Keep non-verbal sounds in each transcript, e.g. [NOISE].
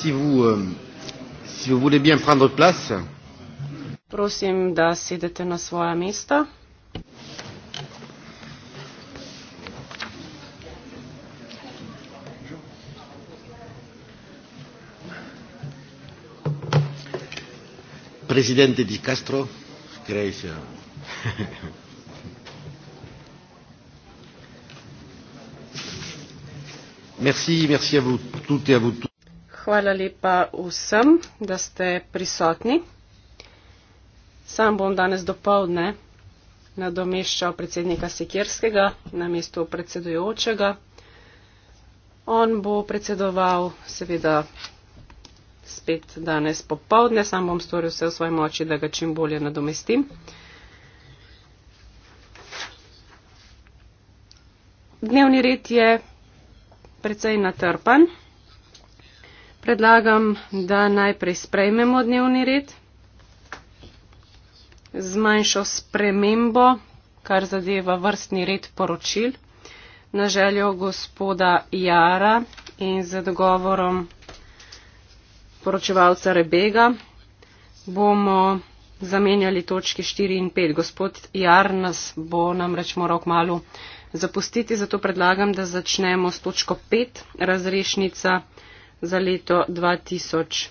si vous, euh, si vous voulez bien prendre place. Prosim, da sedete na svoja mesta. Presidente di Castro, Grecia. merci, merci a voi tutti e a voi tutti. Hvala lepa vsem, da ste prisotni. Sam bom danes dopoldne nadomeščal predsednika Sikirskega na mestu predsedujočega. On bo predsedoval seveda spet danes popoldne, sam bom storil vse v svoji moči, da ga čim bolje nadomestim. Dnevni red je precej natrpan predlagam, da najprej sprejmemo dnevni red z manjšo spremembo, kar zadeva vrstni red poročil, na željo gospoda Jara in z dogovorom poročevalca Rebega bomo zamenjali točki 4 in 5. Gospod Jar nas bo namreč moral kmalo zapustiti, zato predlagam, da začnemo s točko 5, razrešnica za leto 2013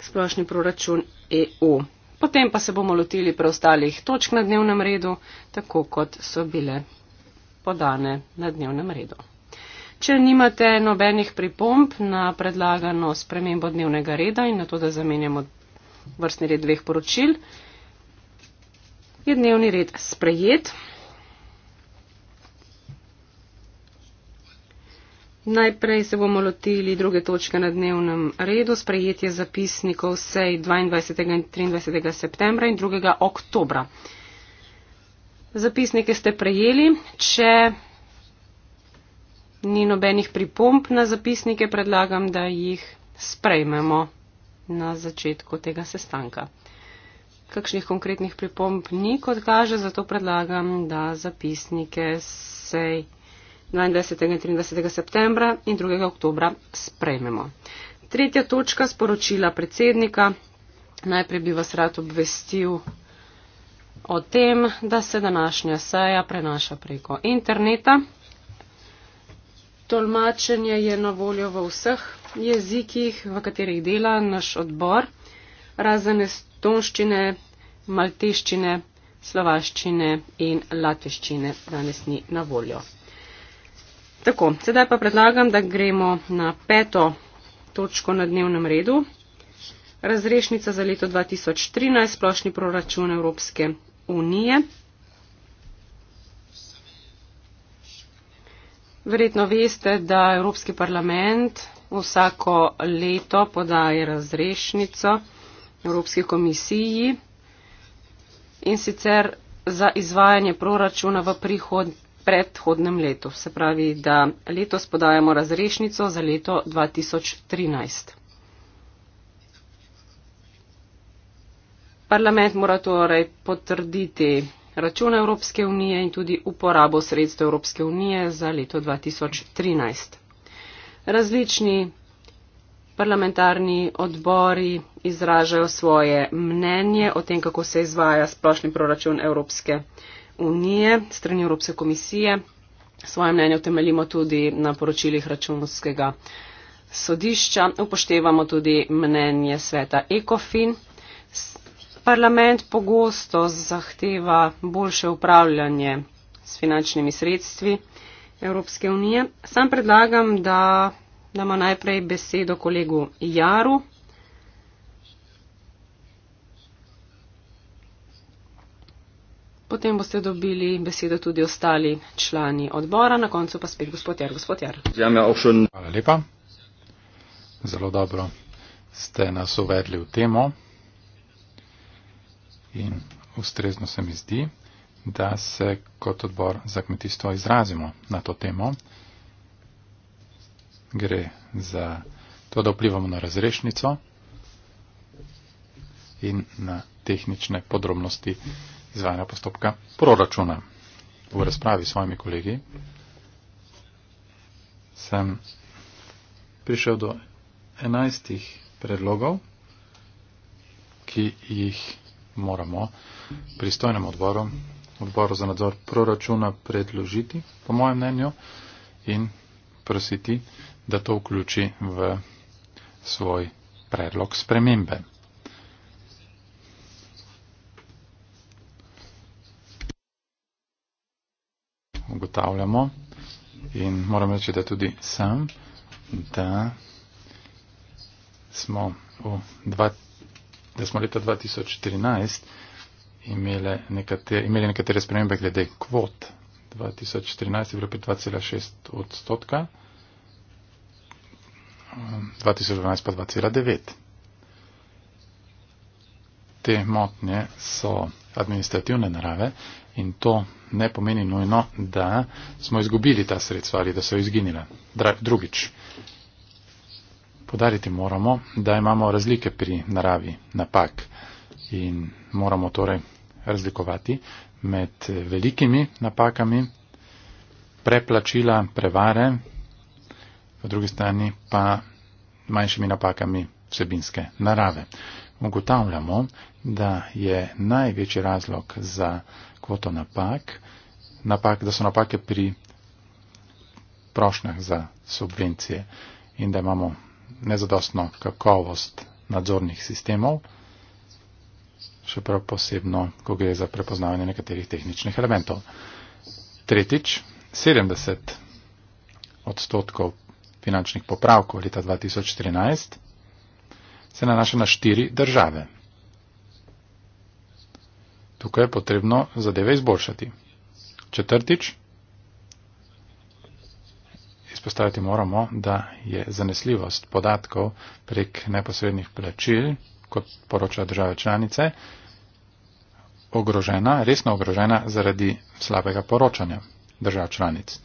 splošni proračun EU. Potem pa se bomo lotili preostalih točk na dnevnem redu, tako kot so bile podane na dnevnem redu. Če nimate nobenih pripomb na predlagano spremembo dnevnega reda in na to, da zamenjamo vrstni red dveh poročil, je dnevni red sprejet. Najprej se bomo lotili druge točke na dnevnem redu, sprejetje zapisnikov sej 22. in 23. septembra in 2. oktobra. Zapisnike ste prejeli. Če ni nobenih pripomp na zapisnike, predlagam, da jih sprejmemo na začetku tega sestanka. Kakšnih konkretnih pripomp ni, kot kaže, zato predlagam, da zapisnike sej. 22. in 23. septembra in 2. oktobra sprejmemo. Tretja točka sporočila predsednika. Najprej bi vas rad obvestil o tem, da se današnja seja prenaša preko interneta. Tolmačenje je na voljo v vseh jezikih, v katerih dela naš odbor, razen estonščine, malteščine, slovaščine in latveščine. Danes ni na voljo. Tako, sedaj pa predlagam, da gremo na peto točko na dnevnem redu. Razrešnica za leto 2013, splošni proračun Evropske unije. Verjetno veste, da Evropski parlament vsako leto podaje razrešnico Evropski komisiji in sicer za izvajanje proračuna v prihodnosti predhodnem letu. Se pravi, da letos podajamo razrešnico za leto 2013. Parlament mora torej potrditi račun Evropske unije in tudi uporabo sredstev Evropske unije za leto 2013. Različni parlamentarni odbori izražajo svoje mnenje o tem, kako se izvaja splošni proračun Evropske unije unije, strani Evropske komisije. Svoje mnenje utemeljimo tudi na poročilih računovskega sodišča, upoštevamo tudi mnenje sveta ECOFIN. Parlament pogosto zahteva boljše upravljanje s finančnimi sredstvi Evropske unije. Sam predlagam, da damo najprej besedo kolegu Jaru. Potem boste dobili besedo tudi ostali člani odbora, na koncu pa spet gospod Jar. Gospod Jar. Ja, Hvala lepa. Zelo dobro ste nas uvedli v temo in ustrezno se mi zdi, da se kot odbor za kmetijstvo izrazimo na to temo. Gre za to, da vplivamo na razrešnico in na tehnične podrobnosti. Mhm izvajanja postopka proračuna. V razpravi s svojimi kolegi sem prišel do enajstih predlogov, ki jih moramo pristojnem odboru, odboru za nadzor proračuna predložiti, po mojem mnenju, in prositi, da to vključi v svoj predlog spremembe. ugotavljamo in moram reči, da tudi sam, da smo, v dva, da smo leta 2014 imeli nekatere, imeli nekatere spremembe glede kvot. 2014 je bilo pri 2,6 odstotka, 2012 pa 2,9. Te motnje so administrativne narave, In to ne pomeni nujno, da smo izgubili ta sredstva ali da so izginila. Drugič, podariti moramo, da imamo razlike pri naravi napak in moramo torej razlikovati med velikimi napakami, preplačila, prevare, v drugi strani pa manjšimi napakami vsebinske narave. Ugotavljamo, da je največji razlog za kvoto napak, napak, da so napake pri prošnjah za subvencije in da imamo nezadostno kakovost nadzornih sistemov, še prav posebno, ko gre za prepoznavanje nekaterih tehničnih elementov. Tretjič, 70 odstotkov finančnih popravkov leta 2013 se nanaša na štiri države. Tukaj je potrebno zadeve izboljšati. Četrtič, izpostaviti moramo, da je zanesljivost podatkov prek neposrednih plačil, kot poročajo države članice, ogrožena, resno ogrožena zaradi slabega poročanja držav članic.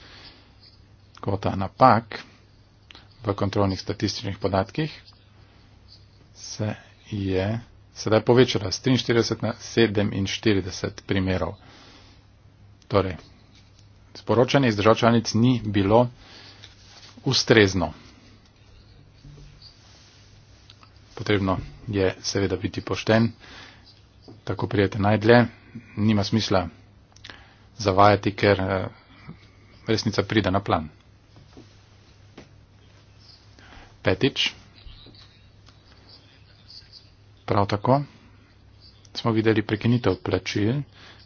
Kvota napak v kontrolnih statističnih podatkih se je sedaj povečala z 43 na 47 primerov. Torej, sporočanje iz držav članic ni bilo ustrezno. Potrebno je seveda biti pošten, tako prijete najdlje. Nima smisla zavajati, ker resnica pride na plan. Petič. Prav tako smo videli prekinitev plačil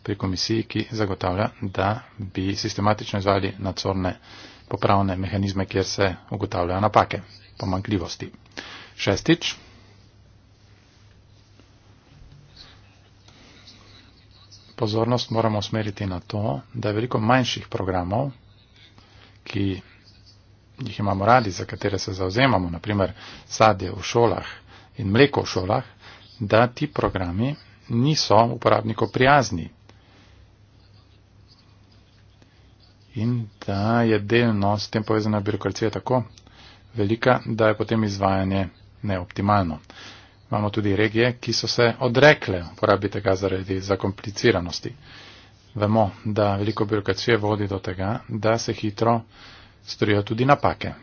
pri komisiji, ki zagotavlja, da bi sistematično izvali nadzorne popravne mehanizme, kjer se ugotavljajo napake, pomankljivosti. Šestič. Pozornost moramo usmeriti na to, da je veliko manjših programov, ki jih imamo radi, za katere se zauzemamo, naprimer sadje v šolah in mleko v šolah, da ti programi niso uporabniku prijazni in da je delno s tem povezana birokracija tako velika, da je potem izvajanje neoptimalno. Imamo tudi regije, ki so se odrekle uporabi tega zaradi zakompliciranosti. Vemo, da veliko birokracije vodi do tega, da se hitro storijo tudi napake.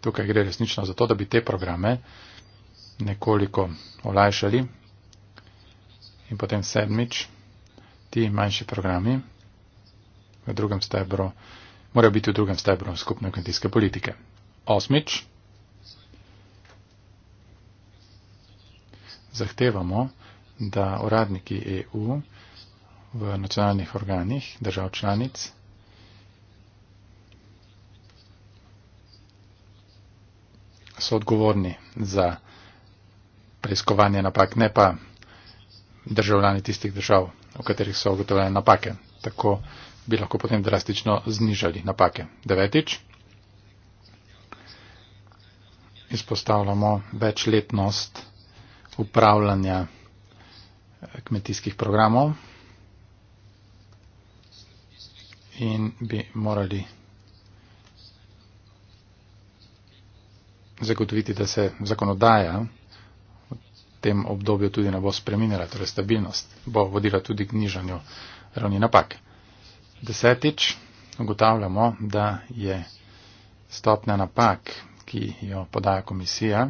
Tukaj gre resnično za to, da bi te programe nekoliko olajšali. In potem sedmič, ti manjši programi v drugem stebru, morajo biti v drugem stebru skupne kmetijske politike. Osmič, zahtevamo, da uradniki EU v nacionalnih organih držav članic so odgovorni za preiskovanje napak, ne pa državljani tistih držav, v katerih so ugotovljene napake. Tako bi lahko potem drastično znižali napake. Devetič. Izpostavljamo večletnost upravljanja eh, kmetijskih programov in bi morali zagotoviti, da se zakonodaja tem obdobju tudi ne bo spreminjala, torej stabilnost bo vodila tudi k nižanju ravni napak. Desetič ugotavljamo, da je stopnja napak, ki jo podaja komisija,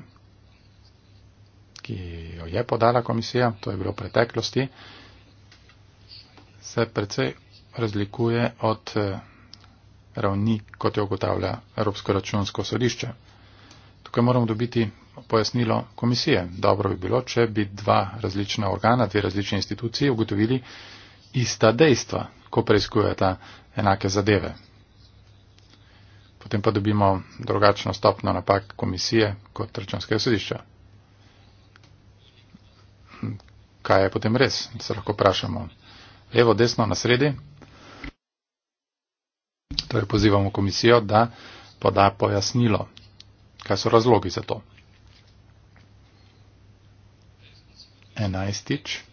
ki jo je podala komisija, to je bilo v preteklosti, se precej razlikuje od eh, ravni, kot jo ugotavlja Evropsko računsko sodišče. Tukaj moramo dobiti pojasnilo komisije. Dobro bi bilo, če bi dva različna organa, dve različne institucije ugotovili ista dejstva, ko preizkujeta enake zadeve. Potem pa dobimo drugačno stopno napak komisije kot računskega sodišča. Kaj je potem res, se lahko vprašamo. Levo, desno, na sredi. Torej pozivamo komisijo, da poda pojasnilo, kaj so razlogi za to. enajstič.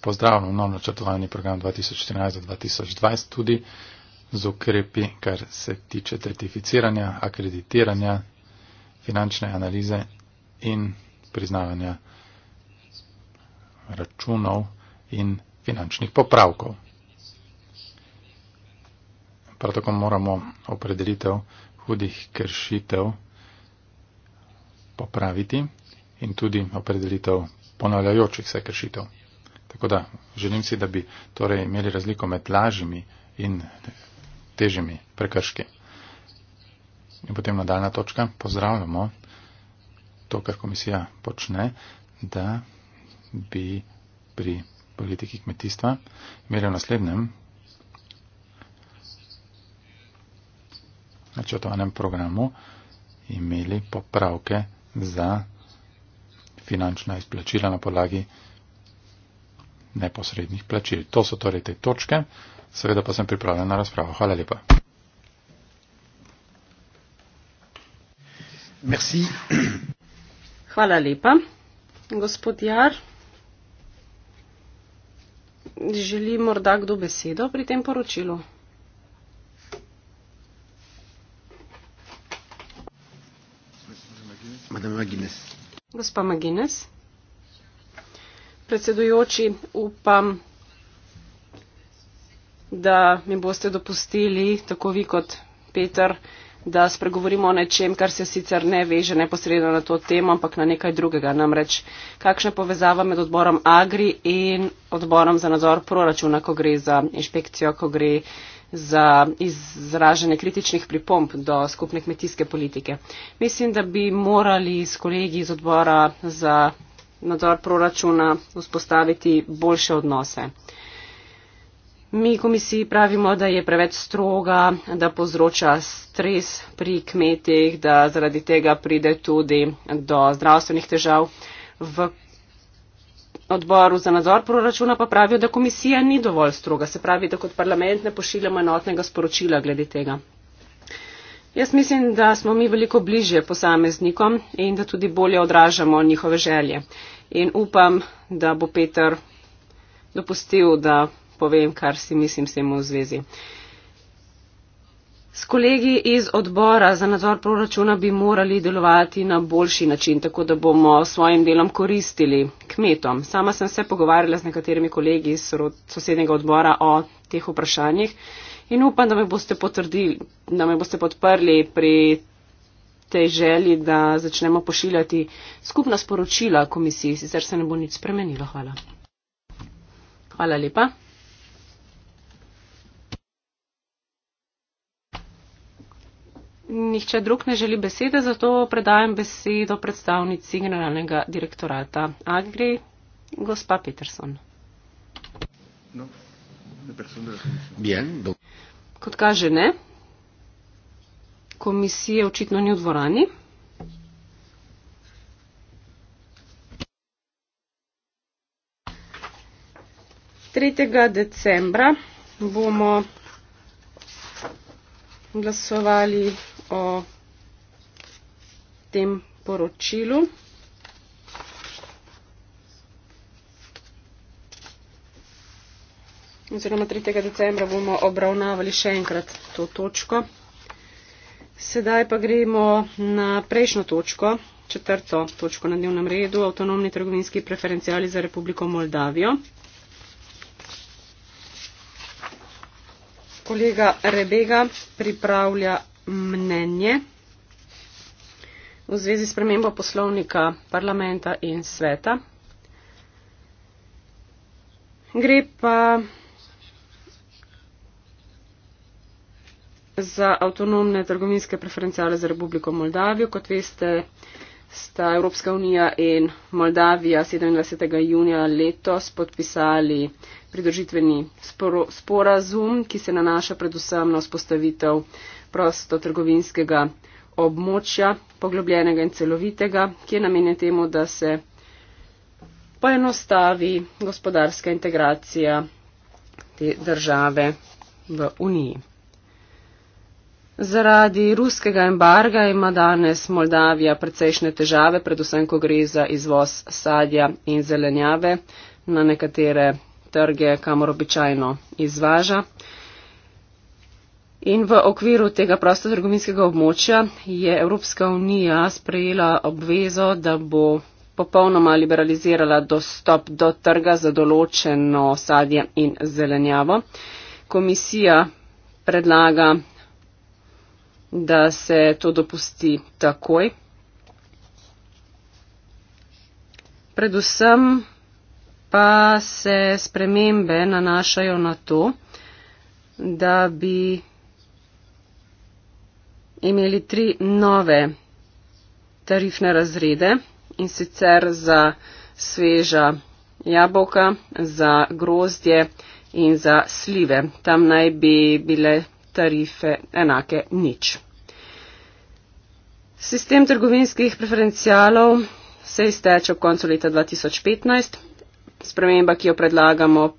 Pozdravljam v nov načrtovani program 2014-2020 tudi z ukrepi, kar se tiče certificiranja, akreditiranja, finančne analize in priznavanja računov in finančnih popravkov. Prav tako moramo opredelitev hudih kršitev popraviti in tudi opredelitev ponavljajočih se kršitev. Tako da želim si, da bi torej imeli razliko med lažjimi in težjimi prekrški. In potem nadaljna točka. Pozdravljamo to, kar komisija počne, da bi pri politiki kmetijstva imeli v naslednjem načrtovanem programu imeli popravke za finančna izplačila na podlagi neposrednih plačil. To so torej te točke, seveda pa sem pripravljen na razpravo. Hvala lepa. Merci. Hvala lepa. Gospod Jar, želi morda kdo besedo pri tem poročilu? Madame Maginès. Gospa Maginez. Predsedujoči, upam, da mi boste dopustili, tako vi kot Peter, da spregovorimo o nečem, kar se sicer ne veže neposredno na to temo, ampak na nekaj drugega. Namreč, kakšna povezava med odborom Agri in odborom za nadzor proračuna, ko gre za inšpekcijo, ko gre za za izražanje kritičnih pripomb do skupne kmetijske politike. Mislim, da bi morali s kolegi iz odbora za nadzor proračuna vzpostaviti boljše odnose. Mi komisiji pravimo, da je preveč stroga, da povzroča stres pri kmetih, da zaradi tega pride tudi do zdravstvenih težav. V odboru za nadzor proračuna pa pravijo, da komisija ni dovolj stroga, se pravi, da kot parlament ne pošiljamo enotnega sporočila glede tega. Jaz mislim, da smo mi veliko bližje posameznikom in da tudi bolje odražamo njihove želje. In upam, da bo Peter dopustil, da povem, kar si mislim s tem v zvezi. Uh, S kolegi iz odbora za nadzor proračuna bi morali delovati na boljši način, tako da bomo svojim delom koristili kmetom. Sama sem se pogovarjala z nekaterimi kolegi iz sosednjega odbora o teh vprašanjih in upam, da me boste, potrdili, da me boste podprli pri tej želji, da začnemo pošiljati skupna sporočila komisiji, sicer se ne bo nič spremenilo. Hvala. Hvala lepa. nihče drug ne želi besede, zato predajam besedo predstavnici generalnega direktorata Agri, gospa Peterson. No. Kot kaže ne, komisije očitno ni v dvorani. Tretjega decembra bomo glasovali o tem poročilu. Oziroma 3. decembra bomo obravnavali še enkrat to točko. Sedaj pa gremo na prejšnjo točko, četrto točko na dnevnem redu, avtonomni trgovinski preferencijali za Republiko Moldavijo. Kolega Rebega pripravlja mnenje v zvezi s premembo poslovnika parlamenta in sveta. Gre pa za avtonomne trgovinske preferencijale za Republiko Moldavijo. Kot veste, sta Evropska unija in Moldavija 27. junija letos podpisali pridružitveni sporazum, ki se nanaša predvsem na vzpostavitev prostotrgovinskega območja, poglobljenega in celovitega, ki je namenjen temu, da se poenostavi gospodarska integracija te države v Uniji. Zaradi ruskega embarga ima danes Moldavija precejšnje težave, predvsem, ko gre za izvoz sadja in zelenjave na nekatere trge, kamor običajno izvaža. In v okviru tega prostotrgovinskega območja je Evropska unija sprejela obvezo, da bo popolnoma liberalizirala dostop do trga za določeno sadje in zelenjavo. Komisija predlaga, da se to dopusti takoj. Predvsem pa se spremembe nanašajo na to, da bi imeli tri nove tarifne razrede in sicer za sveža jabolka, za grozdje in za slive. Tam naj bi bile tarife enake nič. Sistem trgovinskih preferencialov se izteče ob koncu leta 2015. Sprememba, ki jo predlagamo,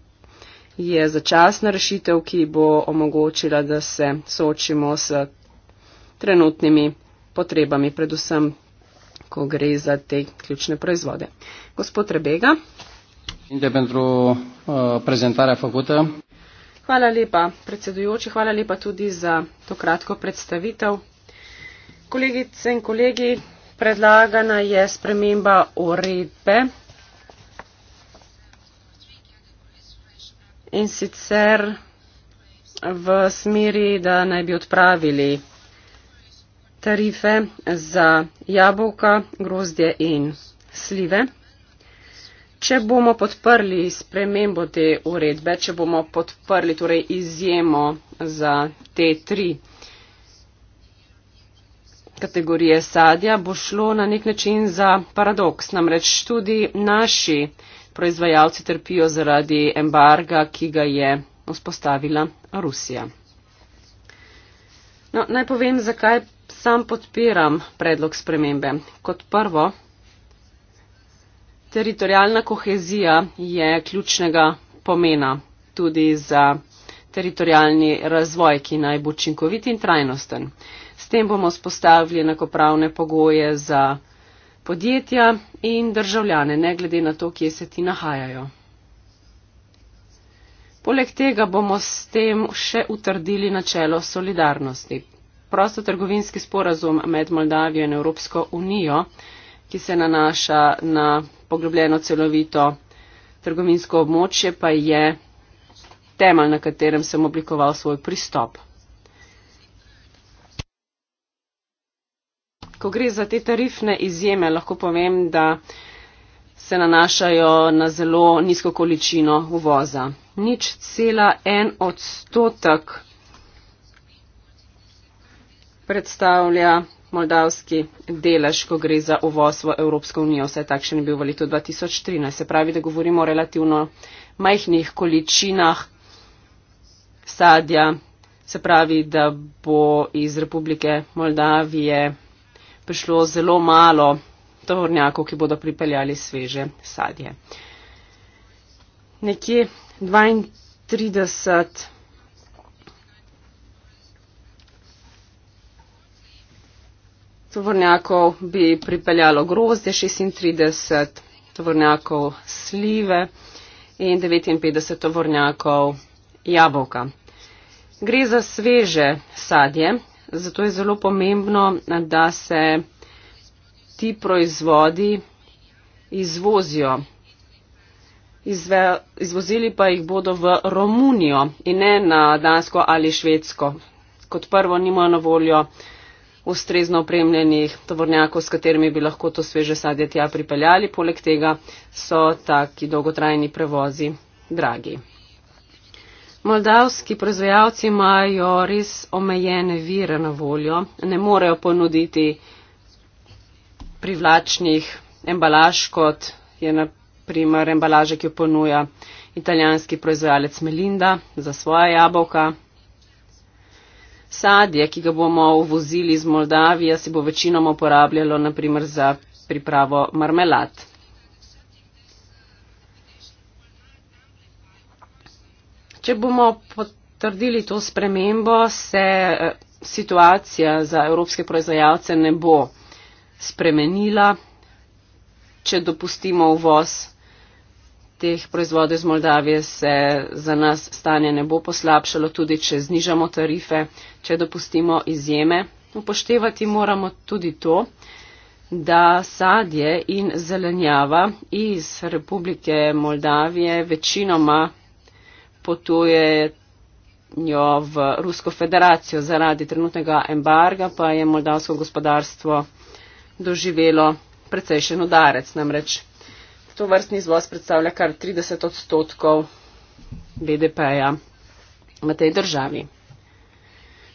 je začasna rešitev, ki bo omogočila, da se soočimo s trenutnimi potrebami, predvsem, ko gre za te ključne proizvode. Gospod Rebega. Uh, hvala lepa, predsedujoči, hvala lepa tudi za to kratko predstavitev. Kolegice in kolegi, predlagana je sprememba uredbe. In sicer v smeri, da naj bi odpravili tarife za jabolka, grozdje in slive. Če bomo podprli spremembo te uredbe, če bomo podprli torej izjemo za te tri kategorije sadja, bo šlo na nek način za paradoks. Namreč tudi naši proizvajalci trpijo zaradi embarga, ki ga je vzpostavila Rusija. No, naj povem, zakaj Sam podpiram predlog spremembe. Kot prvo, teritorijalna kohezija je ključnega pomena tudi za teritorijalni razvoj, ki naj bo učinkovit in trajnosten. S tem bomo spostavili enakopravne pogoje za podjetja in državljane, ne glede na to, kje se ti nahajajo. Poleg tega bomo s tem še utrdili načelo solidarnosti prostotrgovinski sporazum med Moldavijo in Evropsko unijo, ki se nanaša na poglobljeno celovito trgovinsko območje, pa je temelj, na katerem sem oblikoval svoj pristop. Ko gre za te tarifne izjeme, lahko povem, da se nanašajo na zelo nizko količino uvoza. Nič cela en odstotek predstavlja moldavski delež, ko gre za uvoz v Evropsko unijo. Vse takšen je bil v letu 2013. Se pravi, da govorimo o relativno majhnih količinah sadja. Se pravi, da bo iz Republike Moldavije prišlo zelo malo tovornjakov, ki bodo pripeljali sveže sadje. Nekje 32. tovornjakov bi pripeljalo grozdje 36, tovornjakov slive in 59 tovornjakov jabolka. Gre za sveže sadje, zato je zelo pomembno, da se ti proizvodi izvozijo. Izve, izvozili pa jih bodo v Romunijo in ne na Dansko ali Švedsko. Kot prvo nimajo na voljo ustrezno opremljenih tovornjakov, s katerimi bi lahko to sveže sadje tja pripeljali. Poleg tega so taki dolgotrajni prevozi dragi. Moldavski proizvajalci imajo res omejene vire na voljo, ne morejo ponuditi privlačnih embalaž, kot je naprimer embalaža, ki jo ponuja italijanski proizvajalec Melinda za svoje jabolka. Sadje, ki ga bomo uvozili iz Moldavije, se bo večinoma uporabljalo naprimer za pripravo marmelad. Če bomo potrdili to spremembo, se eh, situacija za evropske proizvajalce ne bo spremenila, če dopustimo uvoz teh proizvodov iz Moldavije se za nas stanje ne bo poslabšalo, tudi če znižamo tarife, če dopustimo izjeme. Upoštevati moramo tudi to, da sadje in zelenjava iz Republike Moldavije večinoma potujejo v Rusko federacijo. Zaradi trenutnega embarga pa je moldavsko gospodarstvo doživelo precejšen udarec. Namreč to vrstni izvoz predstavlja kar 30 odstotkov BDP-ja v tej državi.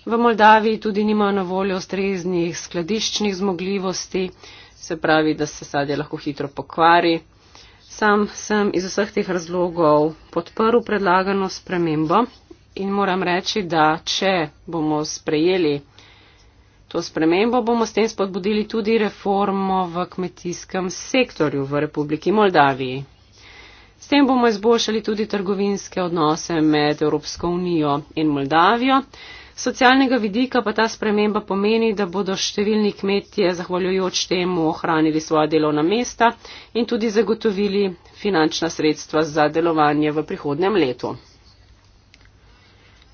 V Moldaviji tudi nimajo na voljo ustreznih skladiščnih zmogljivosti, se pravi, da se sadje lahko hitro pokvari. Sam sem iz vseh teh razlogov podprl predlagano spremembo in moram reči, da če bomo sprejeli To spremembo bomo s tem spodbudili tudi reformo v kmetijskem sektorju v Republiki Moldaviji. S tem bomo izboljšali tudi trgovinske odnose med Evropsko unijo in Moldavijo. Socialnega vidika pa ta sprememba pomeni, da bodo številni kmetije zahvaljujoč temu ohranili svoja delovna mesta in tudi zagotovili finančna sredstva za delovanje v prihodnem letu.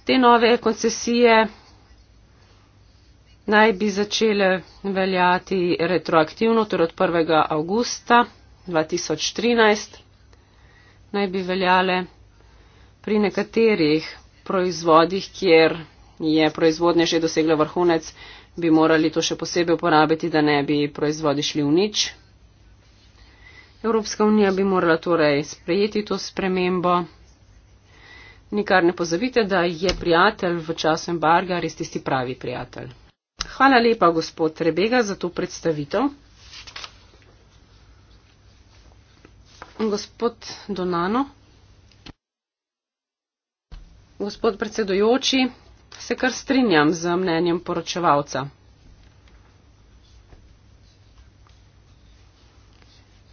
Te nove koncesije naj bi začele veljati retroaktivno, torej od 1. augusta 2013, naj bi veljale pri nekaterih proizvodih, kjer je proizvodnja že dosegla vrhunec, bi morali to še posebej uporabiti, da ne bi proizvodi šli v nič. Evropska unija bi morala torej sprejeti to spremembo. Nikar ne pozavite, da je prijatelj v času embarga res tisti pravi prijatelj. Hvala lepa, gospod Rebega, za to predstavitev. Gospod Donano. Gospod predsedujoči, se kar strinjam z mnenjem poročevalca.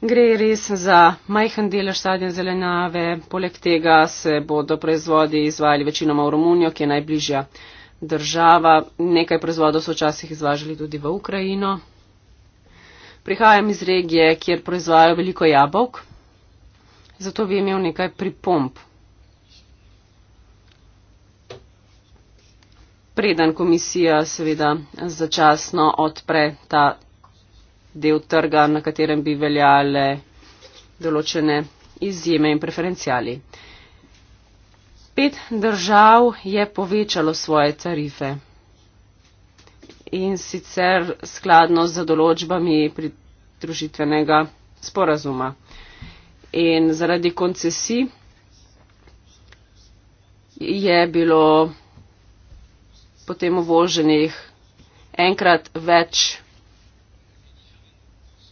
Gre res za majhen delež sadne zelenjave, poleg tega se bodo proizvodi izvajali večinoma v Romunijo, ki je najbližja država. Nekaj proizvodov so včasih izvažali tudi v Ukrajino. Prihajam iz regije, kjer proizvajajo veliko jabolk, zato bi imel nekaj pripomp. Preden komisija seveda začasno odpre ta del trga, na katerem bi veljale določene izjeme in preferencijali pet držav je povečalo svoje tarife in sicer skladno z določbami pridružitvenega sporazuma. In zaradi koncesij je bilo potem uvoženih enkrat več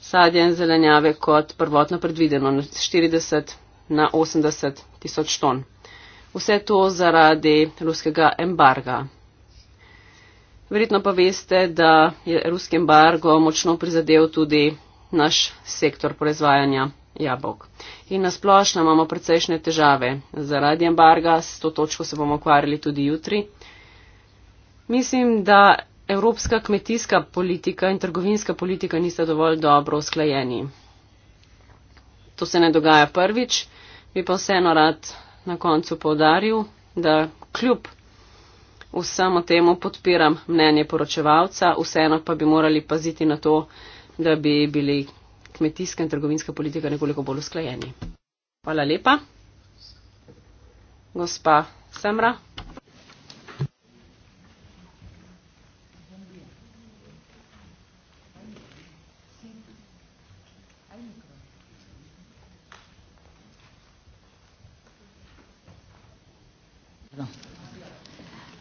sadja in zelenjave kot prvotno predvideno, 40 na 80 tisoč ton. Vse to zaradi ruskega embarga. Verjetno pa veste, da je ruski embargo močno prizadel tudi naš sektor proizvajanja jabolk. In nasplošno imamo precejšnje težave zaradi embarga, s to točko se bomo ukvarjali tudi jutri. Mislim, da evropska kmetijska politika in trgovinska politika nista dovolj dobro usklajeni. To se ne dogaja prvič, bi pa vseeno rad na koncu povdaril, da kljub vsemu temu podpiram mnenje poročevalca, vseeno pa bi morali paziti na to, da bi bili kmetijska in trgovinska politika nekoliko bolj usklajeni. Hvala lepa. Gospa Semra.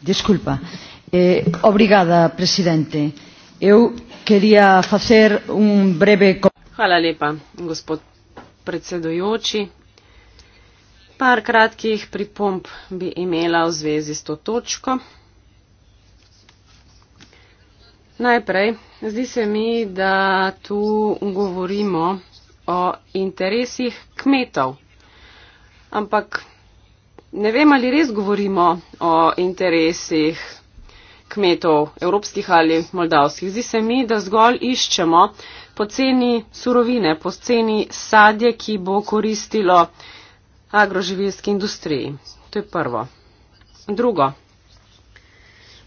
Disculpa. Eh, obrigada, presidente. Eu queria facer un breve... Hvala lepa, gospod predsedujoči. Par kratkih pripomp bi imela v zvezi s to točko. Najprej, zdi se mi, da tu govorimo o interesih kmetov. Ampak ne vem, ali res govorimo o interesih kmetov evropskih ali moldavskih. Zdi se mi, da zgolj iščemo poceni surovine, poceni sadje, ki bo koristilo agroživilski industriji. To je prvo. Drugo.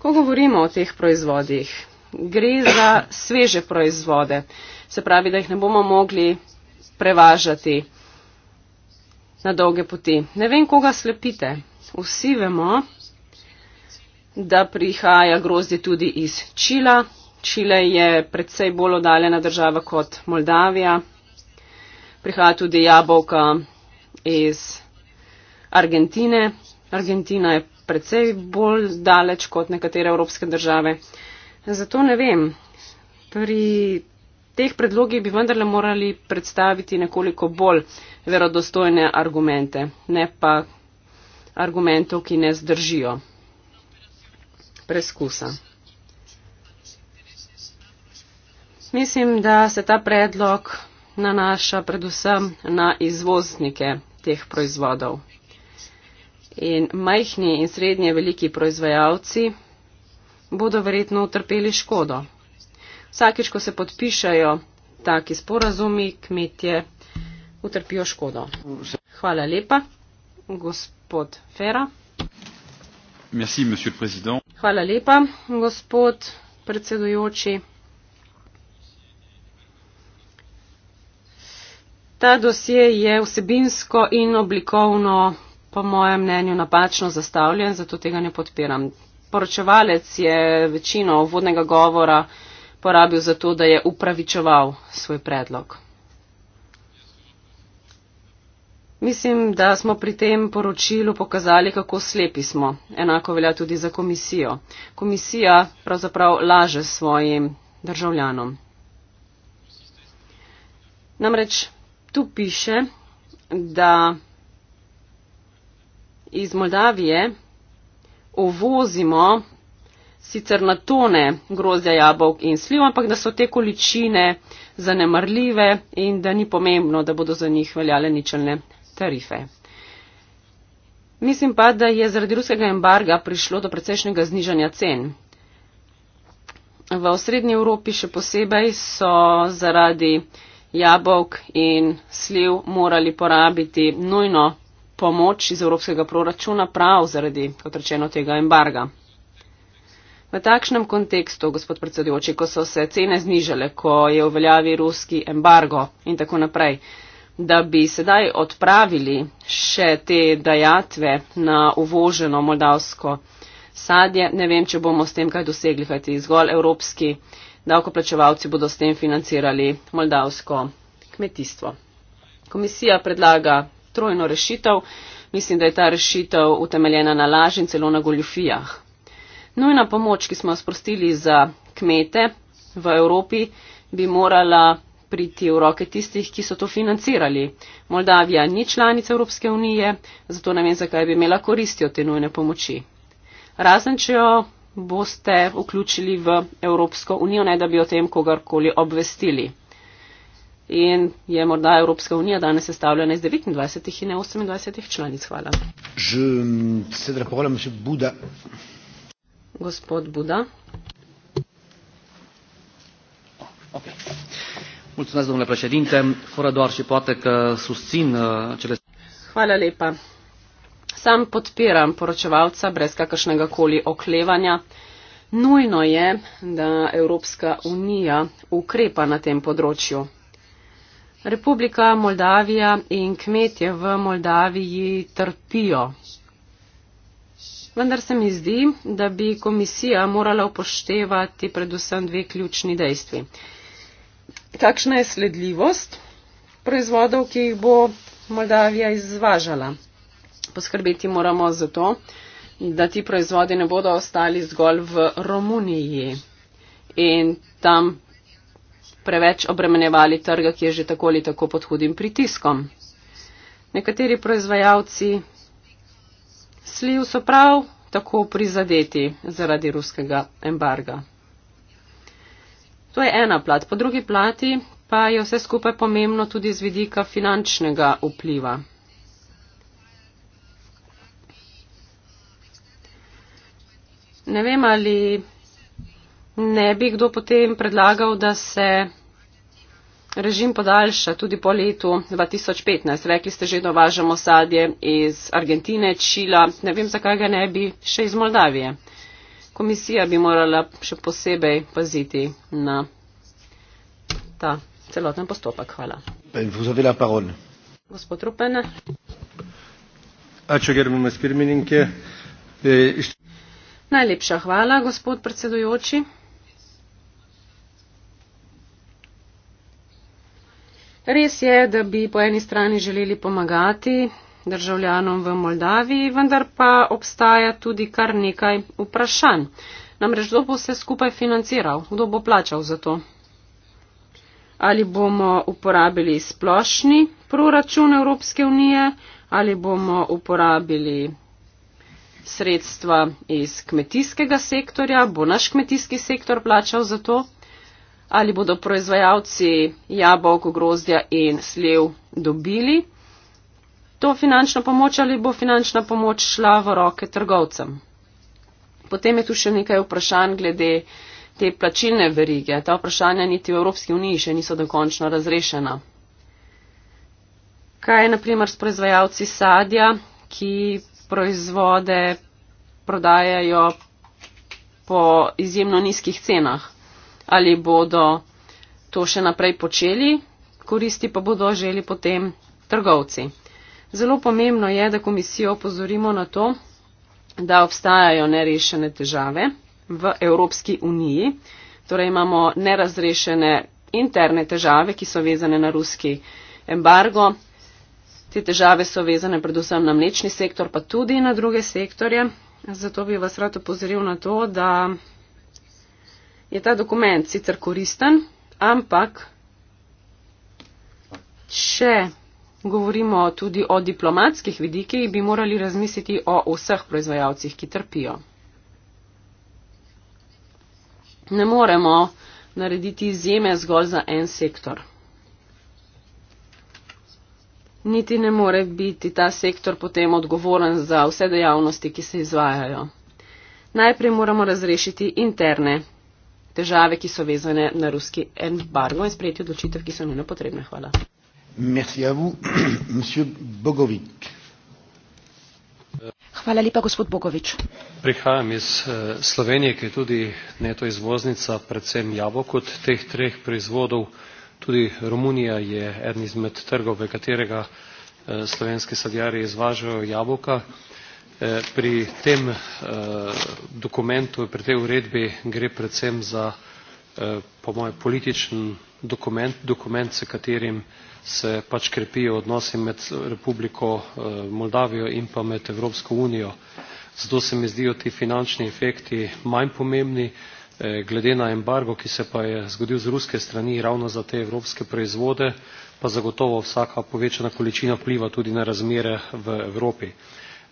Ko govorimo o teh proizvodih, gre za sveže proizvode. Se pravi, da jih ne bomo mogli prevažati na dolge poti. Ne vem, koga slepite. Vsi vemo, da prihaja grozdje tudi iz Čila. Čile je predvsej bolj odaljena država kot Moldavija. Prihaja tudi jabolka iz Argentine. Argentina je predvsej bolj daleč kot nekatere evropske države. Zato ne vem. Pri teh predlogih bi vendarle morali predstaviti nekoliko bolj verodostojne argumente, ne pa argumentov, ki ne zdržijo preskusa. Mislim, da se ta predlog nanaša predvsem na izvoznike teh proizvodov. In majhni in srednje veliki proizvajalci bodo verjetno utrpeli škodo vsakeč, ko se podpišajo taki sporazumi, kmetje utrpijo škodo. Hvala lepa, gospod Fera. Merci, Hvala lepa, gospod predsedujoči. Ta dosje je vsebinsko in oblikovno, po mojem mnenju, napačno zastavljen, zato tega ne podpiram. Poročevalec je večino vodnega govora porabil za to, da je upravičeval svoj predlog. Mislim, da smo pri tem poročilu pokazali, kako slepi smo. Enako velja tudi za komisijo. Komisija pravzaprav laže svojim državljanom. Namreč tu piše, da iz Moldavije uvozimo sicer na tone grozdja jabolk in sliv, ampak da so te količine zanemarljive in da ni pomembno, da bodo za njih veljale ničelne tarife. Mislim pa, da je zaradi ruskega embarga prišlo do precejšnjega znižanja cen. V osrednji Evropi še posebej so zaradi jabolk in sliv morali porabiti nujno pomoč iz evropskega proračuna prav zaradi, kot rečeno, tega embarga. V takšnem kontekstu, gospod predsedujoči, ko so se cene znižale, ko je uveljavi ruski embargo in tako naprej, da bi sedaj odpravili še te dajatve na uvoženo moldavsko sadje, ne vem, če bomo s tem kaj dosegli, kajti zgolj evropski davkoplačevalci bodo s tem financirali moldavsko kmetijstvo. Komisija predlaga trojno rešitev. Mislim, da je ta rešitev utemeljena na laž in celo na goljufijah. Nujna pomoč, ki smo jo sprostili za kmete v Evropi, bi morala priti v roke tistih, ki so to financirali. Moldavija ni članica Evropske unije, zato ne vem, zakaj bi imela koristi od te nujne pomoči. Razen, če jo boste vključili v Evropsko unijo, ne da bi o tem kogarkoli obvestili. In je morda Evropska unija danes sestavljena iz 29 in ne 28 članic. Hvala. Je, gospod Buda. Mulțumesc, domnule președinte. Fără doar și poate că susțin uh, cele... Hvala lepa. Sam podpiram poročevalca brez kakršnega koli oklevanja. Nujno je, da Evropska unija ukrepa na tem področju. Republika Moldavija in kmetje v Moldaviji trpijo vendar se mi zdi, da bi komisija morala upoštevati predvsem dve ključni dejstvi. Kakšna je sledljivost proizvodov, ki jih bo Moldavija izvažala? Poskrbeti moramo za to, da ti proizvodi ne bodo ostali zgolj v Romuniji in tam preveč obremenjevali trga, ki je že tako ali tako pod hudim pritiskom. Nekateri proizvajalci sliv so prav tako prizadeti zaradi ruskega embarga. To je ena plat. Po drugi plati pa je vse skupaj pomembno tudi z vidika finančnega vpliva. Ne vem, ali ne bi kdo potem predlagal, da se režim podaljša tudi po letu 2015. Rekli ste že, da uvažamo sadje iz Argentine, Čila, ne vem, zakaj ga ne bi še iz Moldavije. Komisija bi morala še posebej paziti na ta celoten postopek. Hvala. Gospod Rupen. E, Najlepša hvala, gospod predsedujoči. Res je, da bi po eni strani želeli pomagati državljanom v Moldaviji, vendar pa obstaja tudi kar nekaj vprašanj. Namreč, kdo bo vse skupaj financiral, kdo bo plačal za to? Ali bomo uporabili splošni proračun Evropske unije, ali bomo uporabili sredstva iz kmetijskega sektorja, bo naš kmetijski sektor plačal za to? ali bodo proizvajalci jabolk, grozdja in sliv dobili to finančno pomoč ali bo finančna pomoč šla v roke trgovcem. Potem je tu še nekaj vprašanj glede te plačilne verige. Ta vprašanja niti v Evropski uniji še niso dokončno razrešena. Kaj je naprimer s proizvajalci sadja, ki proizvode prodajajo po izjemno nizkih cenah? ali bodo to še naprej počeli, koristi pa bodo želi potem trgovci. Zelo pomembno je, da komisijo opozorimo na to, da obstajajo nerešene težave v Evropski uniji, torej imamo nerazrešene interne težave, ki so vezane na ruski embargo. Te težave so vezane predvsem na mlečni sektor, pa tudi na druge sektorje. Zato bi vas rad upozoril na to, da je ta dokument sicer koristen, ampak če govorimo tudi o diplomatskih vidikih, bi morali razmisliti o vseh proizvajalcih, ki trpijo. Ne moremo narediti izjeme zgolj za en sektor. Niti ne more biti ta sektor potem odgovoren za vse dejavnosti, ki se izvajajo. Najprej moramo razrešiti interne težave, ki so vezane na ruski embargo in sprejeti odločitev, ki so nujno potrebne. Hvala. Merci à vous, [COUGHS] monsieur Bogovic. Hvala lepa, gospod Bogovič. Prihajam iz eh, Slovenije, ki je tudi neto izvoznica, predvsem jabolk od teh treh proizvodov. Tudi Romunija je eden izmed trgov, v katerega eh, slovenski sadjarji izvažajo jabolka. Eh, pri tem eh, dokumentu pri tej uredbi gre predvsem za eh, po moje političen dokument dokument s katerim se pač krepijo odnosi med republiko moldavijo in pa med evropsko unijo zato se mi zdijo ti finančni efekti manj pomembni glede na embargo ki se pa je zgodil z ruske strani ravno za te evropske proizvode pa zagotovo vsaka povečana količina vpliva tudi na razmere v evropi.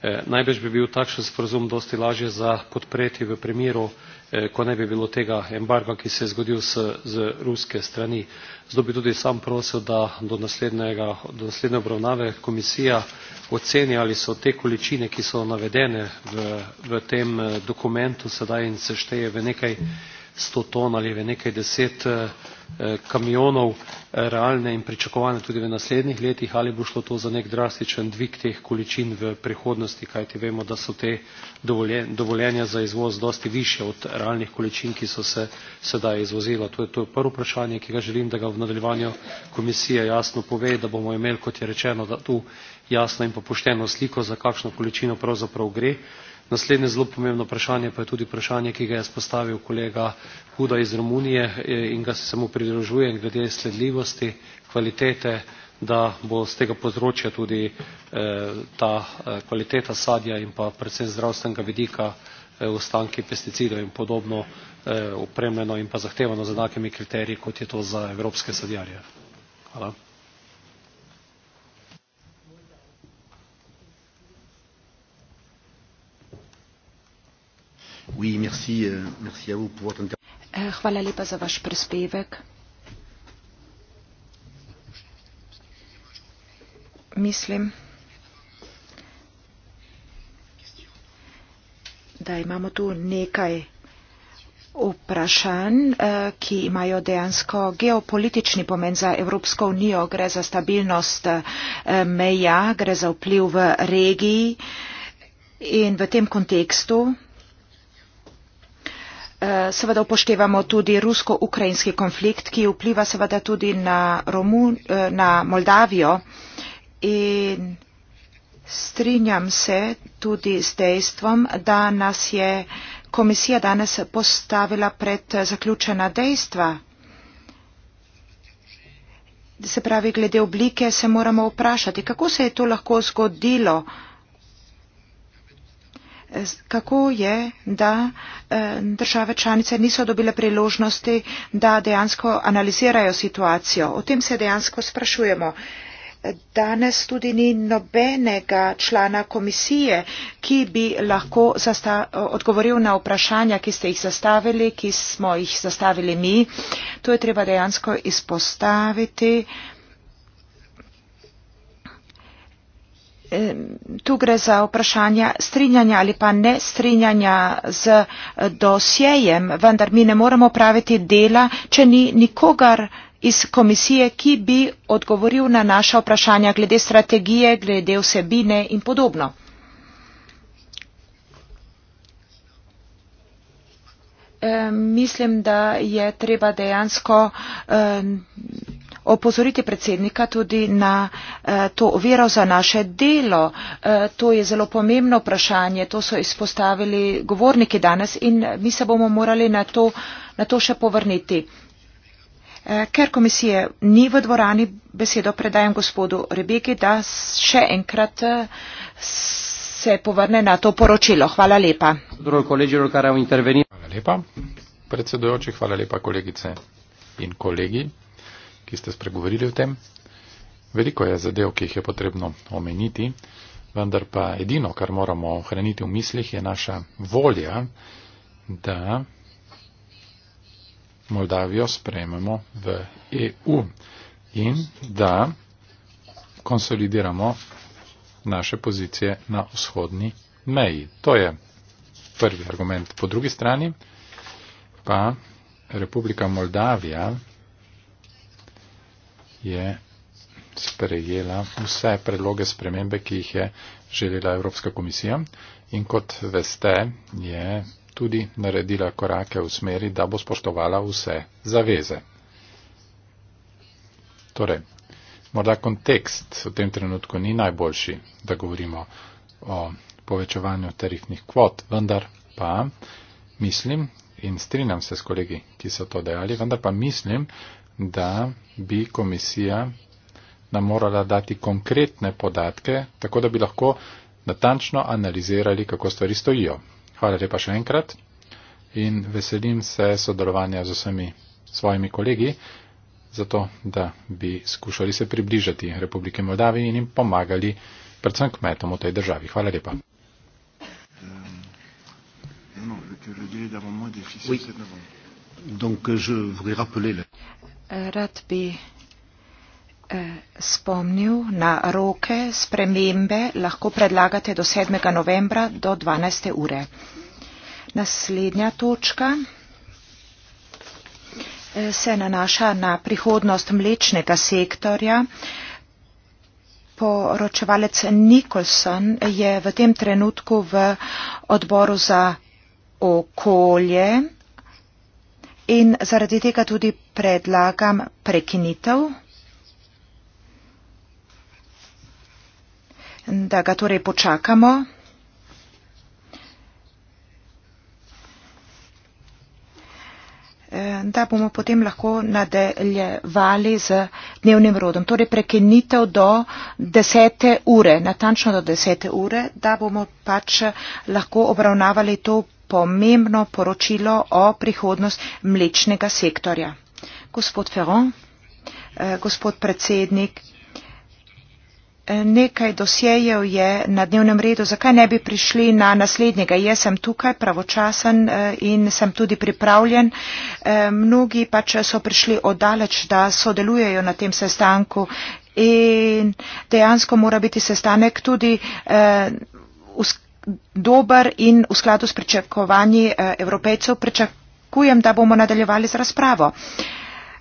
Eh, najbrž bi bil takšen sporazum dosti lažje za podpreti v primeru eh, ko ne bi bilo tega embarga ki se je zgodil s, z ruske strani zato bi tudi sam prosil da do, naslednjega, do naslednje obravnave komisija oceni ali so te količine ki so navedene v, v tem eh, dokumentu sedaj in se šteje v nekaj sto ton ali v nekaj deset eh, Eh, kamionov eh, realne in pričakovane tudi v naslednjih letih ali bo šlo to za nek drastičen dvig teh količin v prihodnosti, kajti vemo, da so te dovoljenja za izvoz dosti više od realnih količin, ki so se sedaj izvozila. To je, to je prvo vprašanje, ki ga želim, da ga v nadaljevanju komisija jasno pove, da bomo imeli, kot je rečeno, da tu jasno in popušteno sliko, za kakšno količino pravzaprav gre. Naslednje zelo pomembno vprašanje pa je tudi vprašanje, ki ga je spostavil kolega Huda iz Romunije e, in ga se samo pridružujem glede sledljivosti, kvalitete, da bo z tega področja tudi e, ta e, kvaliteta sadja in pa predvsem zdravstvenega vidika ostanki pesticidov in podobno opremljeno in pa zahtevano z enakimi kriteriji, kot je to za evropske sadjarje. Hvala. Oui, merci, euh, merci à vous pour votre eh, Hvala lepa za vaš prispevek. Mislim, da imamo tu nekaj vprašanj, eh, ki imajo dejansko geopolitični pomen za Evropsko unijo. Gre za stabilnost eh, meja, gre za vpliv v regiji. In v tem kontekstu Eh, seveda upoštevamo tudi rusko-ukrajinski konflikt, ki vpliva seveda tudi na, Romun, eh, na Moldavijo. In strinjam se tudi s dejstvom, da nas je komisija danes postavila pred zaključena dejstva. Se pravi, glede oblike se moramo vprašati, kako se je to lahko zgodilo. Eh, kako je, da eh, države članice niso dobile priložnosti, da dejansko analizirajo situacijo. O tem se dejansko sprašujemo. Danes tudi ni nobenega člana komisije, ki bi lahko odgovoril na vprašanja, ki ste jih zastavili, ki smo jih zastavili mi. To je treba dejansko izpostaviti. tu gre za vprašanja strinjanja ali pa ne strinjanja z eh, dosjejem, vendar mi ne moremo praviti dela, če ni nikogar iz komisije, ki bi odgovoril na naša vprašanja glede strategije, glede vsebine in podobno. E, mislim, da je treba dejansko e, opozoriti predsednika tudi na eh, to vero za naše delo. Eh, to je zelo pomembno vprašanje, to so izpostavili govorniki danes in mi se bomo morali na to, na to še povrniti. Eh, ker komisije ni v dvorani, besedo predajam gospodu Rebeki, da še enkrat se povrne na to poročilo. Hvala lepa. Hvala lepa. Predsedujoči, hvala lepa kolegice in kolegi ki ste spregovorili o tem. Veliko je zadev, ki jih je potrebno omeniti, vendar pa edino, kar moramo ohraniti v mislih, je naša volja, da Moldavijo sprejmemo v EU in da konsolidiramo naše pozicije na vzhodni meji. To je prvi argument. Po drugi strani pa Republika Moldavija je sprejela vse predloge spremembe, ki jih je želela Evropska komisija in kot veste, je tudi naredila korake v smeri, da bo spoštovala vse zaveze. Torej, morda kontekst v tem trenutku ni najboljši, da govorimo o povečevanju tarifnih kvot, vendar pa mislim in strinjam se s kolegi, ki so to dejali, vendar pa mislim, da bi komisija nam morala dati konkretne podatke, tako da bi lahko natančno analizirali, kako stvari stojijo. Hvala lepa še enkrat in veselim se sodelovanja z vsemi svojimi kolegi, zato da bi skušali se približati Republike Moldavi in jim pomagali predvsem kmetom v tej državi. Hvala lepa. Euh, oui. Donc je voudrais rappeler. La... Rad bi eh, spomnil na roke spremembe, lahko predlagate do 7. novembra do 12. ure. Naslednja točka eh, se nanaša na prihodnost mlečnega sektorja. Poročevalec Nikolson je v tem trenutku v odboru za okolje in zaradi tega tudi predlagam prekinitev, da ga torej počakamo. Eh, da bomo potem lahko nadaljevali z dnevnim rodom. Torej prekenitev do 10. ure, natančno do 10. ure, da bomo pač lahko obravnavali to pomembno poročilo o prihodnost mlečnega sektorja. Gospod Ferron, eh, gospod predsednik, eh, nekaj dosjejev je na dnevnem redu. Zakaj ne bi prišli na naslednjega? Jaz sem tukaj pravočasen eh, in sem tudi pripravljen. Mnogi pač so prišli odaleč, da sodelujejo na tem sestanku in dejansko mora biti sestanek tudi dober in v skladu s pričakovanji evropejcev. Pričakujem, da bomo nadaljevali z razpravo.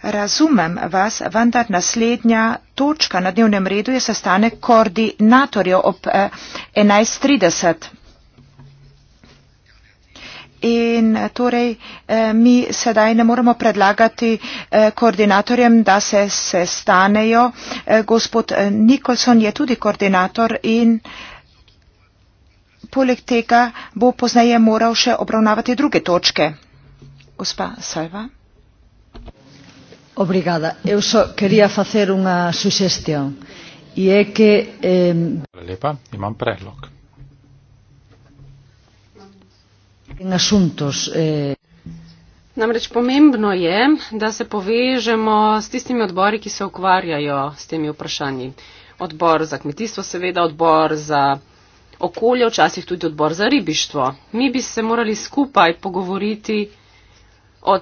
Razumem vas, vendar naslednja točka na dnevnem redu je sestanek koordinatorjev ob 11.30. Eh, in eh, torej eh, mi sedaj ne moremo predlagati koordinatorjem, da se sestanejo. Gospod Nikolson je tudi koordinator in poleg tega bo poznaje moral še obravnavati druge točke. Gospa Sajva. Obrigada. Eu só quería facer unha suxestión. E é que... Eh... Lepa, imam prelok. In asuntos... Eh... Namreč pomembno je, da se povežemo s tistimi odbori, ki se ukvarjajo s temi vprašanji. Odbor za kmetijstvo, seveda odbor za okolje, včasih tudi odbor za ribištvo. Mi bi se morali skupaj pogovoriti o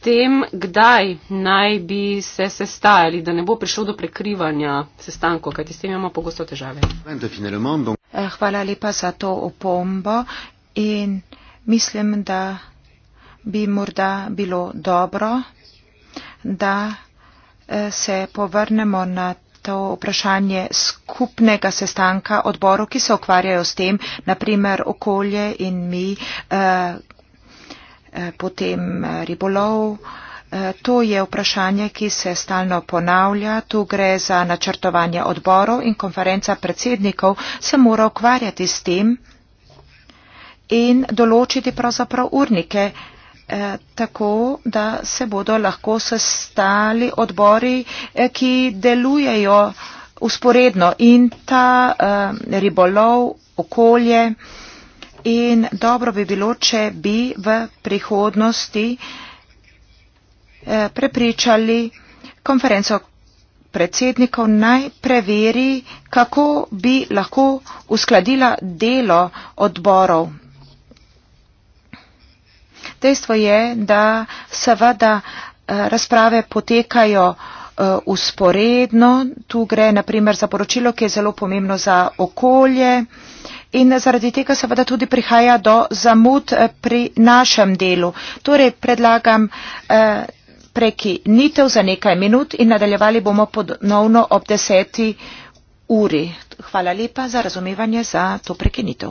tem, kdaj naj bi se sestajali, da ne bo prišlo do prekrivanja sestankov, kajti s tem imamo pogosto težave. Eh, hvala lepa za to opombo in mislim, da bi morda bilo dobro, da eh, se povrnemo na to vprašanje skupnega sestanka odborov, ki se okvarjajo s tem, naprimer okolje in mi, eh, Eh, potem eh, ribolov. Eh, to je vprašanje, ki se stalno ponavlja. Tu gre za načrtovanje odborov in konferenca predsednikov se mora ukvarjati s tem in določiti pravzaprav urnike tako, da se bodo lahko sestali odbori, ki delujejo usporedno in ta ribolov, okolje, in dobro bi bilo, če bi v prihodnosti eh, prepričali konferenco predsednikov naj preveri, kako bi lahko uskladila delo odborov. Dejstvo je, da seveda eh, razprave potekajo usporedno. Eh, tu gre naprimer za poročilo, ki je zelo pomembno za okolje in zaradi tega seveda tudi prihaja do zamud eh, pri našem delu. Torej predlagam eh, prekinitev za nekaj minut in nadaljevali bomo ponovno ob deseti uri. Hvala lepa za razumevanje za to prekinitev.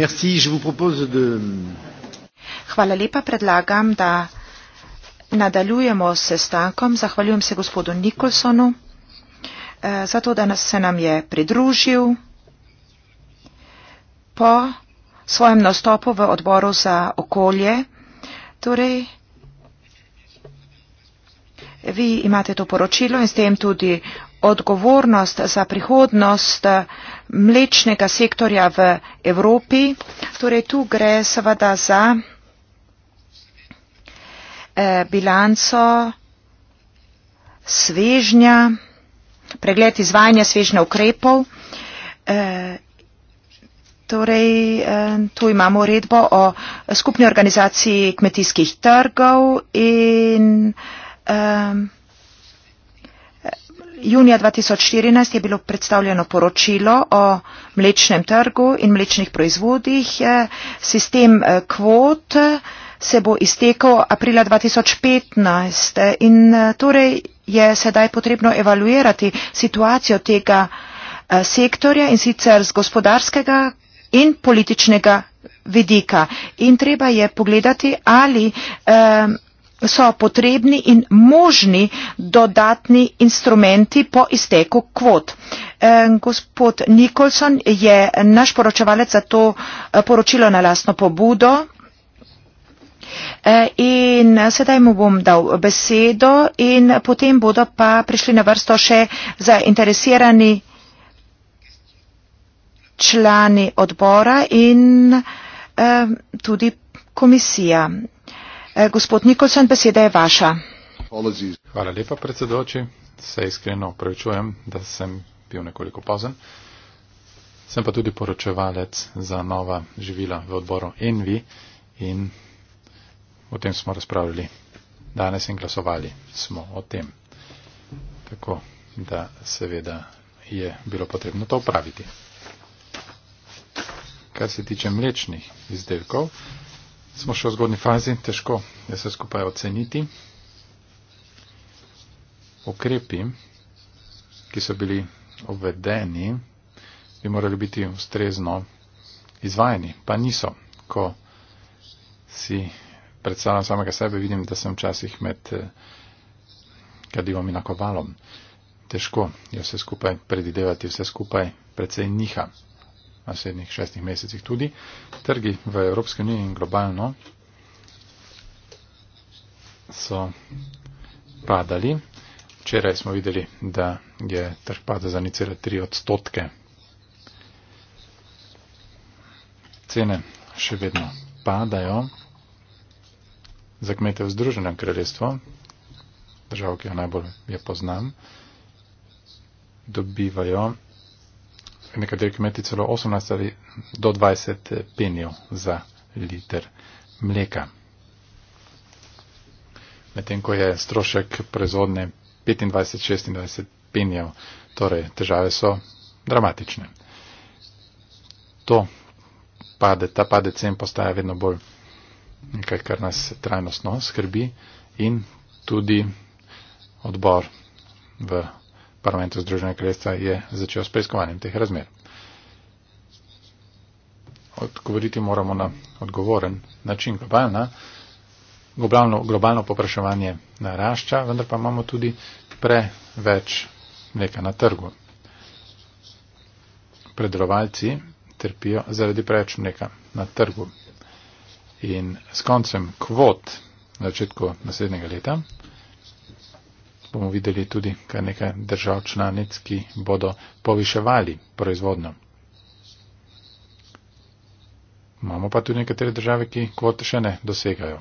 Merci, je vous propose de... Hvala lepa, predlagam, da nadaljujemo s sestankom. Zahvaljujem se gospodu Nikolsonu eh, za to, da nas se nam je pridružil po svojem nastopu v odboru za okolje. Torej, vi imate to poročilo in s tem tudi odgovornost za prihodnost mlečnega sektorja v Evropi. Torej, tu gre seveda za eh, bilanco svežnja, pregled izvajanja svežnja ukrepov. Eh, torej, eh, tu imamo redbo o skupni organizaciji kmetijskih trgov in um, Junija 2014 je bilo predstavljeno poročilo o mlečnem trgu in mlečnih proizvodih. Eh, sistem eh, kvot eh, se bo iztekal aprila 2015 in torej je sedaj potrebno evaluirati situacijo tega sektorja in sicer z gospodarskega in političnega vidika. In treba je pogledati, ali eh, so potrebni in možni dodatni instrumenti po izteku kvot. E, gospod Nikolson je naš poročevalec za to e, poročilo na lasno pobudo. E, in sedaj mu bom dal besedo in potem bodo pa prišli na vrsto še zainteresirani člani odbora in tudi komisija. Eh, gospod Nikolsen, beseda je vaša. Hvala lepa, predsedoči. Se iskreno prevečujem, da sem bil nekoliko pozen. Sem pa tudi poročevalec za nova živila v odboru Envi in o tem smo razpravljali danes in glasovali smo o tem. Tako da seveda je bilo potrebno to upraviti. Kar se tiče mlečnih izdelkov, Smo še v zgodni fazi, težko je vse skupaj oceniti. Okrepi, ki so bili uvedeni, bi morali biti ustrezno izvajeni, pa niso. Ko si predstavljam samega sebe, vidim, da sem včasih med eh, kadivom in akobalom. Težko je vse skupaj predidevati, vse skupaj precej niha naslednjih šestih mesecih tudi. Trgi v Evropske unije in globalno so padali. Včeraj smo videli, da je trg padel za nicera tri odstotke. Cene še vedno padajo. Za kmete v Združenem kraljestvu, državo, ki jo najbolj je poznam, dobivajo nekateri kmeti celo 18 ali do 20 penijev za liter mleka. Medtem, ko je strošek proizvodne 25-26 penijev, torej težave so dramatične. To pade, ta pade cen postaja vedno bolj nekaj, kar nas trajnostno skrbi in tudi odbor v parlamentu Združenega kraljestva je začel s preiskovanjem teh razmer. Odgovoriti moramo na odgovoren način globalna. Globalno, globalno popraševanje narašča, vendar pa imamo tudi preveč mleka na trgu. Predelovalci trpijo zaradi preveč mleka na trgu. In s koncem kvot na začetku naslednjega leta bomo videli tudi kar nekaj držav članic, ki bodo poviševali proizvodno. Imamo pa tudi nekatere države, ki kvot še ne dosegajo.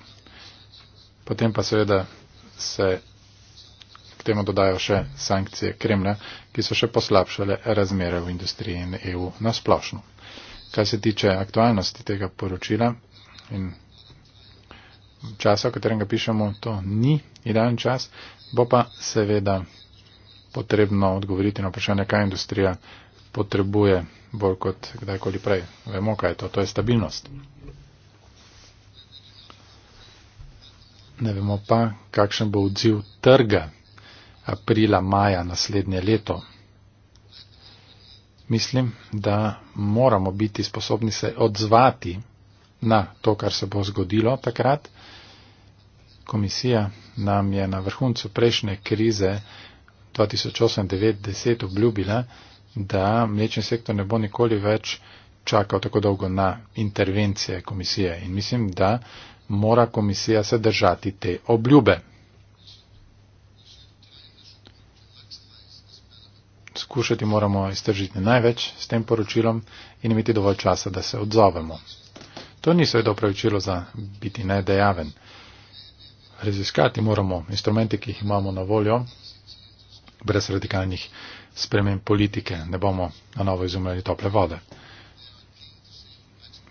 Potem pa seveda se k temu dodajo še sankcije Kremlja, ki so še poslabšale razmere v industriji in EU na splošno. Kar se tiče aktualnosti tega poročila in časa, o katerem ga pišemo, to ni idealen čas, Bo pa seveda potrebno odgovoriti na vprašanje, kaj industrija potrebuje bolj kot kdajkoli prej. Vemo, kaj je to. To je stabilnost. Ne vemo pa, kakšen bo odziv trga aprila, maja naslednje leto. Mislim, da moramo biti sposobni se odzvati na to, kar se bo zgodilo takrat komisija nam je na vrhuncu prejšnje krize 2008-2010 obljubila, da mlečni sektor ne bo nikoli več čakal tako dolgo na intervencije komisije. In mislim, da mora komisija se držati te obljube. Skušati moramo iztržiti največ s tem poročilom in imeti dovolj časa, da se odzovemo. To ni seveda opravičilo za biti nedejaven raziskati moramo instrumente, ki jih imamo na voljo, brez radikalnih sprememb politike. Ne bomo na novo izumeli tople vode.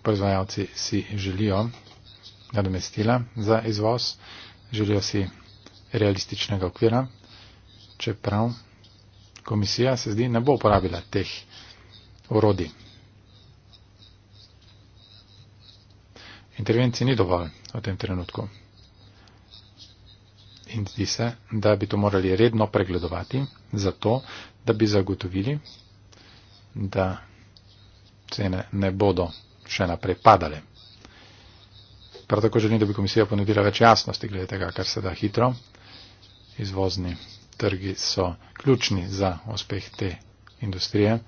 Proizvajalci si želijo nadomestila za izvoz, želijo si realističnega okvira, čeprav komisija se zdi ne bo uporabila teh urodi. Intervencije ni dovolj v tem trenutku in zdi se, da bi to morali redno pregledovati, zato da bi zagotovili, da cene ne bodo še naprej padale. Prav tako želim, da bi komisija ponudila več jasnosti glede tega, kar se da hitro. Izvozni trgi so ključni za uspeh te industrije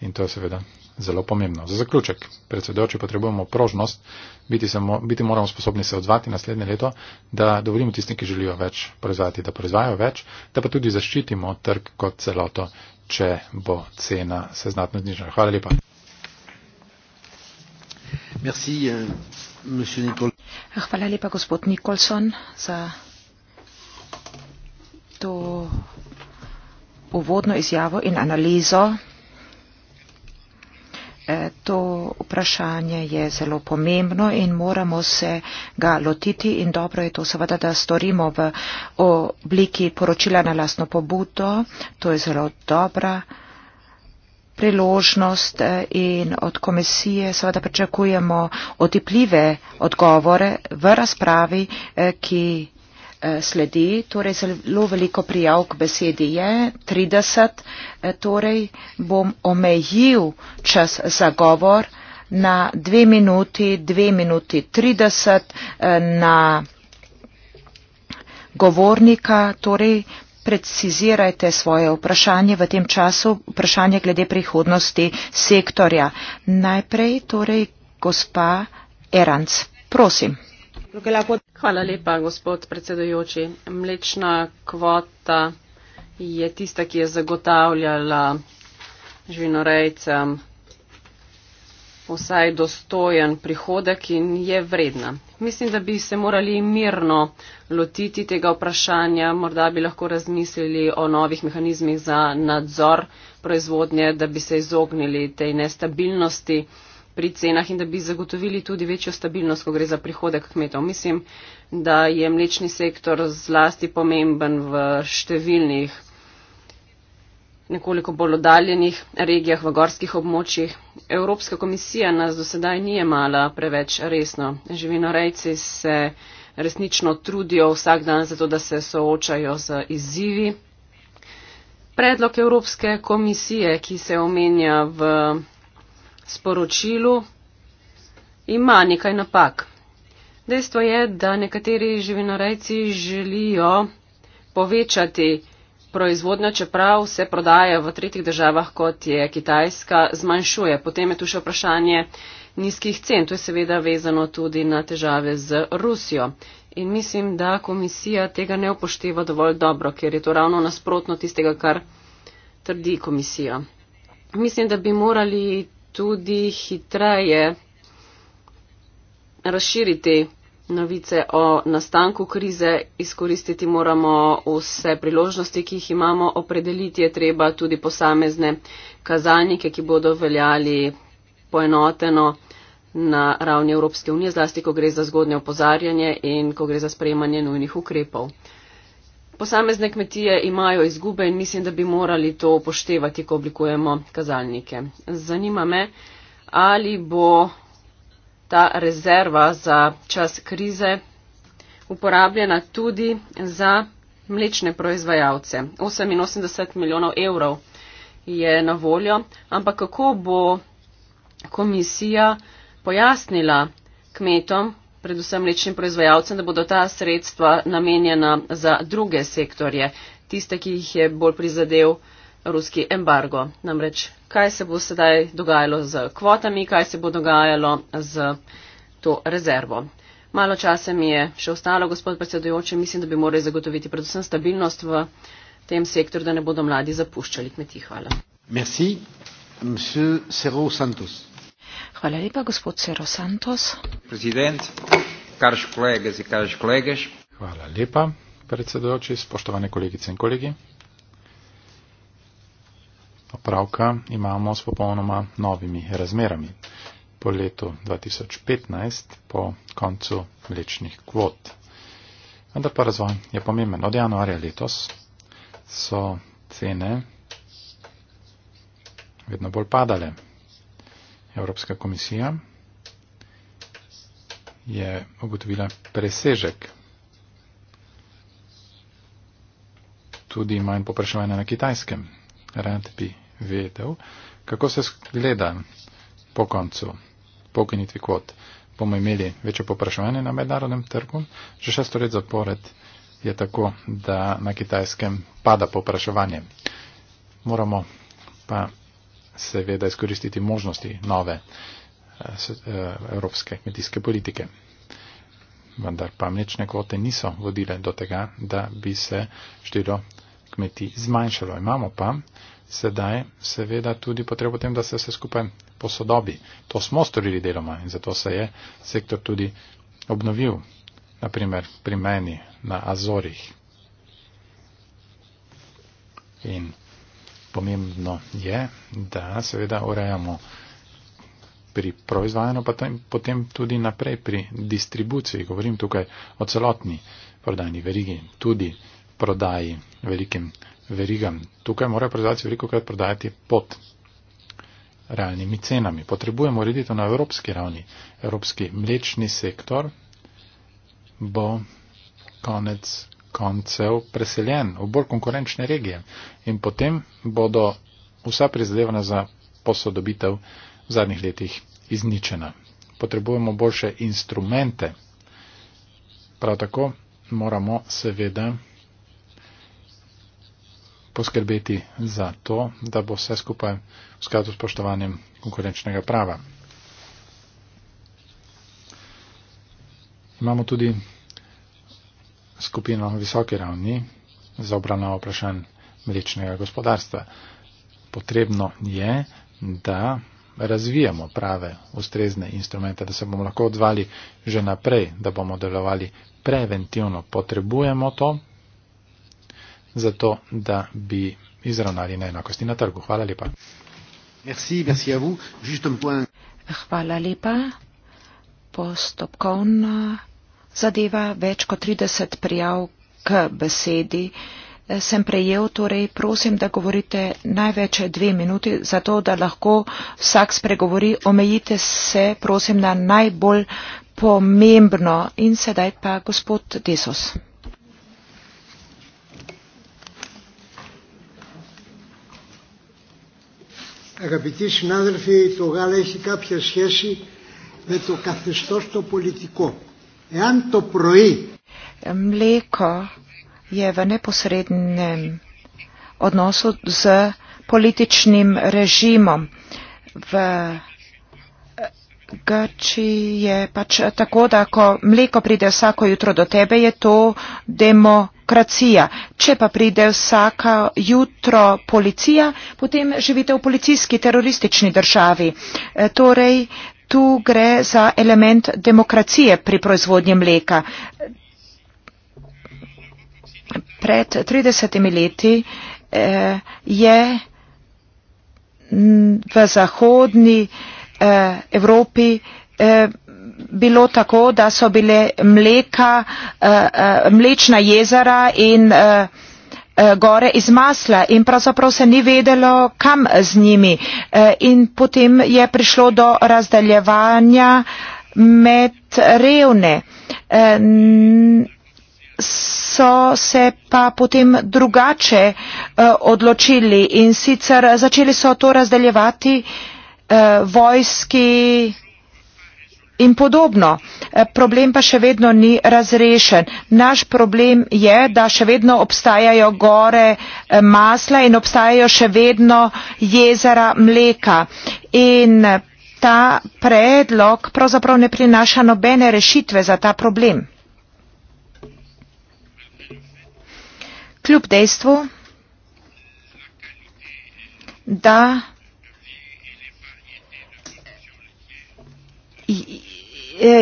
in to je seveda zelo pomembno. Za zaključek, predsedujoči, potrebujemo prožnost, biti, samo, biti moramo sposobni se odzvati naslednje leto, da dovolimo tistim, ki želijo več proizvajati, da proizvajajo več, da pa tudi zaščitimo trg kot celoto, če bo cena se znatno znižala. Hvala lepa. Merci, euh, Hvala lepa, gospod Nikolson, za to uvodno izjavo in analizo. Eh, to vprašanje je zelo pomembno in moramo se ga lotiti in dobro je to seveda, da storimo v obliki poročila na lastno pobudo. To je zelo dobra priložnost eh, in od komisije seveda pričakujemo otipljive odgovore v razpravi, eh, ki Eh, sledi. Torej, zelo veliko prijav k besedi je, 30. Eh, torej, bom omejil čas za govor na 2 minuti, 2 minuti 30 eh, na govornika. Torej, precizirajte svoje vprašanje v tem času, vprašanje glede prihodnosti sektorja. Najprej, torej, gospa Erans. Prosim. Hvala lepa, gospod predsedujoči. Mlečna kvota je tista, ki je zagotavljala živinorejcem vsaj dostojen prihodek in je vredna. Mislim, da bi se morali mirno lotiti tega vprašanja, morda bi lahko razmislili o novih mehanizmih za nadzor proizvodnje, da bi se izognili tej nestabilnosti pri cenah in da bi zagotovili tudi večjo stabilnost, ko gre za prihodek kmetov. Mislim, da je mlečni sektor zlasti pomemben v številnih nekoliko bolj oddaljenih regijah v gorskih območjih. Evropska komisija nas do sedaj ni jemala preveč resno. Živinorejci se resnično trudijo vsak dan za to, da se soočajo z izzivi. Predlog Evropske komisije, ki se omenja v sporočilu ima nekaj napak. Dejstvo je, da nekateri živinorejci želijo povečati proizvodnjo, čeprav se prodaje v tretjih državah, kot je Kitajska, zmanjšuje. Potem je tu še vprašanje nizkih cen. To je seveda vezano tudi na težave z Rusijo. In mislim, da komisija tega ne upošteva dovolj dobro, ker je to ravno nasprotno tistega, kar trdi komisija. Mislim, da bi morali tudi hitreje razširiti novice o nastanku krize, izkoristiti moramo vse priložnosti, ki jih imamo, opredeliti je treba tudi posamezne kazalnike, ki bodo veljali poenoteno na ravni Evropske unije, zlasti ko gre za zgodnje opozarjanje in ko gre za sprejemanje nujnih ukrepov posamezne kmetije imajo izgube in mislim, da bi morali to upoštevati, ko oblikujemo kazalnike. Zanima me, ali bo ta rezerva za čas krize uporabljena tudi za mlečne proizvajalce. 88 milijonov evrov je na voljo, ampak kako bo komisija pojasnila kmetom, predvsem mlečnim proizvajalcem, da bodo ta sredstva namenjena za druge sektorje, tiste, ki jih je bolj prizadel ruski embargo. Namreč, kaj se bo sedaj dogajalo z kvotami, kaj se bo dogajalo z to rezervo. Malo časa mi je še ostalo, gospod predsedujoči, mislim, da bi morali zagotoviti predvsem stabilnost v tem sektorju, da ne bodo mladi zapuščali kmetij. Hvala. Merci, Hvala lepa, gospod Cero Santos. Hvala lepa, predsedojoči, spoštovane kolegice in kolegi. Opravka imamo s popolnoma novimi razmerami. Po letu 2015, po koncu mlečnih kvot. Vendar pa razvoj je pomemben. Od januarja letos so cene vedno bolj padale. Evropska komisija je ugotovila presežek. Tudi manj popraševanja na kitajskem. Rad bi vedel, kako se gleda po koncu, po ukinitvi kvot. Bomo imeli večje popraševanje na mednarodnem trgu. Že šesto let zapored je tako, da na kitajskem pada popraševanje. Moramo pa seveda izkoristiti možnosti nove eh, eh, evropske kmetijske politike. Vendar pa mlečne kvote niso vodile do tega, da bi se število kmetij zmanjšalo. Imamo pa sedaj seveda tudi potrebo tem, da se vse skupaj posodobi. To smo storili deloma in zato se je sektor tudi obnovil, naprimer pri meni na Azorih. In pomembno je, da seveda urejamo pri proizvajanju, pa potem tudi naprej pri distribuciji. Govorim tukaj o celotni prodajni verigi, tudi prodaji velikim verigam. Tukaj morajo proizvajalci veliko krat prodajati pod realnimi cenami. Potrebujemo urediti na evropski ravni. Evropski mlečni sektor bo konec koncev preseljen v bolj konkurenčne regije in potem bodo vsa prizadevanja za posodobitev v zadnjih letih izničena. Potrebujemo boljše instrumente. Prav tako moramo seveda poskrbeti za to, da bo vse skupaj v skladu s poštovanjem konkurenčnega prava. Imamo tudi skupino visoke ravni za obravnavo vprašanj mlečnega gospodarstva. Potrebno je, da razvijamo prave, ustrezne instrumente, da se bomo lahko odzvali že naprej, da bomo delovali preventivno. Potrebujemo to, zato da bi izravnali neenakosti na trgu. Hvala lepa. Merci, merci Hvala lepa. Postopkovno zadeva več kot 30 prijav k besedi. Sem prejel, torej prosim, da govorite največ dve minuti, zato da lahko vsak spregovori. Omejite se, prosim, na najbolj pomembno. In sedaj pa gospod Desos. Agapiti sinadrfi, to gala ima kakšne zveze z to kathestosto politiko. Mleko je v neposrednem odnosu z političnim režimom. V eh, Grči je pač eh, tako, da ko mleko pride vsako jutro do tebe, je to demokracija. Če pa pride vsako jutro policija, potem živite v policijski teroristični državi. Eh, torej, tu gre za element demokracije pri proizvodnji mleka. Pred 30 leti eh, je v zahodni eh, Evropi eh, bilo tako, da so bile mleka, mlečna jezera in mleka, Eh, gore iz masla in pravzaprav se ni vedelo, kam z njimi. Eh, in potem je prišlo do razdaljevanja med revne. Eh, so se pa potem drugače odločili in sicer začeli so to razdaljevati vojski in podobno. Eh, problem pa še vedno ni razrešen. Naš problem je, da še vedno obstajajo gore eh, masla in obstajajo še vedno jezera mleka. In eh, ta predlog pravzaprav ne prinaša nobene rešitve za ta problem. Kljub dejstvu, da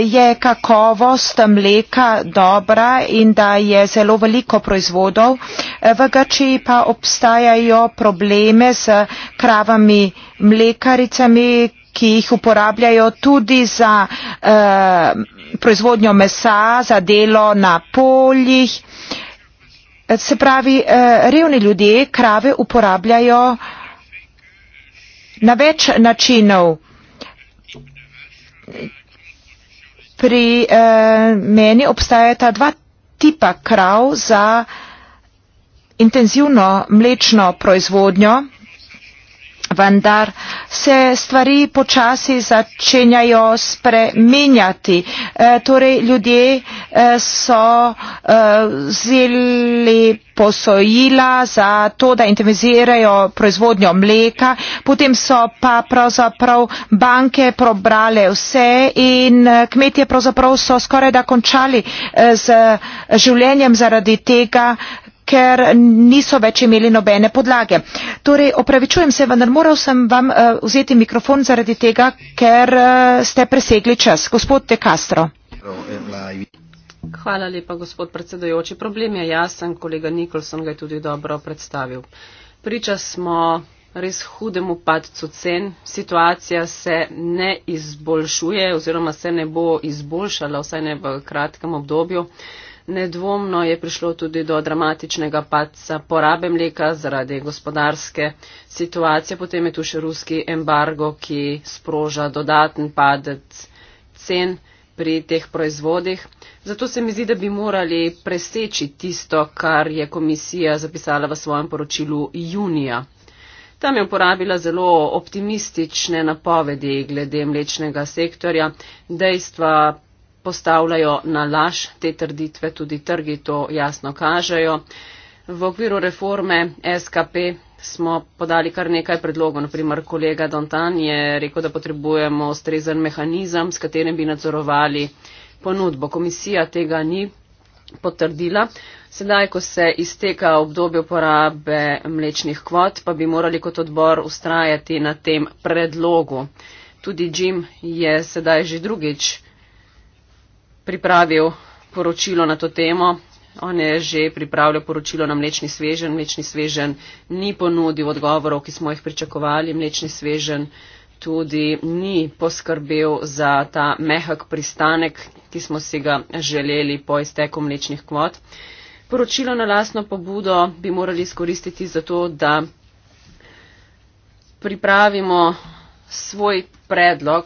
je kakovost mleka dobra in da je zelo veliko proizvodov, v Grčiji pa obstajajo probleme z kravami mlekaricami, ki jih uporabljajo tudi za eh, proizvodnjo mesa, za delo na poljih. Se pravi, eh, revni ljudje krave uporabljajo na več načinov pri eh, meni obstajata dva tipa krav za intenzivno mlečno proizvodnjo vendar se stvari počasi začenjajo spreminjati. E, torej, ljudje e, so e, vzeli posojila za to, da intimizirajo proizvodnjo mleka, potem so pa pravzaprav banke probrale vse in kmetje pravzaprav so skoraj da končali z življenjem zaradi tega, ker niso več imeli nobene podlage. Torej, opravičujem se, vendar moral sem vam eh, vzeti mikrofon zaradi tega, ker eh, ste presegli čas. Gospod De Castro. Hvala lepa, gospod predsedojoči. Problem je jasen, kolega Nikolson ga je tudi dobro predstavil. Priča smo res hudemu padcu cen, situacija se ne izboljšuje oziroma se ne bo izboljšala, vsaj ne v kratkem obdobju. Uh, Nedvomno je prišlo tudi do dramatičnega padca porabe mleka zaradi gospodarske situacije. Potem je tu še ruski embargo, ki sproža dodaten padec cen pri teh proizvodih. Zato se mi zdi, da bi morali preseči tisto, kar je komisija zapisala v svojem poročilu junija. Tam je uporabila zelo optimistične napovedi glede mlečnega sektorja. Dejstva postavljajo na laž te trditve, tudi trgi to jasno kažejo. V okviru reforme SKP smo podali kar nekaj predlogov. Naprimer, kolega Dontan je rekel, da potrebujemo ustrezen mehanizem, s katerim bi nadzorovali ponudbo. Komisija tega ni potrdila. Sedaj, ko se izteka obdobje uporabe mlečnih kvot, pa bi morali kot odbor ustrajati na tem predlogu. Tudi Jim je sedaj že drugič pripravil poročilo na to temo. On je že pripravljal poročilo na mlečni svežen. Mlečni svežen ni ponudil odgovorov, ki smo jih pričakovali. Mlečni svežen tudi ni poskrbel za ta mehak pristanek, ki smo si ga želeli po izteku mlečnih kvot. Poročilo na lasno pobudo bi morali izkoristiti za to, da pripravimo svoj predlog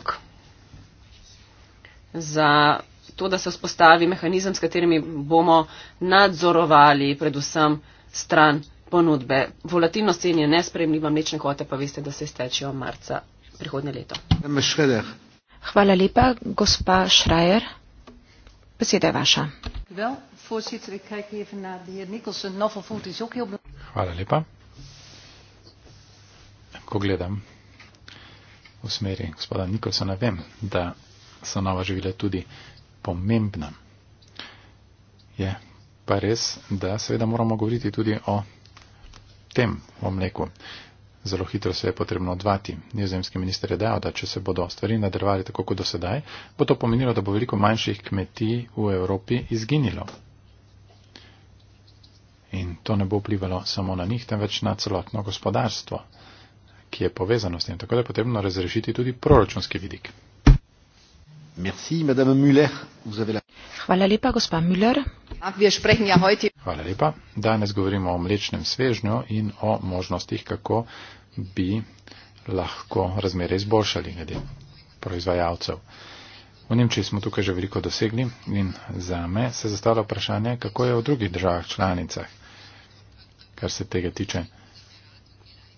za to, da se vzpostavi mehanizem, s katerimi bomo nadzorovali predvsem stran ponudbe. Volatilnost cen je nespremljiva, mlečne kvote pa veste, da se stečejo marca prihodnje leto. Hvala lepa, gospa Šrajer. Beseda je vaša. Hvala lepa. Ko gledam v smeri gospoda Nikolsona, vem, da so nova živila tudi pomembna. Je pa res, da seveda moramo govoriti tudi o tem, o mleku. Zelo hitro se je potrebno odvati. Nizozemski minister je dejal, da če se bodo stvari nadaljevali tako kot do sedaj, bo to pomenilo, da bo veliko manjših kmetij v Evropi izginilo. In to ne bo vplivalo samo na njih, temveč na celotno gospodarstvo, ki je povezano s tem. Tako da je potrebno razrešiti tudi proračunski vidik. Merci, Madame Müller, vous avez la... Hvala lepa, gospa Müller. Hvala lepa. Danes govorimo o mlečnem svežnju in o možnostih, kako bi lahko razmere izboljšali glede proizvajalcev. V Nemčiji smo tukaj že veliko dosegli in za me se zastavlja vprašanje, kako je v drugih državah članicah, kar se tega tiče,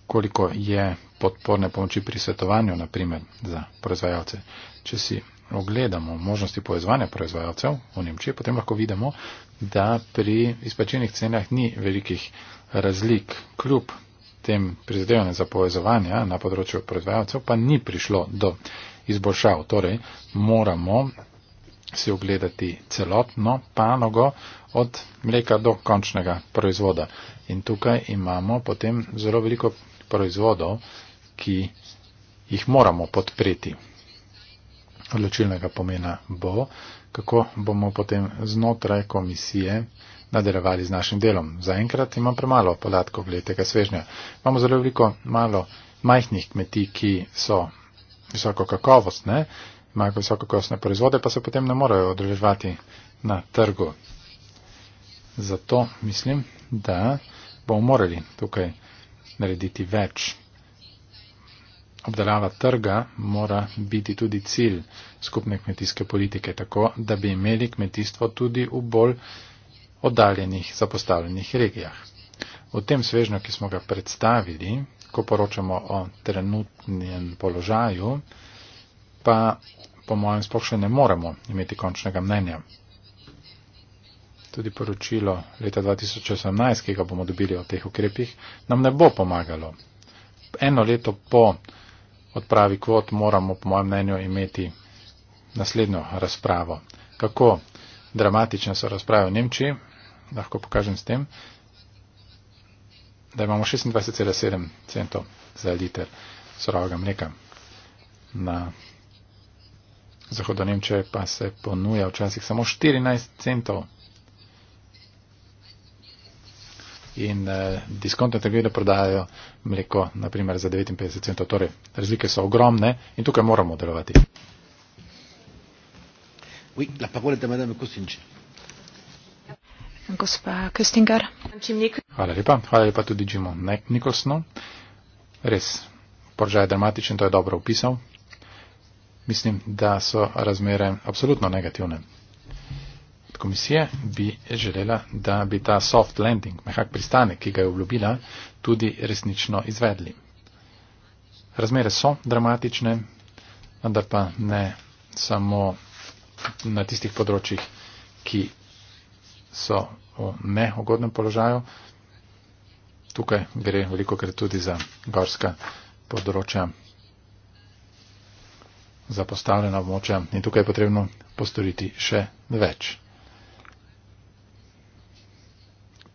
koliko je podporne pomoči pri svetovanju, naprimer, za proizvajalce. Če si ogledamo možnosti povezovanja proizvajalcev v Nemčiji, potem lahko vidimo, da pri izplačenih cenah ni velikih razlik. Kljub tem prizadevanjem za povezovanje na področju proizvajalcev pa ni prišlo do izboljšav. Torej, moramo si ogledati celotno panogo od mleka do končnega proizvoda. In tukaj imamo potem zelo veliko proizvodov, ki jih moramo podpreti odločilnega pomena bo, kako bomo potem znotraj komisije nadaljevali z našim delom. Zaenkrat imam premalo podatkov glede tega svežnja. Imamo zelo veliko malo majhnih kmetij, ki so visoko kakovostne, imajo visoko kakovostne proizvode, pa se potem ne morejo odreževati na trgu. Zato mislim, da bomo morali tukaj narediti več obdelava trga mora biti tudi cilj skupne kmetijske politike, tako da bi imeli kmetijstvo tudi v bolj oddaljenih, zapostavljenih regijah. V tem svežnju, ki smo ga predstavili, ko poročamo o trenutnem položaju, pa po mojem spokšnju ne moremo imeti končnega mnenja. Tudi poročilo leta 2018, ki ga bomo dobili o teh ukrepih, nam ne bo pomagalo. Eno leto po odpravi kvot, moramo, po mojem mnenju, imeti naslednjo razpravo. Kako dramatične so razprave v Nemčiji, lahko pokažem s tem, da imamo 26,7 centov za liter surovega mleka. Na zahodu Nemčije pa se ponuja včasih samo 14 centov in uh, eh, diskontne trgovine prodajajo mleko, naprimer, za 59 centov. Torej, razlike so ogromne in tukaj moramo delovati. Hvala lepa. Hvala lepa tudi Jimu Nicholsonu. Res, poržaj je dramatičen, to je dobro opisal. Mislim, da so razmere absolutno negativne komisije bi želela, da bi ta soft landing, mehak pristanek, ki ga je obljubila, tudi resnično izvedli. Razmere so dramatične, vendar pa ne samo na tistih področjih, ki so v neugodnem položaju. Tukaj gre veliko krat tudi za gorska področja, za postavljena območja in tukaj je potrebno postoriti še več.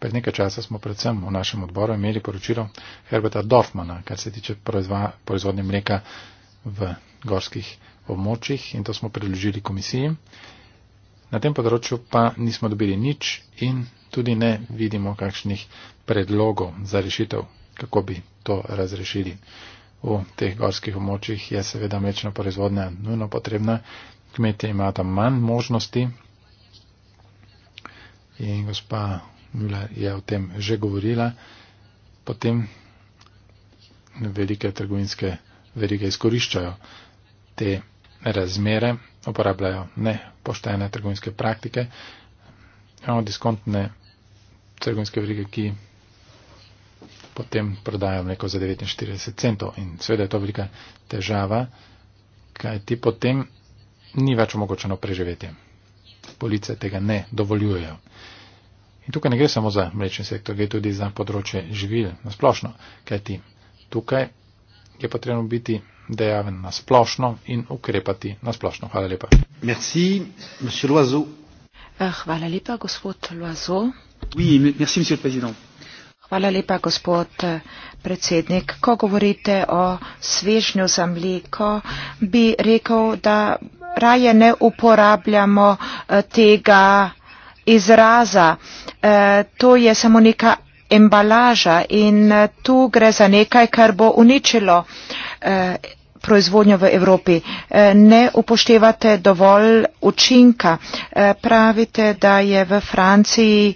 Pred nekaj časa smo predvsem v našem odboru imeli poročilo Herberta Dorfmana, kar se tiče proizvodnje mleka v gorskih območjih in to smo predložili komisiji. Na tem področju pa nismo dobili nič in tudi ne vidimo kakšnih predlogov za rešitev, kako bi to razrešili. V teh gorskih območjih je seveda mlečna proizvodnja nujno potrebna, kmetje imajo tam manj možnosti in gospa Mila je o tem že govorila. Potem velike trgovinske verige izkoriščajo te razmere, uporabljajo nepoštene trgovinske praktike, imamo diskontne trgovinske verige, ki potem prodajo mleko za 49 centov in seveda je to velika težava, kaj ti potem ni več omogočeno preživetje. Police tega ne dovoljujejo. In tukaj ne gre samo za mlečni sektor, gre tudi za področje živil na splošno, kajti tukaj je potrebno biti dejaven na splošno in ukrepati na splošno. Hvala lepa. Merci, eh, Hvala lepa, gospod Loazo. Oui, merci, monsieur le président. Hvala lepa, gospod eh, predsednik. Ko govorite o svežnju za mleko, bi rekel, da raje ne uporabljamo eh, tega izraza. Eh, to je samo neka embalaža in eh, tu gre za nekaj, kar bo uničilo eh, proizvodnjo v Evropi. Ne upoštevate dovolj učinka. Pravite, da je v Franciji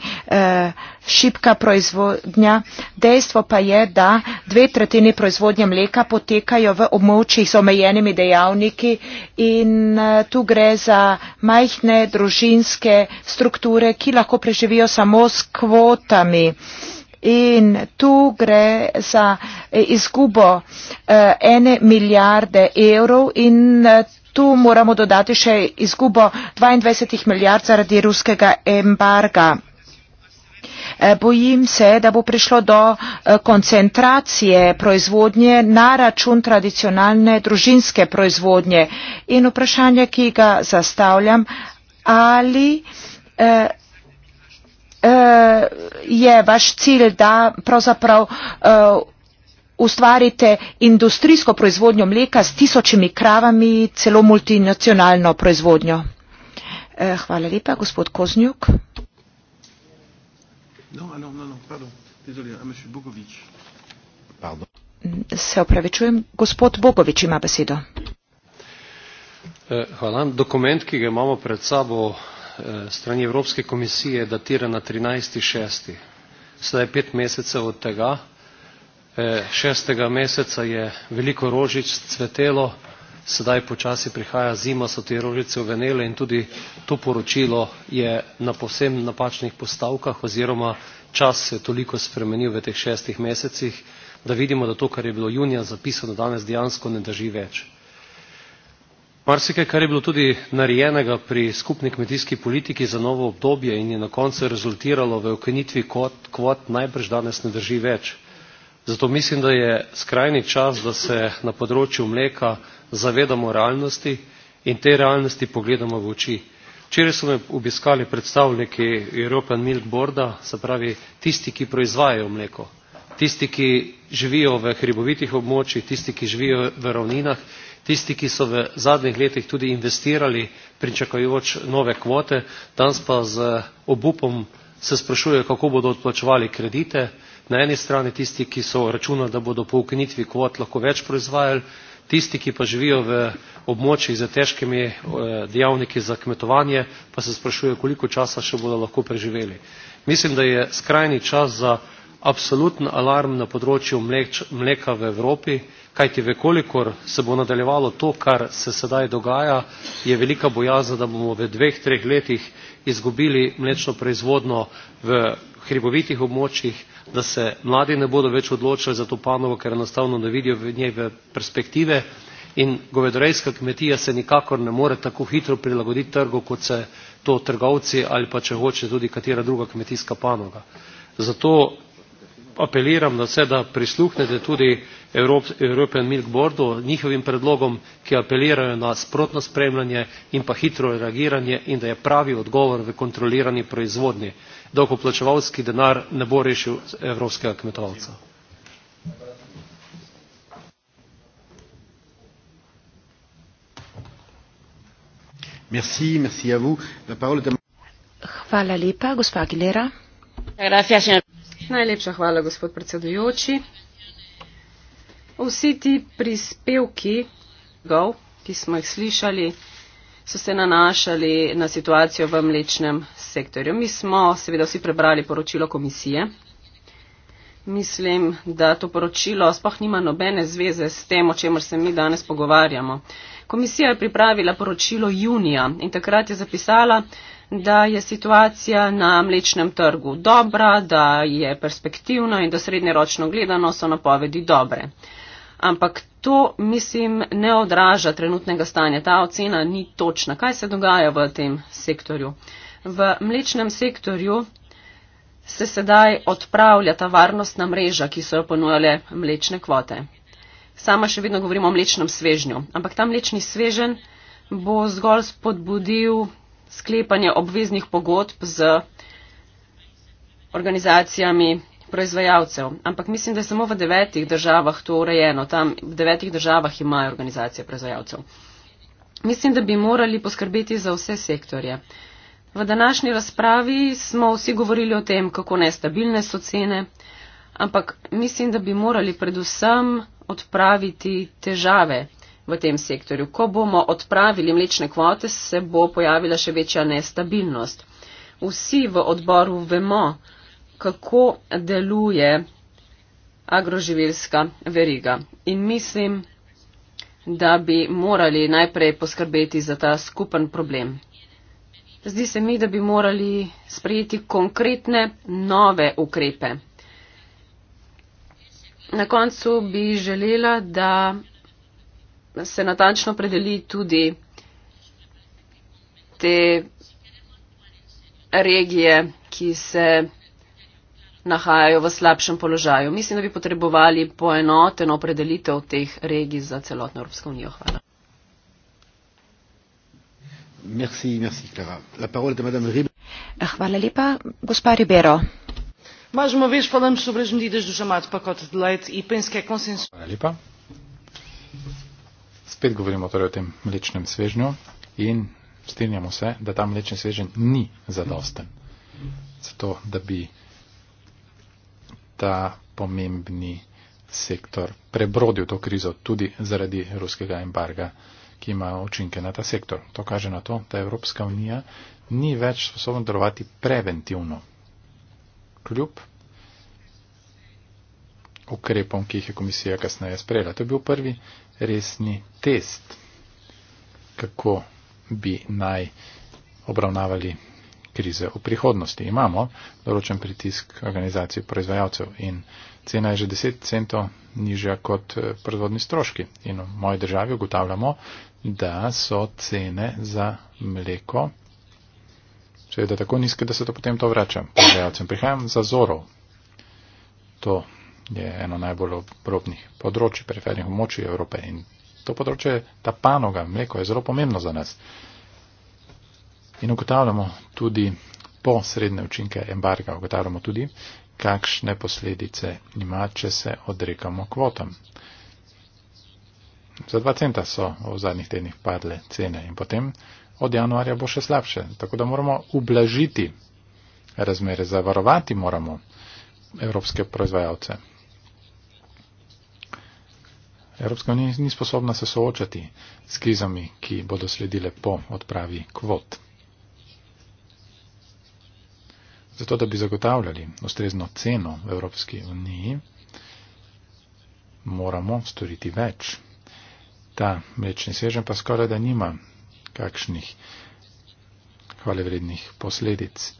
šibka proizvodnja. Dejstvo pa je, da dve tretjini proizvodnje mleka potekajo v območjih z omejenimi dejavniki in eh, tu gre za majhne družinske strukture, ki lahko preživijo samo s kvotami. In tu gre za eh, izgubo eh, ene milijarde evrov in tu moramo dodati še izgubo 22 milijard zaradi ruskega embarga. Eh, bojim se, da bo prišlo do eh, koncentracije proizvodnje na račun tradicionalne družinske proizvodnje. In vprašanje, ki ga zastavljam, ali eh, je vaš cilj, da pravzaprav ustvarite industrijsko proizvodnjo mleka s tisočimi kravami, celo multinacionalno proizvodnjo. Hvala lepa, gospod Koznjuk. Non, ah non, non, non, pardon. Désolé, à Monsieur Bogovic. Pardon. Se opravičujem, gospod Bogovič ima besedo. Eh, hvala. Dokument, ki ga imamo pred sabo eh, strani Evropske komisije, je datiran na 13.6. Sedaj je pet mesecev od tega. Eh, šestega meseca je veliko rožic cvetelo, sedaj počasi prihaja zima so te rožice uvenele in tudi to poročilo je na povsem napačnih postavkah oziroma čas se je toliko spremenil v teh šestih mesecih da vidimo da to kar je bilo junija zapisano danes dejansko ne drži več Marsikaj, kar je bilo tudi narejenega pri skupni kmetijski politiki za novo obdobje in je na koncu rezultiralo v ukinitvi kvot, kvot, najbrž danes ne drži več. Zato mislim, da je skrajni čas, da se na področju mleka zavedamo realnosti in te realnosti pogledamo v oči. Včeraj so me obiskali predstavniki European Milk Boarda, se pravi tisti, ki proizvajajo mleko, tisti, ki živijo v hribovitih območjih, tisti, ki živijo v ravninah, tisti, ki so v zadnjih letih tudi investirali pričakajoč nove kvote, danes pa z obupom se sprašujejo, kako bodo odplačevali kredite, na eni strani tisti, ki so računali, da bodo po ukinitvi kvot lahko več proizvajali, tisti ki pa živijo v območjih s težkimi eh, dejavniki za kmetovanje pa se sprašujejo koliko časa še bodo lahko preživeli. mislim da je skrajni čas za absoluten alarm na področju mleka v evropi kajti v kolikor se bo nadaljevalo to kar se sedaj dogaja je velika bojazen da bomo v dveh treh letih izgubili mlečno proizvodnjo v hribovitih območjih da se mladi ne bodo več odločali za to panogo ker enostavno ne vidijo v njej v perspektive in govedorejska kmetija se nikakor ne more tako hitro prilagoditi trgu kot se to trgovci ali pa če hoče tudi katera druga kmetijska panoga zato apeliram na vse da prisluhnete tudi european milk boardu njihovim predlogom ki apelirajo na sprotno spremljanje in pa hitro reagiranje in da je pravi odgovor v kontrolirani proizvodnji. davkoplačevalski denar ne bo rešil evropskega kmetovalca. najlepša hvala gospod predsedujoči. Vsi ti prispevki, gov, ki smo jih slišali, so se nanašali na situacijo v mlečnem sektorju. Mi smo seveda vsi prebrali poročilo komisije. Mislim, da to poročilo spoh nima nobene zveze s tem, o čemer se mi danes pogovarjamo. Komisija je pripravila poročilo junija in takrat je zapisala, da je situacija na mlečnem trgu dobra, da je perspektivna in da srednjeročno gledano so napovedi dobre ampak to, mislim, ne odraža trenutnega stanja. Ta ocena ni točna. Kaj se dogaja v tem sektorju? V mlečnem sektorju se sedaj odpravlja ta varnostna mreža, ki so jo ponujale mlečne kvote. Sama še vedno govorimo o mlečnem svežnju, ampak ta mlečni svežen bo zgolj spodbudil sklepanje obveznih pogodb z organizacijami proizvajalcev, ampak mislim, da je samo v devetih državah to urejeno, tam v devetih državah imajo organizacije proizvajalcev. Mislim, da bi morali poskrbeti za vse sektorje. V današnji razpravi smo vsi govorili o tem, kako nestabilne so cene, ampak mislim, da bi morali predvsem odpraviti težave v tem sektorju. Ko bomo odpravili mlečne kvote, se bo pojavila še večja nestabilnost. Vsi v odboru vemo, kako deluje agroživilska veriga. In mislim, da bi morali najprej poskrbeti za ta skupen problem. Zdi se mi, da bi morali sprejeti konkretne nove ukrepe. Na koncu bi želela, da se natančno predeli tudi te regije, ki se nahajajo v slabšem položaju. Mislim, da bi potrebovali poenoteno opredelitev teh regij za celotno Evropsko unijo. Hvala. Merci, merci, La parole de madame Rib... Hvala lepa, gospa Ribero. Mais uma vez falamos sobre as medidas do chamado pacote de leite e penso que é consenso. Hvala lepa. Spet govorimo torej o tem mlečnem svežnju in strinjamo se, da ta mlečni svežen ni zadosten. Zato, da bi ta pomembni sektor prebrodil to krizo tudi zaradi ruskega embarga, ki ima učinke na ta sektor. To kaže na to, da Evropska unija ni več sposobna delovati preventivno. Kljub ukrepom, ki jih je komisija kasneje sprejela. To je bil prvi resni test, kako bi naj obravnavali krize v prihodnosti. Imamo določen pritisk organizacij proizvajalcev in cena je že 10 centov nižja kot eh, proizvodni stroški. In v moji državi ugotavljamo, da so cene za mleko seveda tako nizke, da se to potem to vrača. Proizvajalcem prihajam za zorov. To je eno najbolj obrobnih področji, periferijnih območij Evrope in to področje, ta panoga mleko je zelo pomembno za nas. In ugotavljamo tudi posredne učinke embarga, ugotavljamo tudi, kakšne posledice ima, če se odrekamo kvotam. Za dva centa so v zadnjih tednih padle cene in potem od januarja bo še slabše. Tako da moramo ublažiti razmere, zavarovati moramo evropske proizvajalce. Evropska unija ni sposobna se soočati s krizami, ki bodo sledile po odpravi kvot zato da bi zagotavljali ustrezno ceno v Evropski uniji, moramo storiti več. Ta mlečni svežen pa skoraj da nima kakšnih hvalevrednih posledic.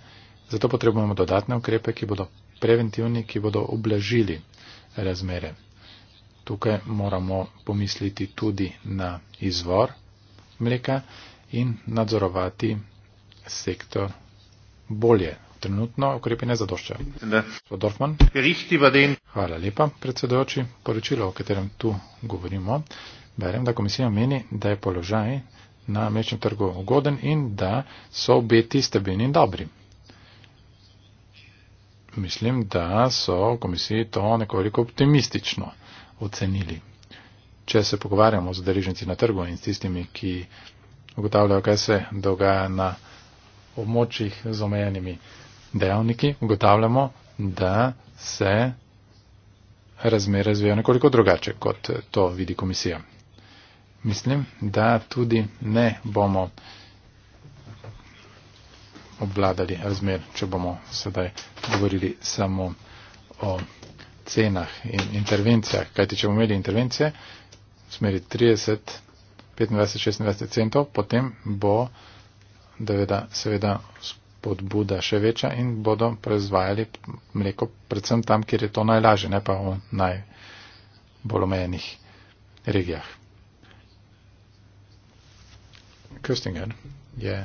Zato potrebujemo dodatne ukrepe, ki bodo preventivni, ki bodo oblažili razmere. Tukaj moramo pomisliti tudi na izvor mleka in nadzorovati sektor bolje trenutno ukrepi ne zadoščajo. Dorfman. Hvala lepa, predsedojoči. Poročilo, o katerem tu govorimo, berem, da komisija meni, da je položaj na mlečnem trgu ugoden in da so obeti stabilni in dobri. Mislim, da so v komisiji to nekoliko optimistično ocenili. Če se pogovarjamo z deriženci na trgu in s tistimi, ki ugotavljajo, kaj se dogaja na območjih z omejenimi dejavniki, ugotavljamo, da se razmere razvijajo nekoliko drugače, kot to vidi komisija. Mislim, da tudi ne bomo obvladali razmer, če bomo sedaj govorili samo o cenah in intervencijah. Kajti, če bomo imeli intervencije v smeri 30, 25, 26 centov, potem bo da veda, seveda spodbuda še večja in bodo proizvajali mleko predvsem tam, kjer je to najlažje, ne pa v najbolj omejenih regijah. Köstinger je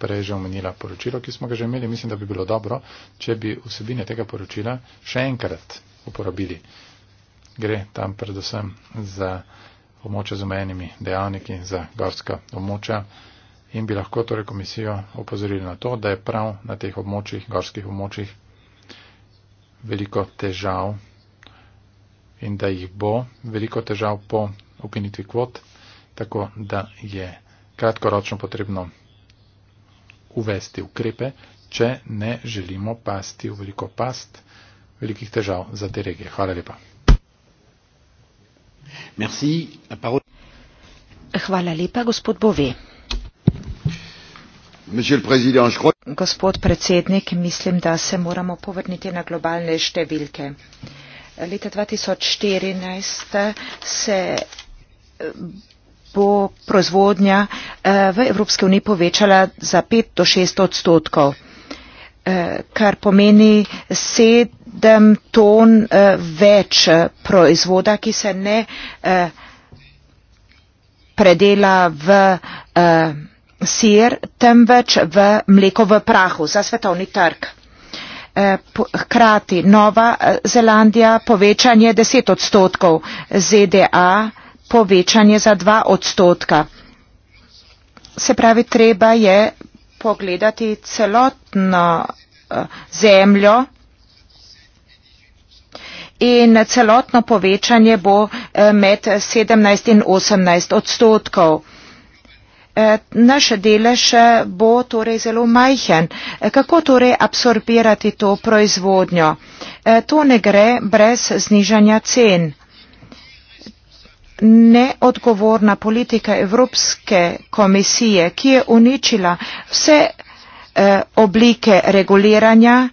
prej že omenila poročilo, ki smo ga že imeli. Mislim, da bi bilo dobro, če bi vsebine tega poročila še enkrat uporabili. Gre tam predvsem za območje z omenjenimi dejavniki, za gorska območja in bi lahko torej komisijo opozorili na to, da je prav na teh območjih, gorskih območjih, veliko težav in da jih bo veliko težav po ukinitvi kvot, tako da je kratkoročno potrebno uvesti ukrepe, če ne želimo pasti v veliko past velikih težav za te regije. Hvala lepa. Merci. Hvala lepa, gospod Bove. Gospod predsednik, mislim, da se moramo povrniti na globalne številke. Leta 2014 se eh, bo proizvodnja eh, v Evropske uniji povečala za 5 do 6 odstotkov, eh, kar pomeni 7 ton več proizvoda, ki se ne predela v sir, temveč v mleko v prahu za svetovni trg. Eh, hkrati Nova eh, Zelandija povečanje 10 odstotkov, ZDA povečanje za 2 odstotka. Se pravi, treba je pogledati celotno eh, zemljo in celotno povečanje bo med 17 in 18 odstotkov. Eh, naš delež eh, bo torej zelo majhen. Eh, kako torej absorbirati to proizvodnjo? To ne gre brez znižanja cen. Neodgovorna politika Evropske komisije, ki je uničila vse oblike reguliranja,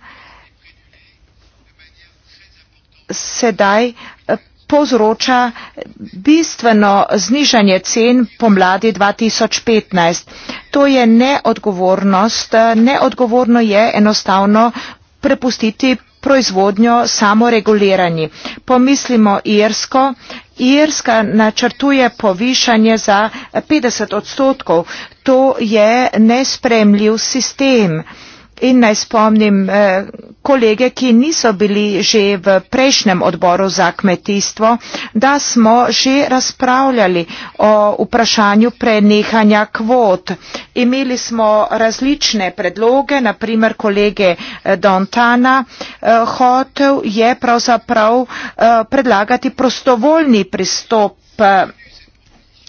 sedaj povzroča bistveno znižanje cen pomladi 2015. To je neodgovornost. Neodgovorno je enostavno prepustiti proizvodnjo samoreguliranji. Pomislimo Irsko. Irska načrtuje povišanje za 50 odstotkov. To je nespremljiv sistem. In naj spomnim, eh, kolege, ki niso bili že v prejšnjem odboru za kmetijstvo, da smo že razpravljali o vprašanju prenehanja kvot. Imeli smo različne predloge, naprimer kolege eh, Dontana eh, hotel je pravzaprav eh, predlagati prostovoljni pristop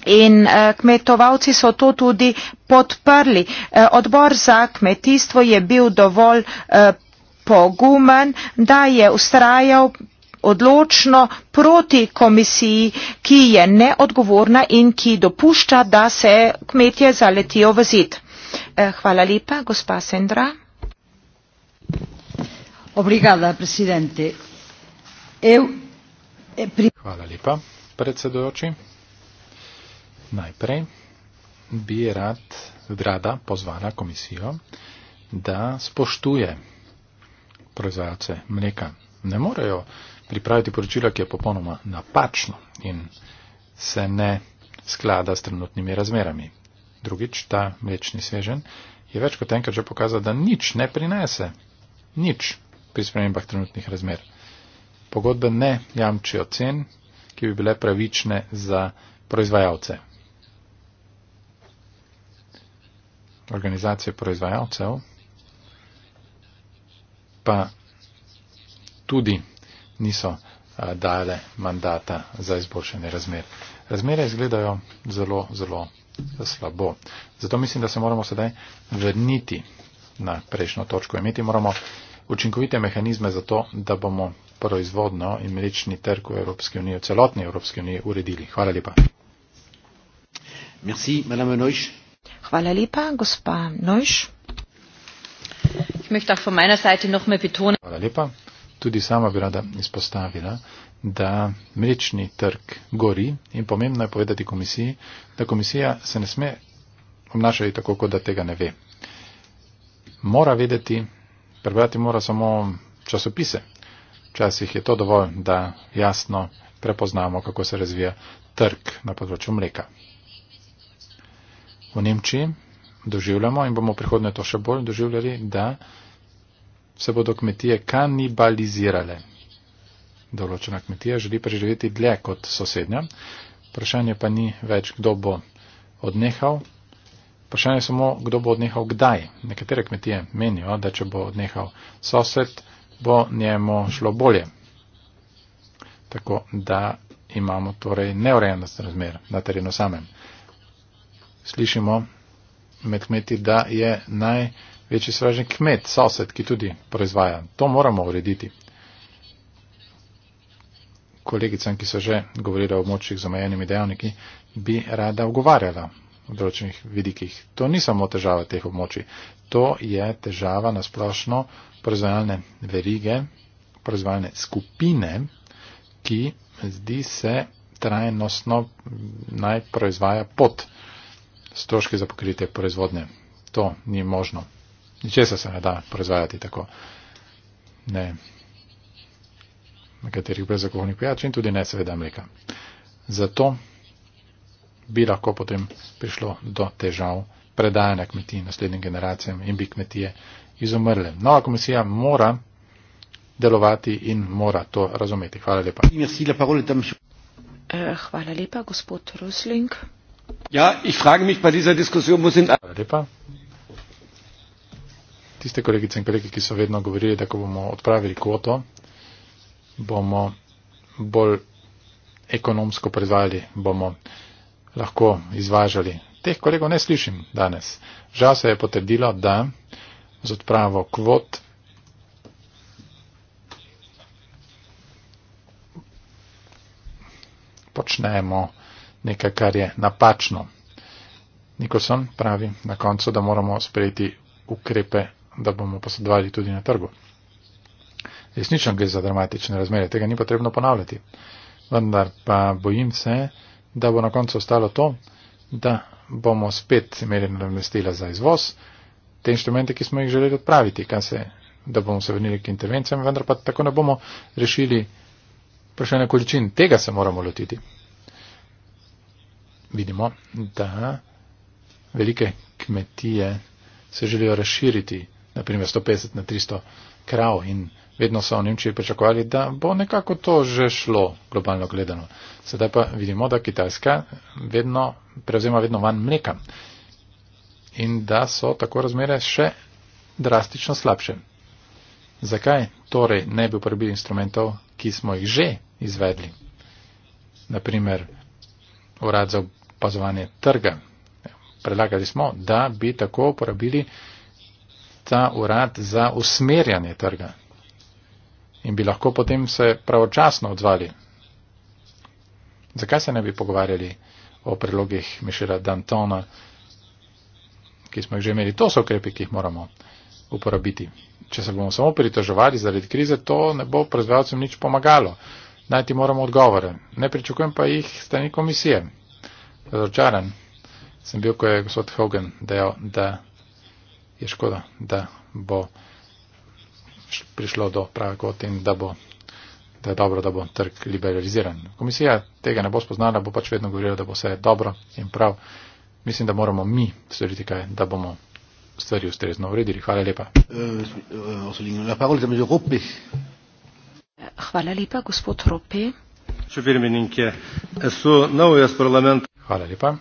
in kmetovalci so to tudi podprli. Odbor za kmetijstvo je bil dovolj poguman, da je ustrajal odločno proti komisiji, ki je neodgovorna in ki dopušča, da se kmetje zaletijo v zid. Eh, hvala lepa, gospa Sendra. Obrigada, presidente. Eu, e pri... Hvala lepa, predsedujoči. Najprej bi rad, rada pozvala komisijo, da spoštuje proizvajalce mleka ne morejo pripraviti poročila, ki je popolnoma napačno in se ne sklada s trenutnimi razmerami. Drugič, ta mlečni svežen je več kot enkrat že pokazal, da nič ne prinese, nič pri spremembah trenutnih razmer. Pogodbe ne jamčijo cen, ki bi bile pravične za proizvajalce. Organizacije proizvajalcev pa tudi niso dale mandata za izboljšanje razmer. Razmere izgledajo zelo, zelo slabo. Zato mislim, da se moramo sedaj vrniti na prejšnjo točko. Imeti moramo učinkovite mehanizme za to, da bomo proizvodno in mlečni trg v Evropski uniji, v celotni Evropski uniji uredili. Hvala lepa. Merci, Hvala lepa, gospa Nojš. Hvala lepa. Tudi sama bi rada izpostavila, da mlečni trg gori in pomembno je povedati komisiji, da komisija se ne sme obnašati tako, kot da tega ne ve. Mora vedeti, prebrati mora samo časopise. Včasih je to dovolj, da jasno prepoznamo, kako se razvija trg na področju mleka. V Nemčiji doživljamo in bomo prihodne to še bolj doživljali, da se bodo kmetije kanibalizirale. Določena kmetija želi preživeti dlje kot sosednja. Vprašanje pa ni več, kdo bo odnehal. Vprašanje je samo, kdo bo odnehal kdaj. Nekatere kmetije menijo, da če bo odnehal sosed, bo njemu šlo bolje. Tako da imamo torej neurejenost razmer na terenu samem. Slišimo med kmeti, da je največji sovražnik kmet, sosed, ki tudi proizvaja. To moramo urediti. Kolegicam, ki so že govorile o močih z omejenimi dejavniki, bi rada ogovarjala v določenih vidikih. To ni samo težava teh območij, to je težava nasplošno proizvajalne verige, proizvajalne skupine, ki zdi se trajnostno naj proizvaja pod stroške za pokritje proizvodnje. To ni možno. Ničesar se ne da proizvajati tako. Ne. Nekaterih brezakovnih pijač in tudi ne seveda mleka. Zato bi lahko potem prišlo do težav predajanja kmetij naslednjim generacijam in bi kmetije izumrle. Nova komisija mora delovati in mora to razumeti. Hvala lepa. Eh, hvala lepa, gospod Rusling ja ich frage mich bei dieser diskusion wo sind Tiste kolegice in kolegi, ki so vedno govorili, da ko bomo odpravili kvoto, bomo bolj ekonomsko proizvajali, bomo lahko izvažali. Teh kolegov ne slišim danes. Žal se je potrdilo, da z odpravo kvot počnemo nekaj, kar je napačno. Nikolson pravi na koncu, da moramo sprejeti ukrepe, da bomo posodvali tudi na trgu. Resnično gre za dramatične razmere, tega ni potrebno ponavljati. Vendar pa bojim se, da bo na koncu ostalo to, da bomo spet imeli nadomestila za izvoz, te inštrumente, ki smo jih želeli odpraviti, se, da bomo se vrnili k intervencijam, vendar pa tako ne bomo rešili vprašanja količin. Tega se moramo lotiti vidimo, da velike kmetije se želijo razširiti, naprimer 150 na 300 krav in vedno so v Nemčiji pričakovali, da bo nekako to že šlo globalno gledano. Sedaj pa vidimo, da Kitajska vedno prevzema vedno manj mleka in da so tako razmere še drastično slabše. Zakaj torej ne bi uporabili instrumentov, ki smo jih že izvedli? Naprimer, urad za opazovanje trga. Predlagali smo, da bi tako uporabili ta urad za usmerjanje trga in bi lahko potem se pravočasno odzvali. Zakaj se ne bi pogovarjali o predlogih Mišela Dantona, ki smo jih že imeli? To so ukrepe, ki jih moramo uporabiti. Če se bomo samo pritoževali zaradi krize, to ne bo proizvajalcem nič pomagalo. Najti moramo odgovore. Ne pričakujem pa jih strani komisije razočaran sem bil, ko je gospod Hogan dejal, da je škoda, da bo prišlo do prave kvote in da bo da je dobro, da bo trg liberaliziran. Komisija tega ne bo spoznala, bo pač vedno govorila, da bo vse dobro in prav. Mislim, da moramo mi storiti kaj, da bomo stvari ustrezno uredili. Hvala lepa. Hvala lepa, gospod Rope. Hvala lepa.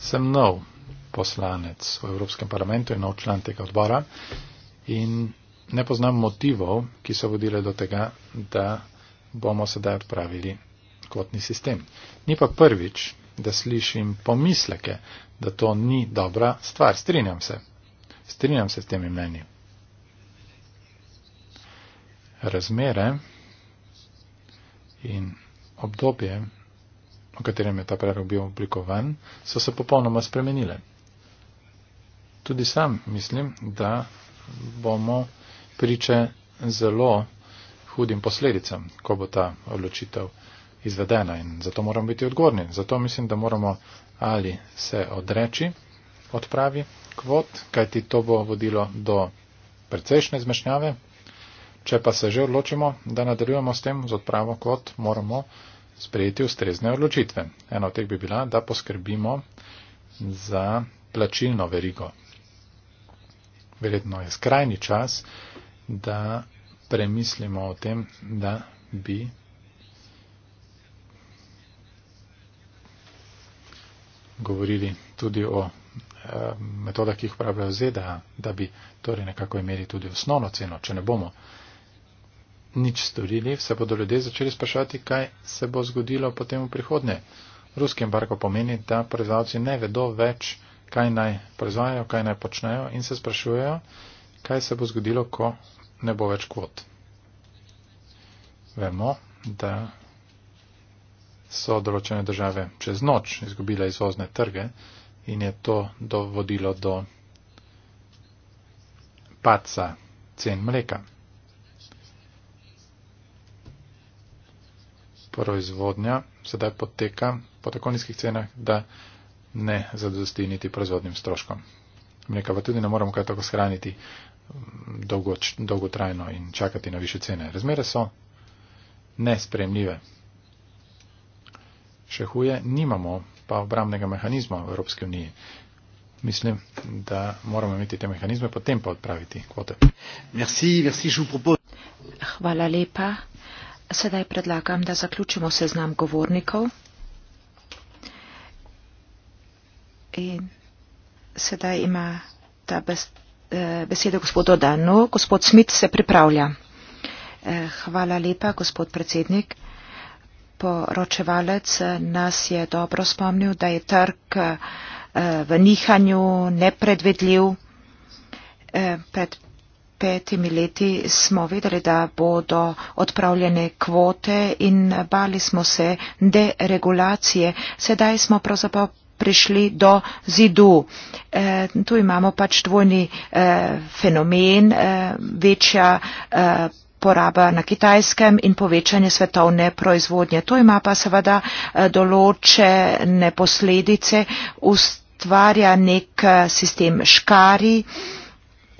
Sem nov poslanec v Evropskem parlamentu in nov član tega odbora in ne poznam motivov, ki so vodile do tega, da bomo sedaj odpravili kvotni sistem. Ni pa prvič, da slišim pomisleke, da to ni dobra stvar. Strinjam se. Strinjam se s temi mnenji. Razmere in obdobje v katerem je ta predlog bil oblikovan, so se popolnoma spremenile. Tudi sam mislim, da bomo priče zelo hudim posledicam, ko bo ta odločitev izvedena in zato moramo biti odgovorni. Zato mislim, da moramo ali se odreči odpravi kvot, kajti to bo vodilo do precejšnje zmešnjave. Če pa se že odločimo, da nadaljujemo s tem, z odpravo kvot, moramo sprejeti ustrezne odločitve. Eno od teh bi bila, da poskrbimo za plačilno verigo. Verjetno je skrajni čas, da premislimo o tem, da bi govorili tudi o eh, metodah, ki jih uporabljajo ZDA, da bi torej nekako imeli tudi osnovno ceno, če ne bomo nič storili, se bodo ljudje začeli sprašati, kaj se bo zgodilo potem v prihodnje. Ruski embargo pomeni, da proizvajalci ne vedo več, kaj naj proizvajajo, kaj naj počnejo in se sprašujejo, kaj se bo zgodilo, ko ne bo več kvot. Vemo, da so določene države čez noč izgubile izvozne trge in je to dovodilo do padca cen mleka. proizvodnja sedaj poteka po tako nizkih cenah, da ne zadosti niti proizvodnim stroškom. Mleka pa tudi ne moramo kaj tako shraniti mm, dolgo, dolgotrajno in čakati na više cene. Razmere so nespremljive. Še huje, nimamo pa obramnega mehanizma v Evropski uniji. Mislim, da moramo imeti te mehanizme, potem pa odpraviti kvote. Merci, merci, Hvala lepa. Sedaj predlagam, da zaključimo seznam govornikov. In sedaj ima ta eh, besedo gospod Odano. Gospod Smit se pripravlja. Eh, hvala lepa, gospod predsednik. Poročevalec eh, nas je dobro spomnil, da je trg v nihanju nepredvedljiv. Pred petimi leti smo videli, da bodo odpravljene kvote in bali smo se deregulacije. Sedaj smo pravzaprav prišli do zidu. E, tu imamo pač dvojni e, fenomen, e, večja e, poraba na kitajskem in povečanje svetovne proizvodnje. Tu ima pa seveda e, določene posledice, ustvarja nek e, sistem škari.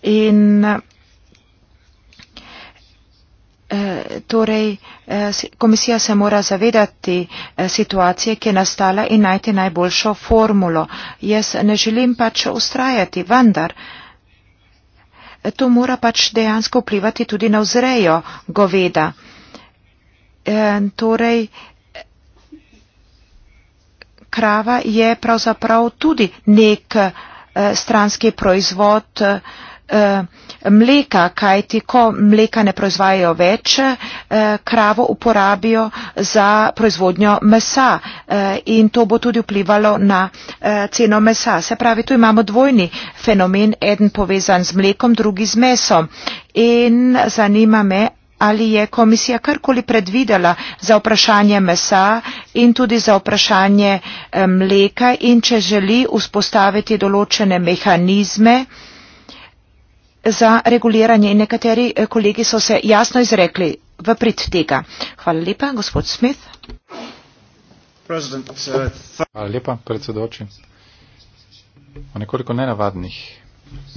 In Eh, torej, eh, komisija se mora zavedati eh, situacije, ki je nastala in najti najboljšo formulo. Jaz ne želim pač ustrajati, vendar. To mora pač dejansko vplivati tudi na vzrejo goveda. E, torej, krava je pravzaprav tudi nek e, stranski proizvod. E, mleka, kajti ko mleka ne proizvajajo več, eh, kravo uporabijo za proizvodnjo mesa eh, in to bo tudi vplivalo na eh, ceno mesa. Se pravi, tu imamo dvojni fenomen, eden povezan z mlekom, drugi z mesom. In zanima me, ali je komisija karkoli predvidela za vprašanje mesa in tudi za vprašanje mleka in če želi vzpostaviti določene mehanizme, za reguliranje in nekateri eh, kolegi so se jasno izrekli v prid tega. Hvala lepa, gospod Smith. Eh, Hvala lepa, predsedoči. O nekoliko nenavadnih,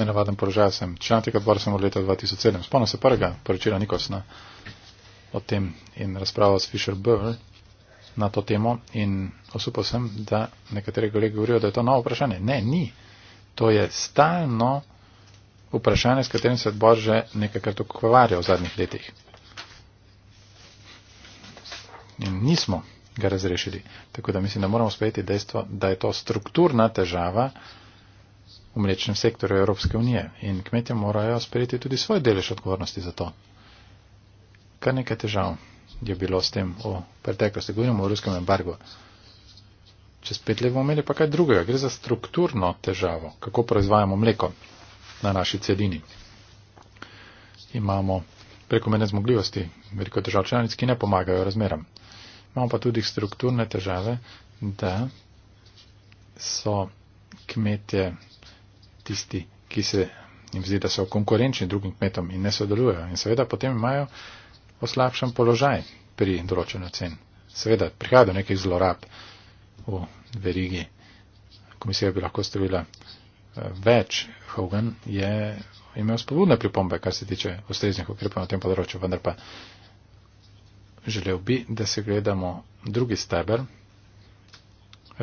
nenavaden položaj sem. Član tega odbora sem od leta 2007. Spomnim se prvega poročila Nikosna o tem in razpravo s Fisher Burr na to temo in osupo sem, da nekateri kolegi govorijo, da je to novo vprašanje. Ne, ni. To je stalno vprašanje, s katerim se odbor že nekajkrat ukvarja v zadnjih letih. In nismo ga razrešili. Tako da mislim, da moramo sprejeti dejstvo, da je to strukturna težava v mlečnem sektorju Evropske unije. In kmetje morajo sprejeti tudi svoj delež odgovornosti za to. Kar nekaj težav je bilo s tem v preteklosti. Govorimo o ruskem embargu. Čez pet let bomo imeli pa kaj drugega. Gre za strukturno težavo, kako proizvajamo mleko na naši cedini. Imamo prekomerne zmogljivosti, veliko držav članic, ki ne pomagajo razmeram. Imamo pa tudi strukturne težave, da so kmetje tisti, ki se jim zdi, da so konkurenčni drugim kmetom in ne sodelujejo. In seveda potem imajo oslabšen položaj pri določenju cen. Seveda prihaja do nekih zlorab v verigi. Komisija bi lahko storila več, Hogan je imel spodbudne pripombe, kar se tiče ustreznih ukrepov na tem področju, vendar pa želel bi, da se gledamo drugi steber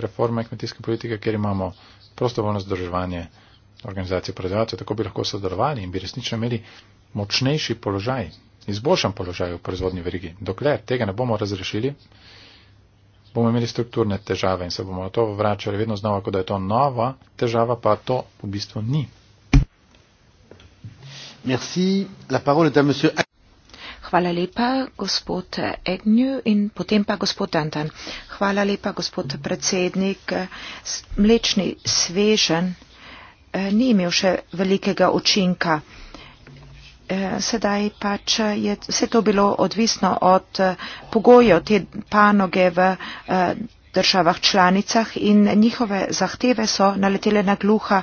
reforme kmetijske politike, kjer imamo prostovoljno združevanje organizacije proizvajalcev, tako bi lahko sodelovali in bi resnično imeli močnejši položaj, izboljšan položaj v proizvodni verigi. Dokler tega ne bomo razrešili, bomo imeli strukturne težave in se bomo na to vračali vedno znova, kot da je to nova težava, pa to v bistvu ni. Merci. La parole est à monsieur Hvala lepa, gospod Egnju in potem pa gospod Dantan. Hvala lepa, gospod predsednik. Mlečni svežen eh, ni imel še velikega učinka. Eh, sedaj pač je vse to bilo odvisno od eh, pogojev te panoge v eh, državah članicah in njihove zahteve so naletele na gluha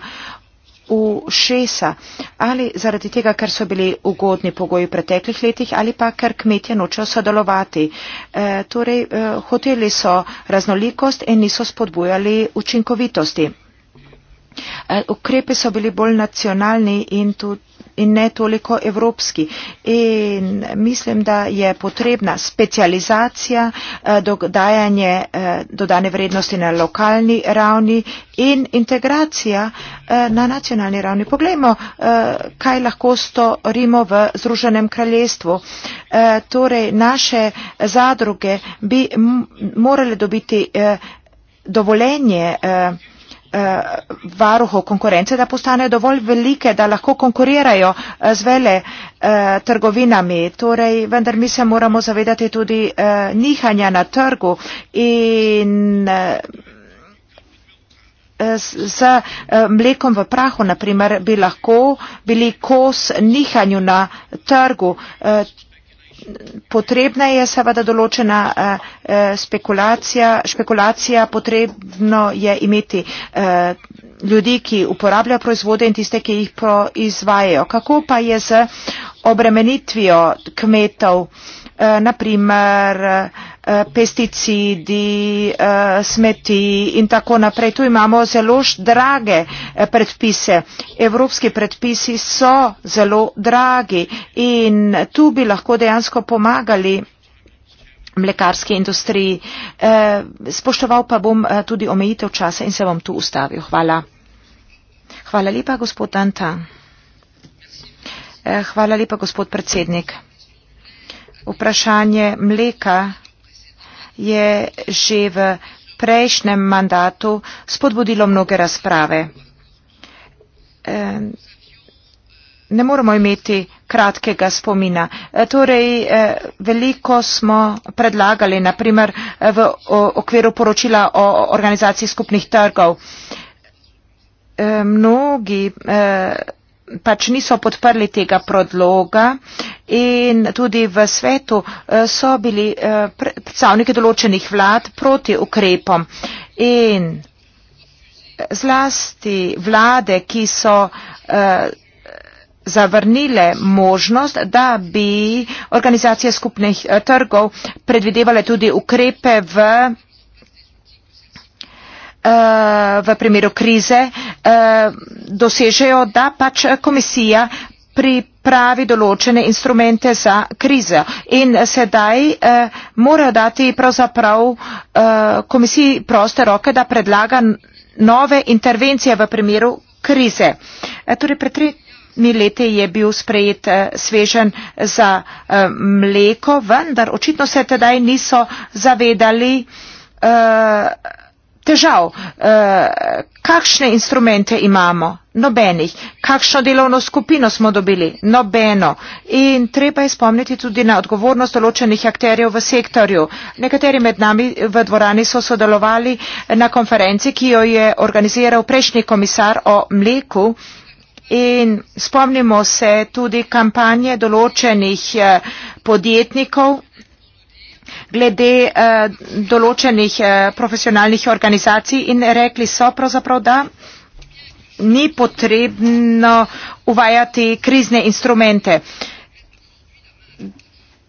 v šesa ali zaradi tega, ker so bili ugodni pogoji v preteklih letih ali pa ker kmetje nočejo sodelovati. E, torej, e, hoteli so raznolikost in niso spodbujali učinkovitosti. E, ukrepe so bili bolj nacionalni in tudi in ne toliko evropski. In mislim, da je potrebna specializacija, eh, dodajanje eh, dodane vrednosti na lokalni ravni in integracija eh, na nacionalni ravni. Poglejmo, kaj lahko storimo v Združenem kraljestvu. Torej, naše zadruge bi morale dobiti dovoljenje eh, eh, varuhu konkurence, da postanejo dovolj velike, da lahko konkurirajo eh, z vele eh, trgovinami. Torej, vendar mi se moramo zavedati tudi eh, nihanja na trgu in eh, z eh, eh, mlekom v prahu, naprimer, bi lahko bili kos nihanju na trgu. Eh, potrebna je seveda določena eh, eh, spekulacija, špekulacija, potrebno je imeti eh, ljudi, ki uporabljajo proizvode in tiste, ki jih proizvajajo. Kako pa je z obremenitvijo kmetov? Eh, na primer eh, pesticidi, eh, smeti in tako naprej. Tu imamo zelo drage predpise. Evropski predpisi so zelo dragi in tu bi lahko dejansko pomagali mlekarski industriji. Spoštoval pa bom tudi omejitev časa in se bom tu ustavil. Hvala. Hvala lepa, gospod Danta. Hvala lepa, gospod predsednik. Vprašanje mleka je že v prejšnjem mandatu spodbudilo mnoge razprave. Ne moramo imeti kratkega spomina. E, torej, e, veliko smo predlagali, naprimer e, v okviru poročila o organizaciji skupnih trgov. Mnogi pač niso podprli tega predloga in tudi v svetu eh, so bili eh, predstavniki določenih vlad proti ukrepom. In zlasti vlade, ki so eh, zavrnile možnost, da bi organizacija skupnih trgov predvidevala tudi ukrepe v Eh, v primeru krize eh, dosežejo, da pač komisija pripravi določene instrumente za krizo. In sedaj eh, mora dati pravzaprav komisiji proste roke, da predlaga nove intervencije v primeru krize. Torej pred tremi leti je bil sprejet svežen za mleko, vendar očitno se tedaj niso zavedali, težav. E, kakšne instrumente imamo? Nobenih. Kakšno delovno skupino smo dobili? Nobeno. In treba je spomniti tudi na odgovornost določenih akterjev v sektorju. Nekateri med nami v dvorani so sodelovali na konferenci, ki jo je organiziral prejšnji komisar o mleku. In spomnimo se tudi kampanje določenih eh, podjetnikov glede uh, določenih uh, profesionalnih organizacij in rekli so pravzaprav, da ni potrebno uvajati krizne instrumente.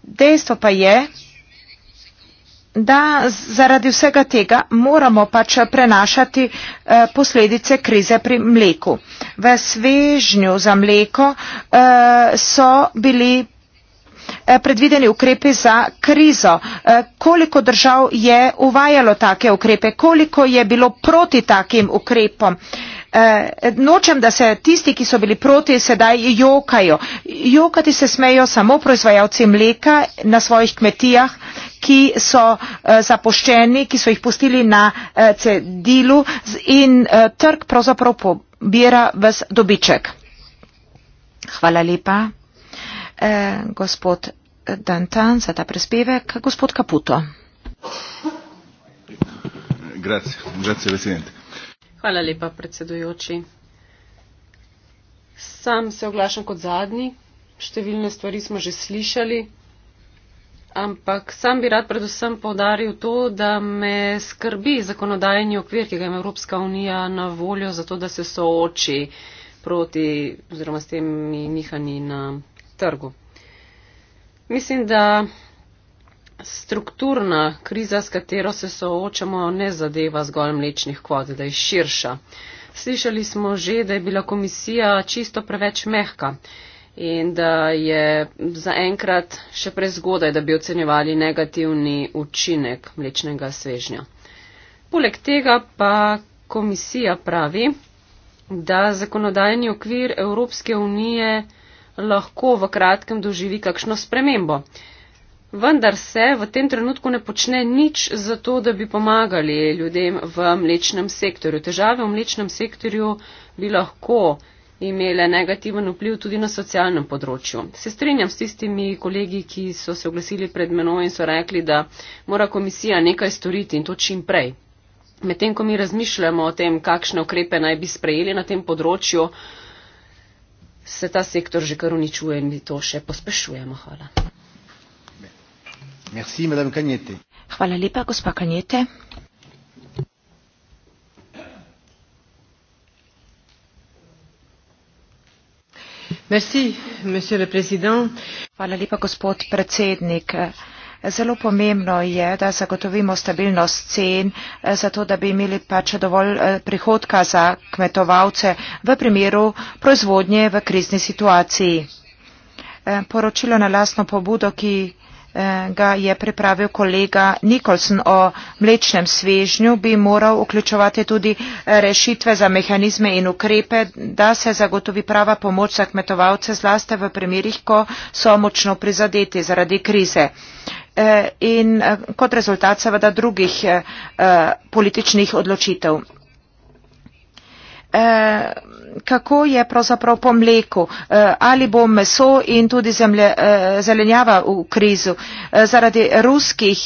Dejstvo pa je, da zaradi vsega tega moramo pač prenašati eh, posledice krize pri mleku. V svežnju za mleko so bili Eh, predvideni ukrepi za krizo. Eh, koliko držav je uvajalo take ukrepe, koliko je bilo proti takim ukrepom? Eh, nočem, da se tisti, ki so bili proti, sedaj jokajo. Jokati se smejo samo proizvajalci mleka na svojih kmetijah, ki so zapoščeni, ki so jih pustili na cedilu in trg pravzaprav pobira vse dobiček. Hvala lepa eh, gospod Dantan za ta prispevek, gospod Caputo. Grazie, grazie, Hvala lepa, predsedujoči. Sam se oglašam kot zadnji, številne stvari smo že slišali, ampak sam bi rad predvsem povdaril to, da me skrbi zakonodajni okvir, ki ga ima Evropska unija na voljo, zato da se sooči proti oziroma s temi nihanji na trgu. Mislim, da strukturna kriza, s katero se soočamo, ne zadeva zgolj mlečnih kvot, da je širša. Slišali smo že, da je bila komisija čisto preveč mehka in da je zaenkrat še prezgodaj, da bi ocenjevali negativni učinek mlečnega svežnja. Poleg tega pa komisija pravi, da zakonodajni okvir Evropske unije lahko v kratkem doživi kakšno spremembo. Vendar se v tem trenutku ne počne nič za to, da bi pomagali ljudem v mlečnem sektorju. Težave v mlečnem sektorju bi lahko imele negativen vpliv tudi na socialnem področju. Se strinjam s tistimi kolegi, ki so se oglasili pred menoj in so rekli, da mora komisija nekaj storiti in to čim prej. Medtem, ko mi razmišljamo o tem, kakšne ukrepe naj bi sprejeli na tem področju, uh, se ta sektor že kar uničuje in mi to še pospešujemo. Hvala. Merci, Hvala lepa, gospa Kanjete. Merci, Hvala lepa, gospod predsednik. Zelo pomembno je, da zagotovimo stabilnost cen, eh, zato da bi imeli pač dovolj eh, prihodka za kmetovalce v primeru proizvodnje v krizni situaciji. Eh, poročilo na lastno pobudo, ki ga je pripravil kolega Nikolson o mlečnem svežnju, bi moral vključovati tudi rešitve za mehanizme in ukrepe, da se zagotovi prava pomoč za kmetovalce zlaste v primerih, ko so močno prizadeti zaradi krize. Eh, in eh, kot rezultat seveda drugih eh, političnih odločitev. Kako je pravzaprav po mleku? Ali bo meso in tudi zemlje, zelenjava v krizu? Zaradi ruskih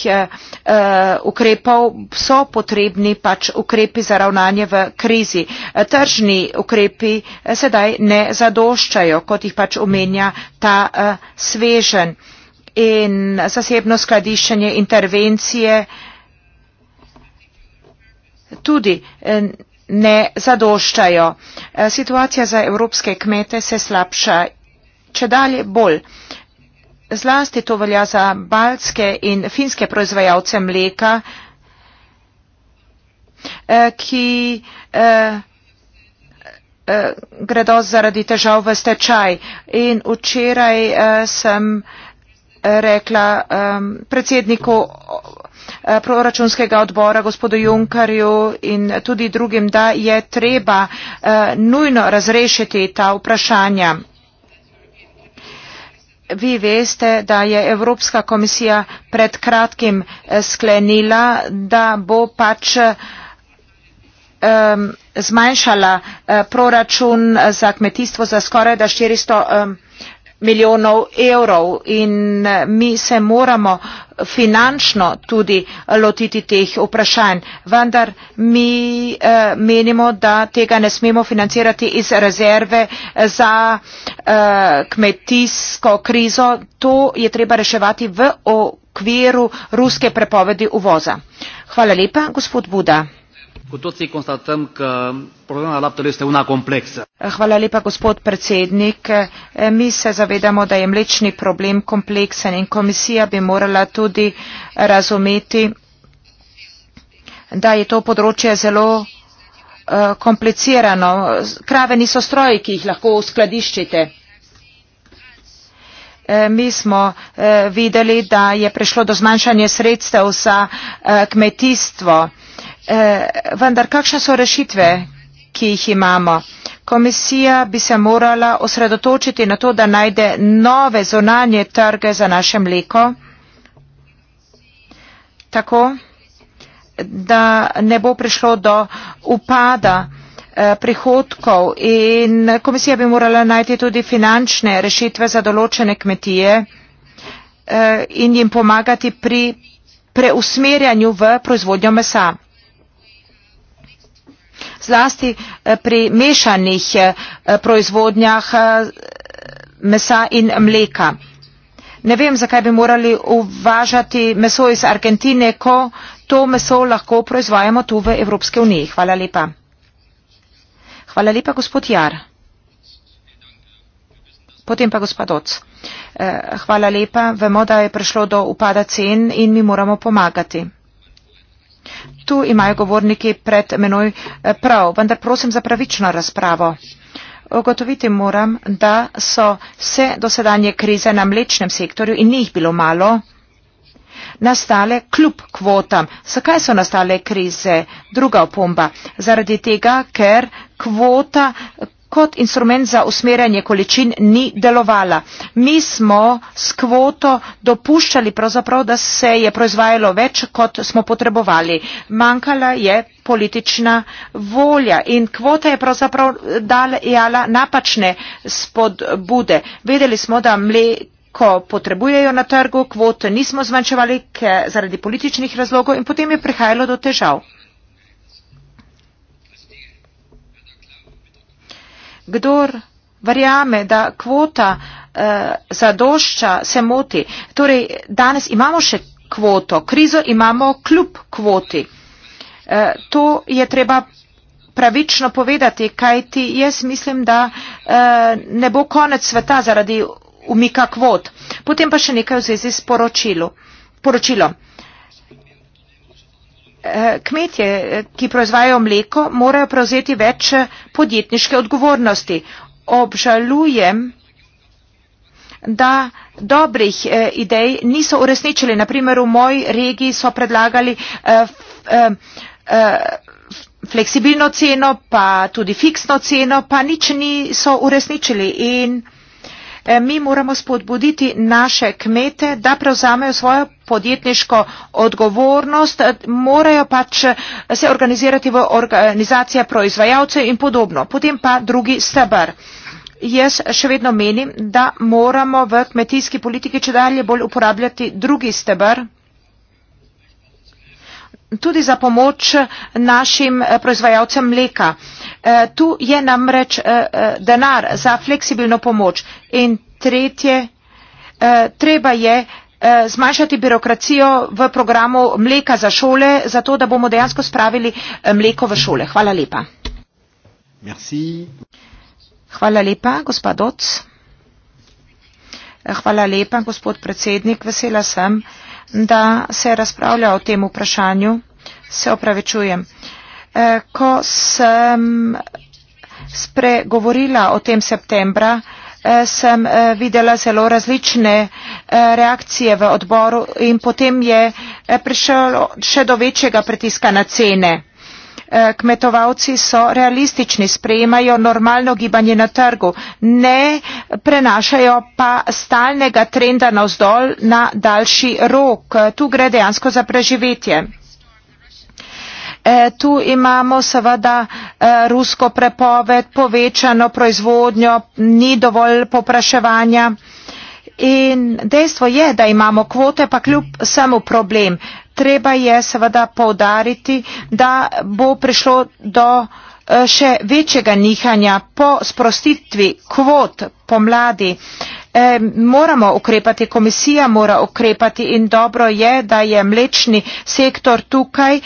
ukrepov so potrebni pač ukrepi za ravnanje v krizi. Tržni ukrepi sedaj ne zadoščajo, kot jih pač omenja ta svežen in zasebno skladiščenje intervencije tudi eh, ne zadoščajo. Eh, situacija za evropske kmete se slabša če dalje bolj. Zlasti to velja za balske in finske proizvajalce mleka, eh, ki gredo zaradi težav v stečaj. In včeraj sem rekla um, predsedniku eh, proračunskega odbora gospodu Junkarju in tudi drugim, da je treba uh, nujno razrešiti ta vprašanja. Vi veste, da je Evropska komisija pred kratkim eh, sklenila, da bo pač um, zmanjšala uh, proračun za kmetijstvo za skoraj da 400. Um, milijonov evrov in eh, mi se moramo finančno tudi eh, lotiti teh vprašanj. Vendar mi eh, menimo, da tega ne smemo financirati iz rezerve eh, za eh, kmetijsko krizo. To je treba reševati v okviru ruske prepovedi uvoza. Hvala lepa, gospod Buda. Cu toții constatăm că problema laptelui este una complexă. Hvala lepa, gospod predsednik. E, mi se zavedamo, da je mlečni problem kompleksen in komisija bi morala tudi razumeti, da je to področje zelo e, komplicirano. Krave niso stroji, ki jih lahko uskladiščite. E, mi smo videli, da je prišlo do zmanjšanja sredstev za kmetijstvo. Eh, vendar kakšne so rešitve, ki jih imamo? Komisija bi se morala osredotočiti na to, da najde nove zonanje trge za naše mleko, tako da ne bo prišlo do upada eh, prihodkov in komisija bi morala najti tudi finančne rešitve za določene kmetije eh, in jim pomagati pri preusmerjanju v proizvodnjo mesa zlasti eh, pri mešanih eh, proizvodnjah eh, mesa in mleka. Ne vem, zakaj bi morali uvažati meso iz Argentine, ko to meso lahko proizvajamo tu v Evropske uniji. Hvala lepa. Hvala lepa, gospod Jar. Potem pa gospod Oc. Hvala lepa. Vemo, da je prišlo do upada cen in mi moramo pomagati. Tu imajo govorniki pred menoj eh, prav, vendar prosim za pravično razpravo. Ogotoviti moram, da so vse dosedanje krize na mlečnem sektorju in njih bilo malo nastale kljub kvotam. Zakaj so nastale krize? Druga opomba. Zaradi tega, ker kvota kot instrument za usmerjanje količin ni delovala. Mi smo s kvoto dopuščali pravzaprav, da se je proizvajalo več, kot smo potrebovali. Manjkala je politična volja in kvota je pravzaprav dala napačne spodbude. Vedeli smo, da mleko potrebujejo na trgu, kvote nismo zmanjševali zaradi političnih razlogov in potem je prihajalo do težav. kdor verjame, da kvota eh, zadošča, se moti. Torej, danes imamo še kvoto, krizo imamo kljub kvoti. Eh, to je treba pravično povedati, kajti jaz mislim, da eh, ne bo konec sveta zaradi umika kvot. Potem pa še nekaj v zvezi s poročilom. Eh, kmetje, eh, ki proizvajajo mleko, morajo prevzeti več eh, podjetniške odgovornosti. Obžalujem, da dobrih idej niso uresničili. Naprimer, v moji regiji so predlagali fleksibilno ceno, pa tudi fiksno ceno, pa nič niso uresničili. In Eh, mi moramo spodbuditi naše kmete, da prevzamejo svojo podjetniško odgovornost, eh, morajo pač eh, se organizirati v organizacije proizvajalcev in podobno. Potem pa drugi stebr. Jaz še vedno menim, da moramo v kmetijski politiki če dalje bolj uporabljati drugi stebr, tudi za pomoč eh, našim eh, proizvajalcem mleka. Eh, tu je namreč denar za fleksibilno pomoč. In tretje, treba je zmanjšati birokracijo v programu mleka za šole, zato da bomo dejansko spravili mleko v šole. Hvala lepa. Merci. Hvala lepa, gospod Doc. Hvala lepa, gospod predsednik. Vesela sem da se razpravlja o tem vprašanju. Se opravičujem. E, ko sem spregovorila o tem septembra, e, sem e, videla zelo različne reakcije v odboru in potem je prišel še do večjega pritiska na cene. Eh, kmetovalci so realistični sprejemajo normalno gibanje na trgu ne prenašajo pa stalnega trenda navzdol na daljši rok tu gre dejansko za preživetje eh, tu imamo seveda eh, rusko prepoved povečano proizvodnjo ni dovolj popraševanja in dejstvo je, da imamo kvote, pa kljub samo problem treba je seveda povdariti, da bo prišlo do eh, še večjega nihanja po sprostitvi kvot pomladi. E, moramo ukrepati, komisija mora ukrepati in dobro je, da je mlečni sektor tukaj e,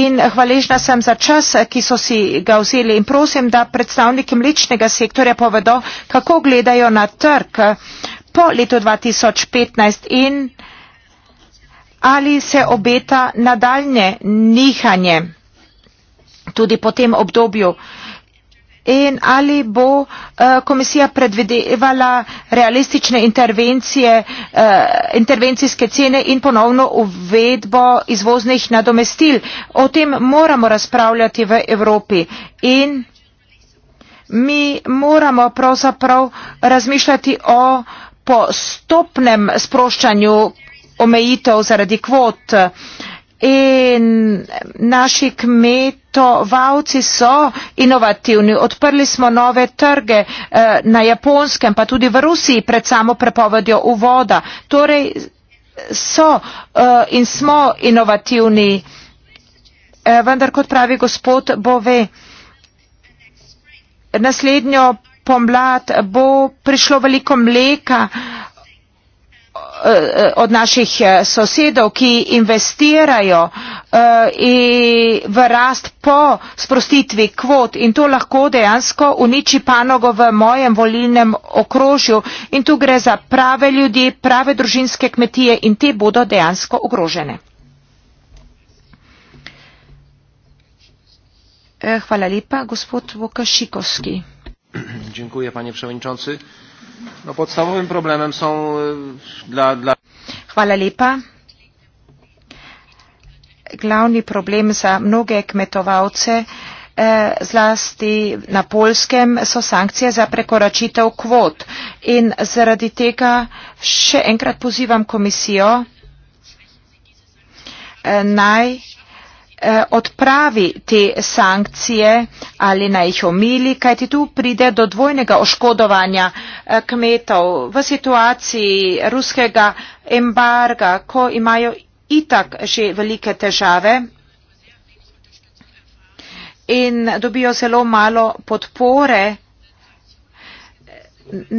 in hvaležna sem za čas, ki so si ga vzeli in prosim, da predstavniki mlečnega sektorja povedo, kako gledajo na trg po letu 2015 in ali se obeta nadaljne nihanje tudi po tem obdobju in ali bo eh, komisija predvidevala realistične intervencije, eh, intervencijske cene in ponovno uvedbo izvoznih nadomestil. O tem moramo razpravljati v Evropi in mi moramo pravzaprav razmišljati o postopnem sproščanju omejitev zaradi kvot. In naši kmetovalci so inovativni, odprli smo nove trge eh, na Japonskem, pa tudi v Rusiji pred samo prepovedjo uvoda. Torej so eh, in smo inovativni, eh, vendar kot pravi gospod Bove, naslednjo pomlad bo prišlo veliko mleka. Eh, od naših eh, sosedov, ki investirajo eh, v rast po sprostitvi kvot in to lahko dejansko uniči panogo v mojem volilnem okrožju in tu gre za prave ljudi, prave družinske kmetije in te bodo dejansko ogrožene. Hvala lepa, gospod Vukašikovski. No, podstawowym problemem są dla, dla... Hvala lepa. Glavni problem za mnoge kmetovalce, eh, zlasti na polskem, so sankcije za prekoračitev kvot. In zaradi tega še enkrat pozivam komisijo eh, naj. Eh, odpravi te sankcije ali naj jih omili, kajti tu pride do dvojnega oškodovanja eh, kmetov v situaciji ruskega embarga, ko imajo itak že velike težave in dobijo zelo malo podpore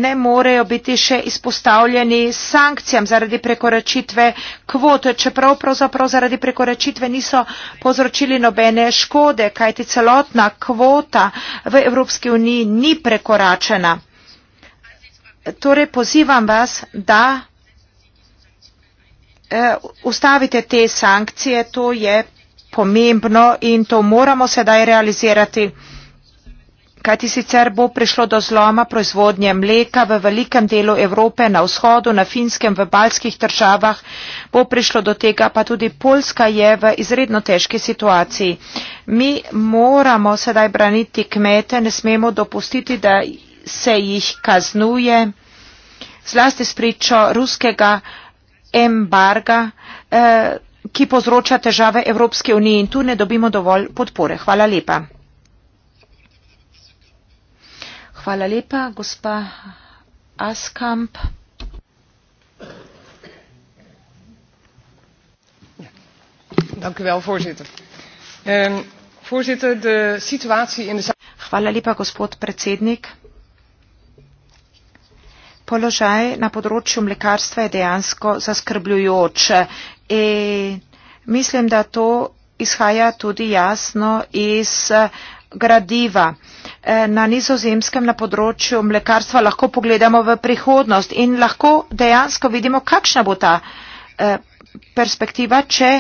ne morejo biti še izpostavljeni sankcijam zaradi prekoračitve kvote, čeprav pravzaprav zaradi prekoračitve niso povzročili nobene škode, kajti celotna kvota v Evropski uniji ni prekoračena. Torej pozivam vas, da e, ustavite te sankcije, to je pomembno in to moramo sedaj realizirati kajti sicer bo prišlo do zloma proizvodnje mleka v velikem delu Evrope, na vzhodu, na finskem, v balskih državah, bo prišlo do tega, pa tudi Poljska je v izredno težki situaciji. Mi moramo sedaj braniti kmete, ne smemo dopustiti, da se jih kaznuje, zlasti spričo ruskega embarga, eh, ki povzroča težave Evropske unije in tu ne dobimo dovolj podpore. Hvala lepa. Hvala lepa, gospa Askamp. Ja. Dank u wel, voorzitter. Um, voorzitter, de situatie in de zaak. Hvala lepa, gospod predsednik. Položaj na področju mlekarstva je dejansko zaskrbljujoč. E, mislim, da to izhaja tudi jasno iz gradiva. E, Eh, na nizozemskem na področju mlekarstva lahko pogledamo v prihodnost in lahko dejansko vidimo, kakšna bo ta eh, perspektiva, če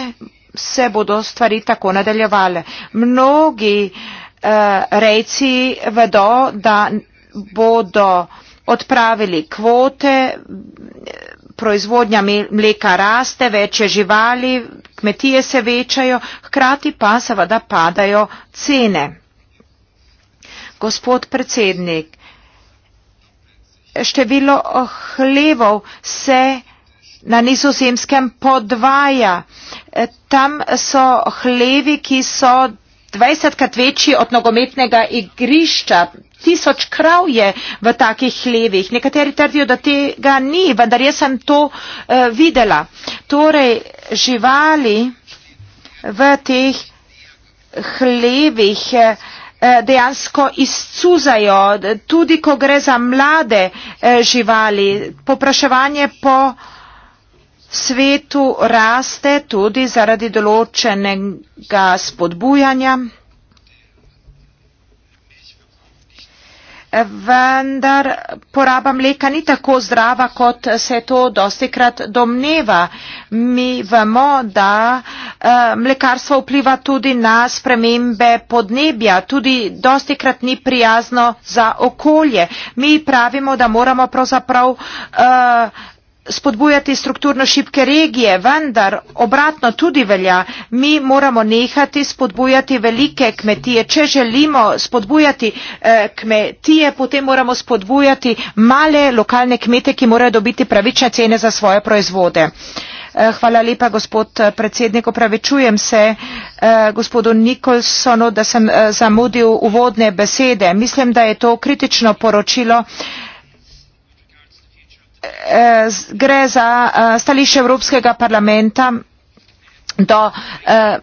se bodo stvari tako nadaljevale. Mnogi eh, rejci vedo, da bodo odpravili kvote, proizvodnja mleka raste, večje živali, kmetije se večajo, hkrati pa seveda padajo cene gospod predsednik, število hlevov se na nizozemskem podvaja. Tam so hlevi, ki so 20krat večji od nogometnega igrišča. Tisoč krav je v takih hlevih. Nekateri trdijo, da tega ni, vendar jaz sem to uh, videla. Torej, živali v teh hlevih. Uh, Eh, dejansko izcuzajo, tudi ko gre za mlade eh, živali. Popraševanje po svetu raste tudi zaradi določenega spodbujanja. vendar poraba mleka ni tako zdrava, kot se to dostikrat domneva. Mi vemo, da eh, mlekarstvo vpliva tudi na spremembe podnebja, tudi dostikrat ni prijazno za okolje. Mi pravimo, da moramo pravzaprav uh, spodbujati strukturno šibke regije, vendar obratno tudi velja, mi moramo nehati spodbujati velike kmetije. Če želimo spodbujati eh, kmetije, potem moramo spodbujati male lokalne kmete, ki morajo dobiti pravične cene za svoje proizvode. Eh, hvala lepa, gospod eh, predsednik. Opravičujem se eh, gospodu Nikolsonu, da sem eh, zamudil uvodne besede. Mislim, da je to kritično poročilo eh, Eh, gre za eh, stališče Evropskega parlamenta do eh,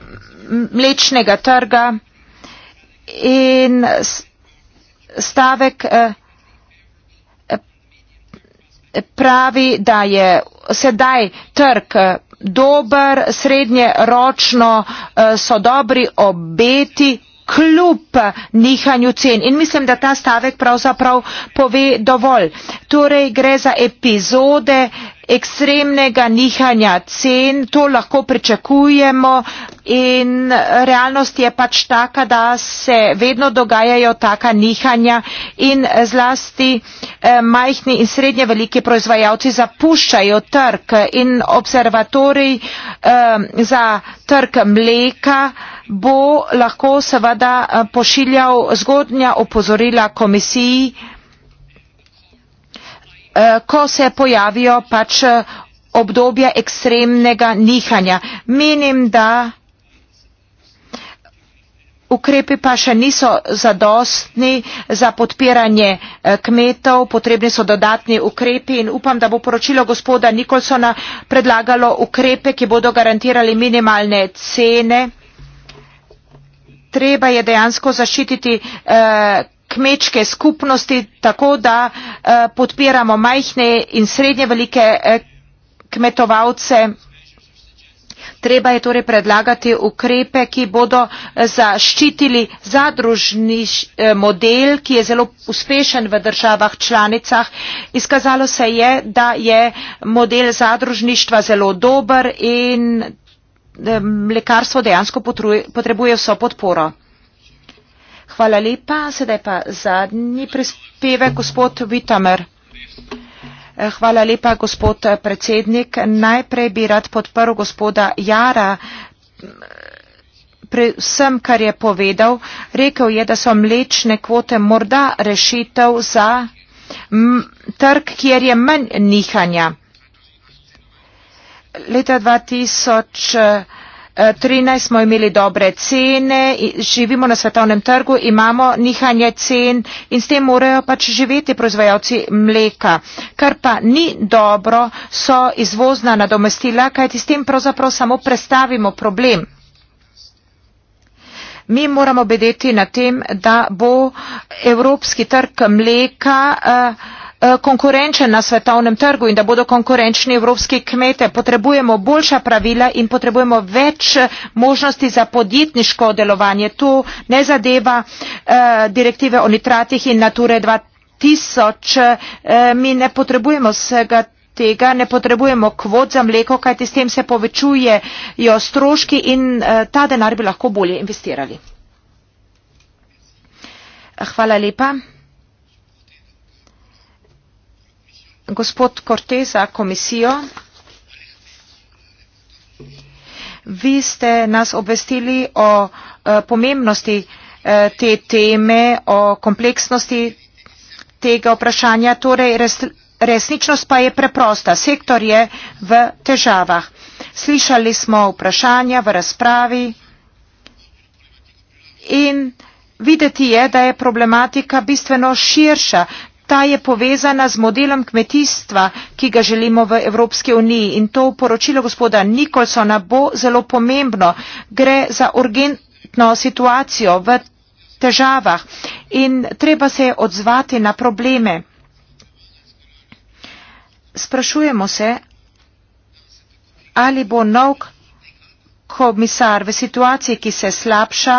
mlečnega trga in stavek pravi, da je sedaj trg dober, srednje ročno so dobri obeti, kljub eh, nihanju cen. In mislim, da ta stavek pravzaprav pove dovolj. Torej gre za epizode ekstremnega nihanja cen, to lahko pričakujemo in realnost je pač taka, da se vedno dogajajo taka nihanja in zlasti eh, majhni in srednje veliki proizvajalci zapuščajo trg in observatorij eh, za trg mleka. Eh, bo lahko seveda eh, pošiljal zgodnja opozorila komisiji, eh, ko se pojavijo pač eh, obdobja ekstremnega nihanja. Menim, da ukrepi pa še niso zadostni za podpiranje kmetov, potrebni so dodatni ukrepi in upam, da bo poročilo gospoda Nikolsona predlagalo ukrepe, ki bodo garantirali minimalne cene treba je dejansko zaščititi eh, kmečke skupnosti tako, da eh, podpiramo majhne in srednje velike eh, kmetovalce. Treba je torej predlagati ukrepe, ki bodo zaščitili zadružni model, ki je zelo uspešen v državah članicah. Izkazalo se je, da je model zadružništva zelo dober in mlekarstvo dejansko potrebuje vso podporo. Hvala lepa. Sedaj pa zadnji prispevek, gospod Vitamer. Hvala lepa, gospod predsednik. Najprej bi rad podprl gospoda Jara pri vsem, kar je povedal. Rekel je, da so mlečne kvote morda rešitev za trg, kjer je manj nihanja. Leta 2013 smo imeli dobre cene, živimo na svetovnem trgu, imamo nihanje cen in s tem morajo pač živeti proizvajalci mleka. Kar pa ni dobro, so izvozna nadomestila, kajti s tem pravzaprav samo predstavimo problem. Mi moramo bedeti na tem, da bo evropski trg mleka. Uh, Eh, konkurenčen na svetovnem trgu in da bodo konkurenčni evropski kmetje potrebujemo boljša pravila in potrebujemo več možnosti za podjetniško delovanje. to ne zadeva eh, direktive o nitratih in nature dva tisoč eh, mi ne potrebujemo vsega tega ne potrebujemo kvot za mleko kajti s tem se povečujejo stroški in ta denar bi lahko bolje investirali. Hvala lepa. gospod Korte za komisijo. Vi ste nas obvestili o eh, pomembnosti eh, te teme, o kompleksnosti tega vprašanja, torej resničnost pa je preprosta, sektor je v težavah. Slišali smo vprašanja v razpravi in videti je, da je problematika bistveno širša, Ta je povezana z modelom kmetijstva, ki ga želimo v Evropski uniji in to poročilo gospoda Nikolsona bo zelo pomembno. Gre za urgentno situacijo v težavah in treba se odzvati na probleme. Sprašujemo se, ali bo nov komisar v situaciji, ki se slabša,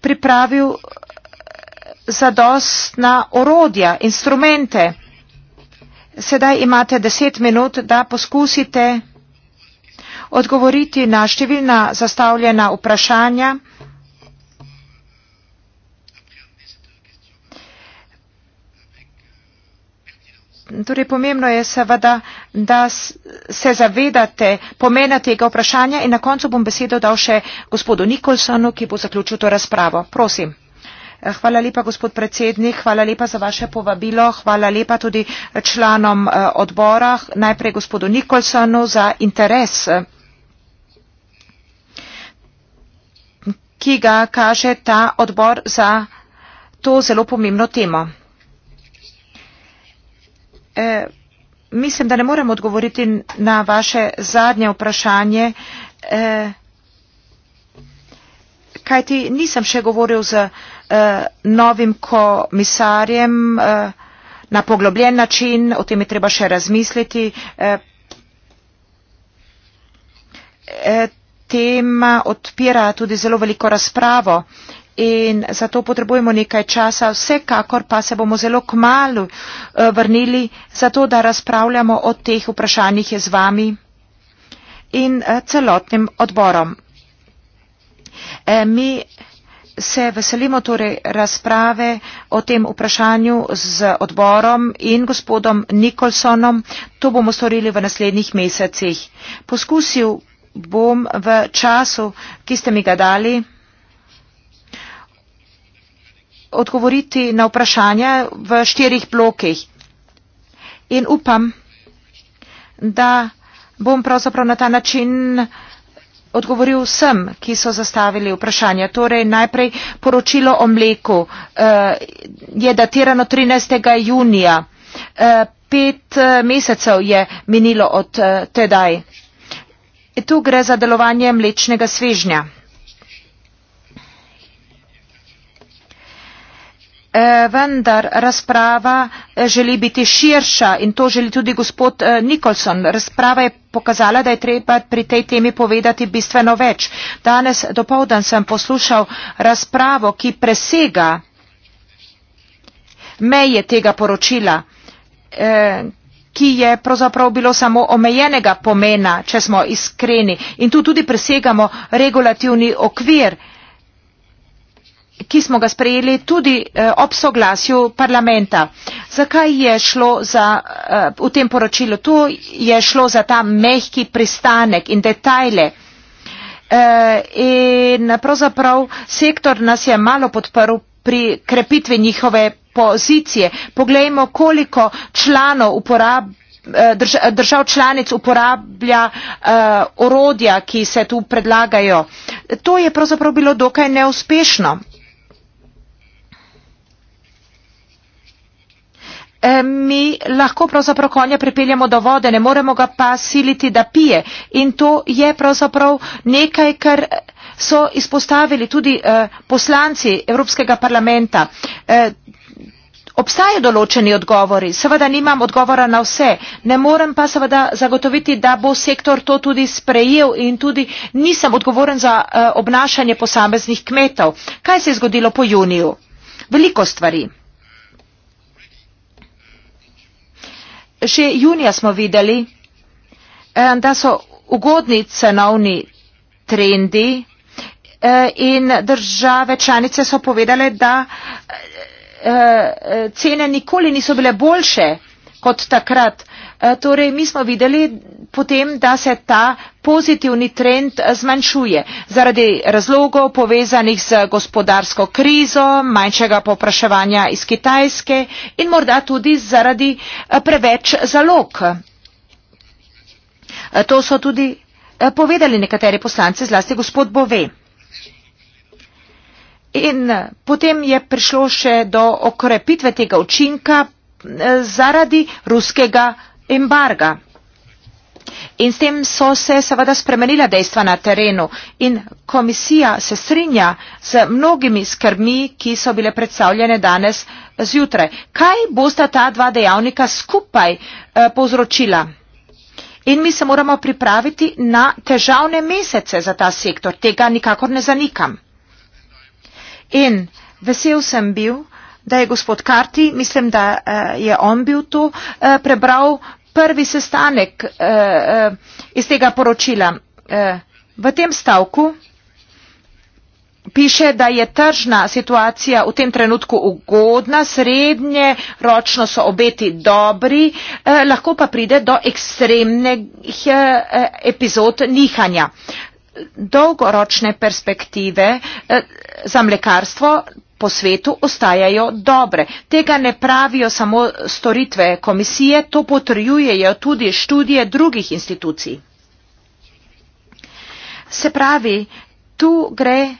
pripravil zadostna orodja, instrumente. Sedaj imate deset minut, da poskusite odgovoriti na številna zastavljena vprašanja. Torej, pomembno je seveda, da se zavedate pomena tega vprašanja in na koncu bom besedo dal še gospodu Nikolsonu, ki bo zaključil to razpravo. Prosim. Hvala lepa, gospod predsednik, hvala lepa za vaše povabilo, hvala lepa tudi članom eh, odbora, najprej gospodu Nikolsonu za interes, eh, ki ga kaže ta odbor za to zelo pomembno temo. E, mislim, da ne morem odgovoriti na vaše zadnje vprašanje. E, kajti nisem še govoril z uh, Eh, novim komisarjem eh, na poglobljen način, o tem je treba še razmisliti. Eh, tema odpira tudi zelo veliko razpravo in zato potrebujemo nekaj časa, vsekakor pa se bomo zelo kmalo vrnili za to, da razpravljamo o teh vprašanjih z vami in celotnim odborom. Mi se veselimo torej razprave o tem vprašanju z odborom in gospodom Nikolsonom. To bomo storili v naslednjih mesecih. Poskusil bom v času, ki ste mi ga dali, odgovoriti na vprašanja v štirih blokih. In upam, da bom pravzaprav na ta način odgovoril vsem, ki so zastavili vprašanja. Torej, najprej poročilo o mleku eh, je datirano 13. junija. Eh, pet eh, mesecev je minilo od tedaj. Tu gre za delovanje mlečnega svežnja. Eh, vendar razprava eh, želi biti širša in to želi tudi gospod eh, Nicholson. Razprava je pokazala, da je treba pri tej temi povedati bistveno več. Danes dopovdan sem poslušal razpravo, ki presega meje tega poročila, ki je pravzaprav bilo samo omejenega pomena, če smo iskreni. In tu tudi presegamo regulativni okvir ki smo ga sprejeli tudi eh, ob soglasju parlamenta. Zakaj je šlo za, eh, v tem poročilu? Tu je šlo za ta mehki pristanek in detajle. Eh, in pravzaprav sektor nas je malo podprl pri krepitvi njihove pozicije. Poglejmo, koliko članov uporab, drž, držav članic uporablja uh, orodja, ki se tu predlagajo. To je pravzaprav bilo dokaj neuspešno. E, mi lahko pravzaprav konja pripeljamo do vode, ne moremo ga pa siliti, da pije. In to je pravzaprav nekaj, kar so izpostavili tudi e, poslanci Evropskega parlamenta. E, obstajajo določeni odgovori, seveda nimam odgovora na vse, ne morem pa seveda zagotoviti, da bo sektor to tudi sprejel in tudi nisem odgovoren za obnašanje posameznih kmetov. Kaj se je zgodilo po juniju? Veliko stvari. Že junija smo videli, eh, da so ugodni cenovni trendi eh, in države članice so povedale, da eh, cene nikoli niso bile boljše kot takrat. Eh, torej, mi smo videli potem, da se ta pozitivni trend eh, zmanjšuje zaradi razlogov povezanih z gospodarsko krizo, manjšega popraševanja iz Kitajske in morda tudi zaradi eh, preveč zalog. To so tudi povedali nekateri poslanci, zlasti gospod Bove. In potem je prišlo še do okrepitve tega učinka zaradi ruskega embarga. In s tem so se seveda spremenila dejstva na terenu in komisija se strinja z mnogimi skrbmi, ki so bile predstavljene danes zjutraj. Kaj bosta ta dva dejavnika skupaj eh, povzročila? In mi se moramo pripraviti na težavne mesece za ta sektor. Tega nikakor ne zanikam. In vesel sem bil, da je gospod Karti, mislim, da eh, je on bil tu, eh, prebral prvi sestanek eh, iz tega poročila. V tem stavku piše, da je tržna situacija v tem trenutku ugodna, srednje, ročno so obeti dobri, lahko pa pride do ekstremnih epizod nihanja. Dolgoročne perspektive za mlekarstvo po svetu ostajajo dobre. Tega ne pravijo samo storitve komisije, to potrjujejo tudi študije drugih institucij. Se pravi, tu gre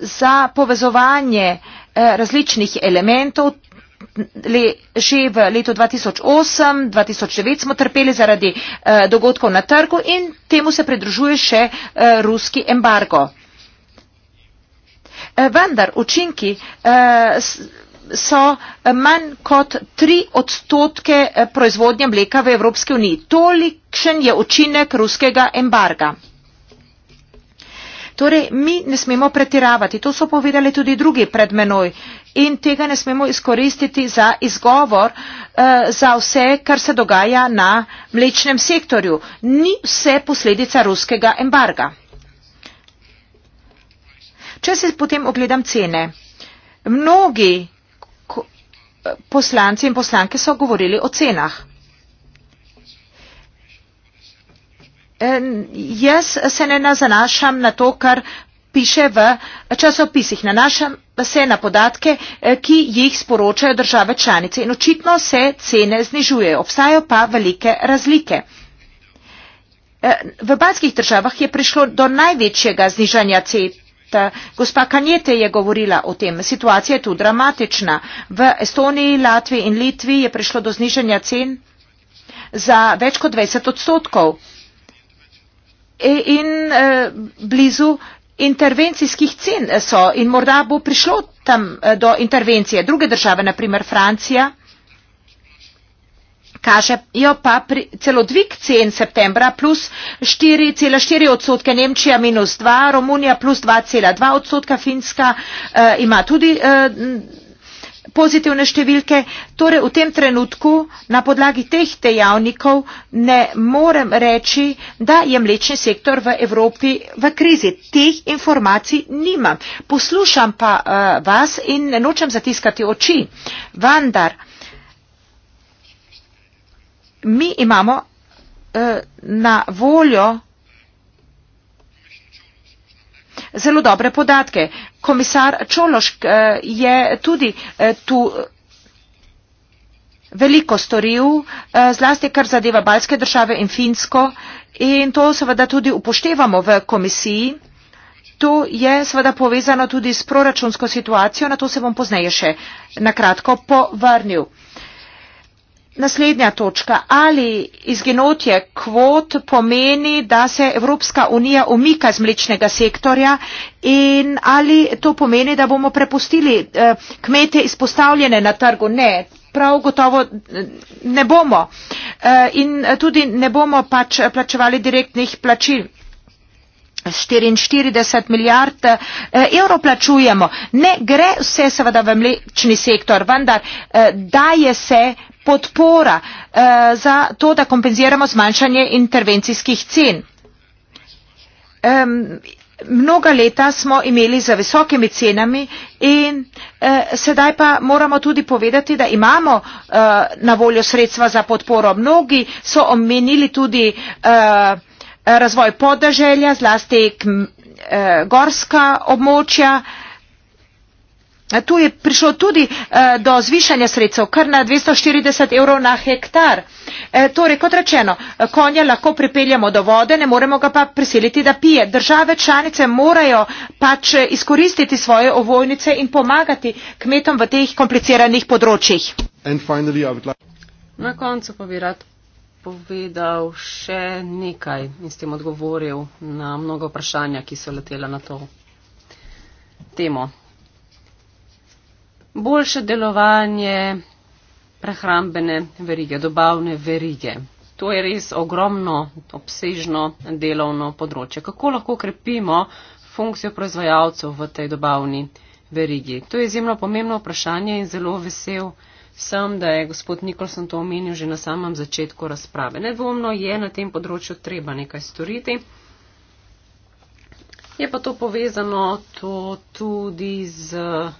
za povezovanje eh, različnih elementov. Le, že v letu 2008-2009 smo trpeli zaradi eh, dogodkov na trgu in temu se pridružuje še eh, ruski embargo. Eh, vendar učinki eh, so manj kot 3 odstotke eh, proizvodnje mleka v Evropski uniji. Tolikšen je učinek ruskega embarga. Torej, mi ne smemo pretiravati. To so povedali tudi drugi pred menoj. In tega ne smemo izkoristiti za izgovor eh, za vse, kar se dogaja na mlečnem sektorju. Ni vse posledica ruskega embarga. Če se potem ogledam cene, mnogi poslanci in poslanke so govorili o cenah. Jaz se ne zanašam na to, kar piše v časopisih. Nanašam se na podatke, eh, ki jih sporočajo države članice in očitno se cene znižujejo. Obstajajo pa velike razlike. Eh, v baskih državah je prišlo do največjega znižanja cen Eh, gospa Kanjete je govorila o tem. Situacija je tu dramatična. V Estoniji, Latviji in Litvi je prišlo do znižanja cen za več kot 20 odstotkov e, in eh, blizu intervencijskih cen so in morda bo prišlo tam eh, do intervencije. Druge države, naprimer Francija, kažejo pa pri, celo dvig cen septembra plus 4,4 odstotke, Nemčija minus 2, Romunija plus 2,2 odstotka, Finska eh, ima tudi eh, pozitivne številke. Torej v tem trenutku na podlagi teh dejavnikov ne morem reči, da je mlečni sektor v Evropi v krizi. Teh informacij nimam. Poslušam pa eh, vas in ne nočem zatiskati oči. Vandar, mi imamo eh, na voljo zelo dobre podatke. Komisar Čološk eh, je tudi eh, tu eh, veliko storil, eh, zlasti kar zadeva Balske države in Finsko in to seveda tudi upoštevamo v komisiji. To je seveda povezano tudi s proračunsko situacijo, na to se bom pozneje še na kratko povrnil. Naslednja točka. Ali izginotje kvot pomeni, da se Evropska unija umika z mlečnega sektorja in ali to pomeni, da bomo prepustili eh, kmete izpostavljene na trgu? Ne, prav gotovo eh, ne bomo. Eh, in tudi ne bomo pač plačevali direktnih plačil. 44 milijard eh, evrov plačujemo. Ne gre vse seveda v mlečni sektor, vendar eh, daje se podpora eh, za to, da kompenziramo zmanjšanje intervencijskih cen. Um, mnoga leta smo imeli za visokimi cenami in uh, sedaj pa moramo tudi povedati, da imamo uh, na voljo sredstva za podporo. Mnogi so omenili tudi uh, razvoj podeželja, zlasti uh, gorska območja. Uh, E, tu je prišlo tudi e, do zvišanja sredstev, kar na 240 evrov na hektar. E, torej, kot rečeno, konja lahko pripeljamo do vode, ne moremo ga pa prisiliti, da pije. Države članice morajo pač izkoristiti svoje ovojnice in pomagati kmetom v teh kompliciranih področjih. Na koncu pa bi rad povedal še nekaj in s tem odgovoril na mnogo vprašanja, ki so letela na to temo boljše delovanje prehrambene verige, dobavne verige. To je res ogromno, obsežno delovno področje. Kako lahko krepimo funkcijo proizvajalcev v tej dobavni verigi? To je izjemno pomembno vprašanje in zelo vesel sem, da je gospod Nikolson to omenil že na samem začetku razprave. Nedvomno je na tem področju treba nekaj storiti. Je pa to povezano to tudi z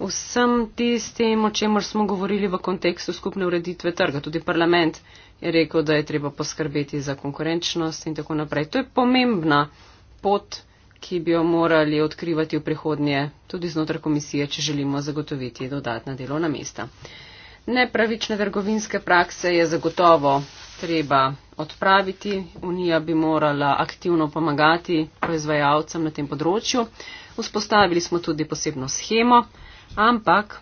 vsem tistim, o čemer smo govorili v kontekstu skupne ureditve trga. Tudi parlament je rekel, da je treba poskrbeti za konkurenčnost in tako naprej. To je pomembna pot, ki bi jo morali odkrivati v prihodnje tudi znotraj komisije, če želimo zagotoviti dodatna delovna mesta. Nepravične trgovinske prakse je zagotovo treba odpraviti. Unija bi morala aktivno pomagati proizvajalcem na tem področju. Vzpostavili smo tudi posebno schemo. Ampak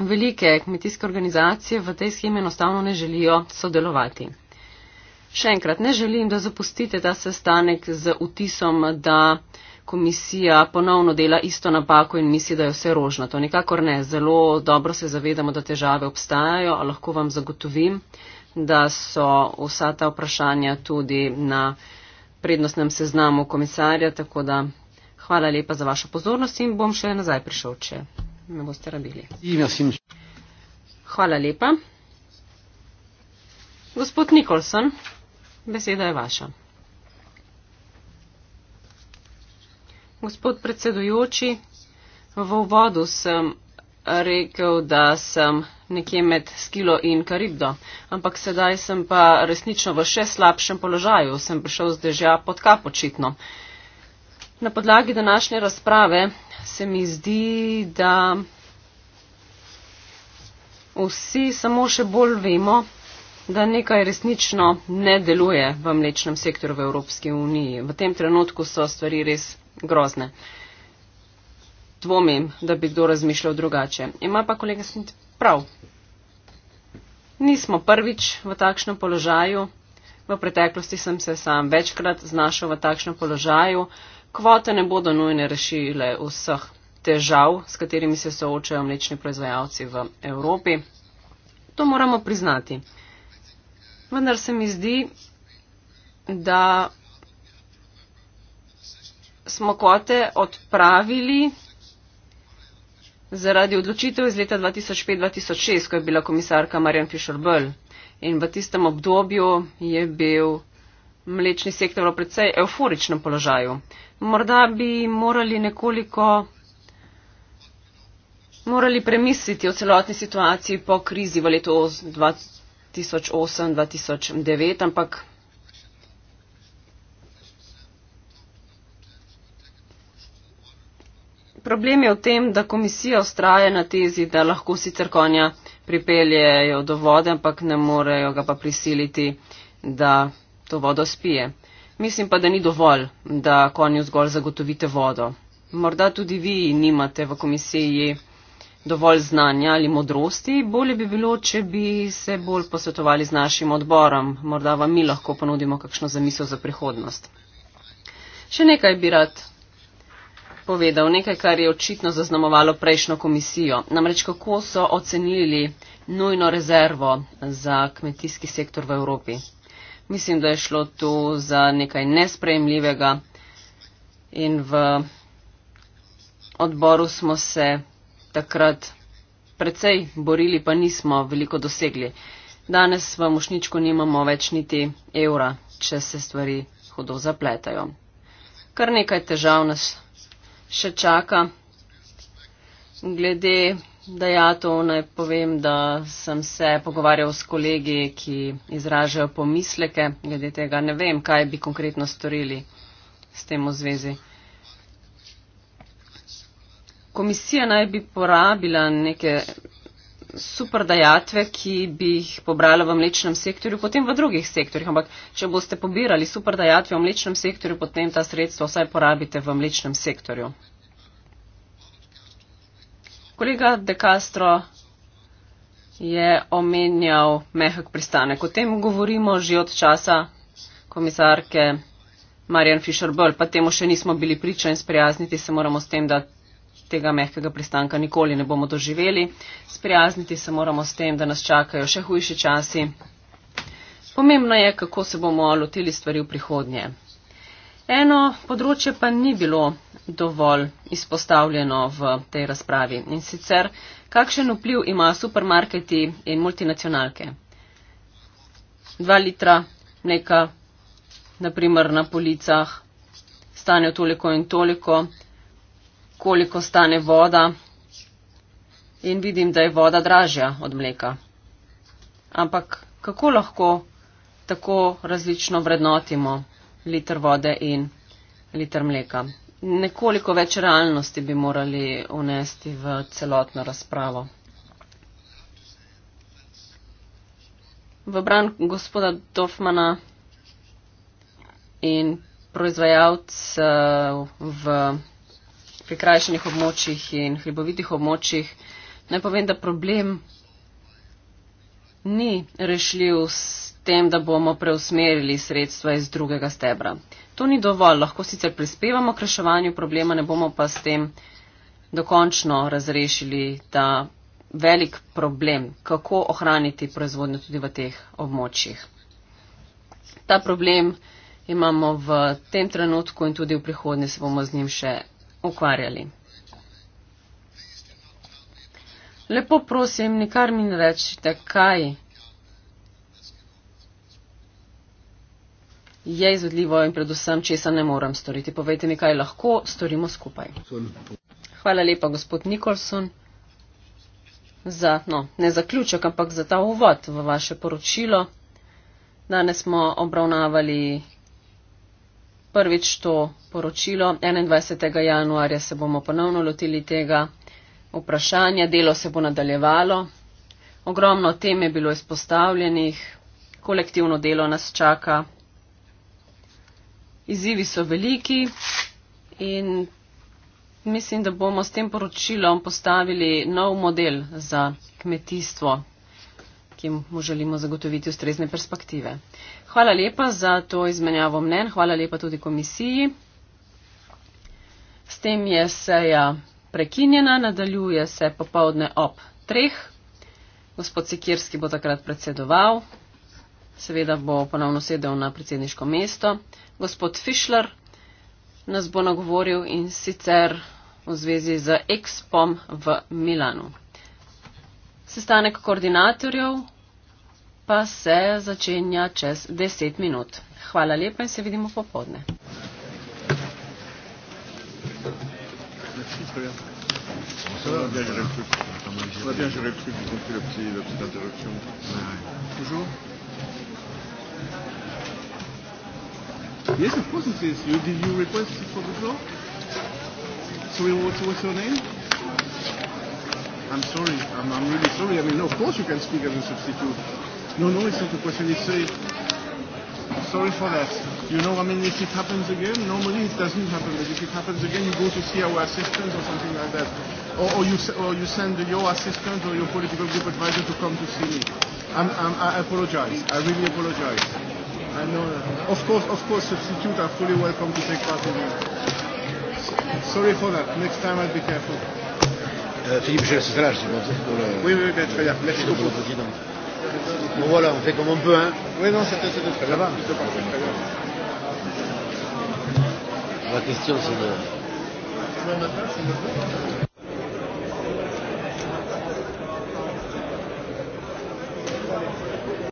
velike kmetijske organizacije v tej schemi enostavno ne želijo sodelovati. Še enkrat, ne želim, da zapustite ta sestanek z vtisom, da komisija ponovno dela isto napako in misli, da je vse rožno. To nikakor ne. Zelo dobro se zavedamo, da težave obstajajo, a lahko vam zagotovim, da so vsa ta vprašanja tudi na prednostnem seznamu komisarja, tako da Hvala lepa za vašo pozornost in bom še nazaj prišel, če me boste rabili. Hvala lepa. Gospod Nikolson, beseda je vaša. Gospod predsedujoči, v uvodu sem rekel, da sem nekje med Skilo in Karibdo, ampak sedaj sem pa resnično v še slabšem položaju, sem prišel z dežja pod kapočitno. očitno. Na podlagi današnje razprave se mi zdi, da vsi samo še bolj vemo, da nekaj resnično ne deluje v mlečnem sektorju v Evropski uniji. V tem trenutku so stvari res grozne. Dvomim, da bi kdo razmišljal drugače. Ima pa kolega Smit prav. Nismo prvič v takšnem položaju. V preteklosti sem se sam večkrat znašel v takšnem položaju. Kvote ne bodo nujno rešile vseh težav, s katerimi se soočajo mlečni proizvajalci v Evropi. To moramo priznati. Vendar se mi zdi, da smo kvote odpravili zaradi odločitev iz leta 2005-2006, ko je bila komisarka Marjan Fischer-Böll. In v tistem obdobju je bil mlečni sektor v precej euforičnem položaju. Morda bi morali nekoliko morali premisliti o celotni situaciji po krizi v letu 2008-2009, ampak problem je v tem, da komisija ostraje na tezi, da lahko sicer konja pripeljejo do vode, ampak ne morejo ga pa prisiliti, da to vodo spije. Mislim pa, da ni dovolj, da konju zgolj zagotovite vodo. Morda tudi vi nimate v komisiji dovolj znanja ali modrosti, bolje bi bilo, če bi se bolj posvetovali z našim odborom. Morda vam mi lahko ponudimo kakšno zamisel za prihodnost. Še nekaj bi rad povedal, nekaj, kar je očitno zaznamovalo prejšnjo komisijo. Namreč kako so ocenili nujno rezervo za kmetijski sektor v Evropi. Mislim, da je šlo tu za nekaj nespremljivega in v odboru smo se takrat precej borili, pa nismo veliko dosegli. Danes v mošničku nimamo več niti evra, če se stvari hudo zapletajo. Kar nekaj težav nas še čaka. Glede Da ja, to naj povem, da sem se pogovarjal s kolegi, ki izražajo pomisleke glede tega. Ne vem, kaj bi konkretno storili s tem v zvezi. Komisija naj bi porabila neke super dajatve, ki bi jih pobrala v mlečnem sektorju, potem v drugih sektorjih. Ampak, če boste pobirali super dajatve v mlečnem sektorju, potem ta sredstva vsaj porabite v mlečnem sektorju. Kolega De Castro je omenjal mehak pristanek. O tem govorimo že od časa komisarke Marjan Fischer-Böll, pa temu še nismo bili priča in sprijazniti se moramo s tem, da tega mehkega pristanka nikoli ne bomo doživeli. Sprijazniti se moramo s tem, da nas čakajo še hujši časi. Pomembno je, kako se bomo lotili stvari v prihodnje. Eno področje pa ni bilo dovolj izpostavljeno v tej razpravi. In sicer, kakšen vpliv ima supermarketi in multinacionalke? Dva litra mleka, naprimer na policah, stane toliko in toliko, koliko stane voda in vidim, da je voda dražja od mleka. Ampak kako lahko tako različno vrednotimo liter vode in liter mleka? nekoliko več realnosti bi morali unesti v celotno razpravo. V bran gospoda Dofmana in proizvajalcev v prikrajšanih območjih in hribovitih območjih, naj povem, da problem ni rešljiv s tem, da bomo preusmerili sredstva iz drugega stebra. To ni dovolj, lahko sicer prispevamo k reševanju problema, ne bomo pa s tem dokončno razrešili ta velik problem, kako ohraniti proizvodnjo tudi v teh območjih. Ta problem imamo v tem trenutku in tudi v prihodnje se bomo z njim še ukvarjali. Lepo prosim, nikar mi ne rečite, kaj je izvedljivo in predvsem, česa ne morem storiti. Povejte mi, kaj lahko storimo skupaj. Hvala lepa, gospod Nikolson, za, no, ne zaključek, ampak za ta uvod v vaše poročilo. Danes smo obravnavali prvič to poročilo. 21. januarja se bomo ponovno lotili tega vprašanja. Delo se bo nadaljevalo. Ogromno tem je bilo izpostavljenih. Kolektivno delo nas čaka izzivi so veliki in mislim, da bomo s tem poročilom postavili nov model za kmetijstvo, ki mu želimo zagotoviti ustrezne perspektive. Hvala lepa za to izmenjavo mnen, hvala lepa tudi komisiji. S tem je seja prekinjena, nadaljuje se popovdne ob treh. Gospod Sikirski bo takrat predsedoval seveda bo ponovno sedel na predsedniško mesto. Gospod Fischler nas bo nagovoril in sicer v zvezi z Expom v Milanu. Sestanek koordinatorjev pa se začenja čez 10 minut. Hvala lepa in se vidimo popodne. Bien, j'aurais pu vous confier la petite interruption. Ouais. Toujours Yes, of course it is. You, did you request for the floor? Sorry, what, what's your name? I'm sorry. I'm, I'm really sorry. I mean, of course you can speak as a substitute. No, no, it's not a question. It's a, sorry for that. You know, I mean, if it happens again, normally it doesn't happen. But if it happens again, you go to see our assistants or something like that. Or, or, you, or you send your assistant or your political group advisor to come to see me. I'm, I'm, I apologize. I really apologize. I know. That. Of course, of course, substitute are fully welcome to take part in that. Sorry for that. Next time I'll be careful. Euh, Philippe, je laisse ça là, je suis content pour le. Oui, oui, bien, très bien. Merci beaucoup. Pour le président. Bon, voilà, on fait comme on peut, hein. Oui, non, c'est très bien. Ça va La question, c'est de. Demain matin, c'est de.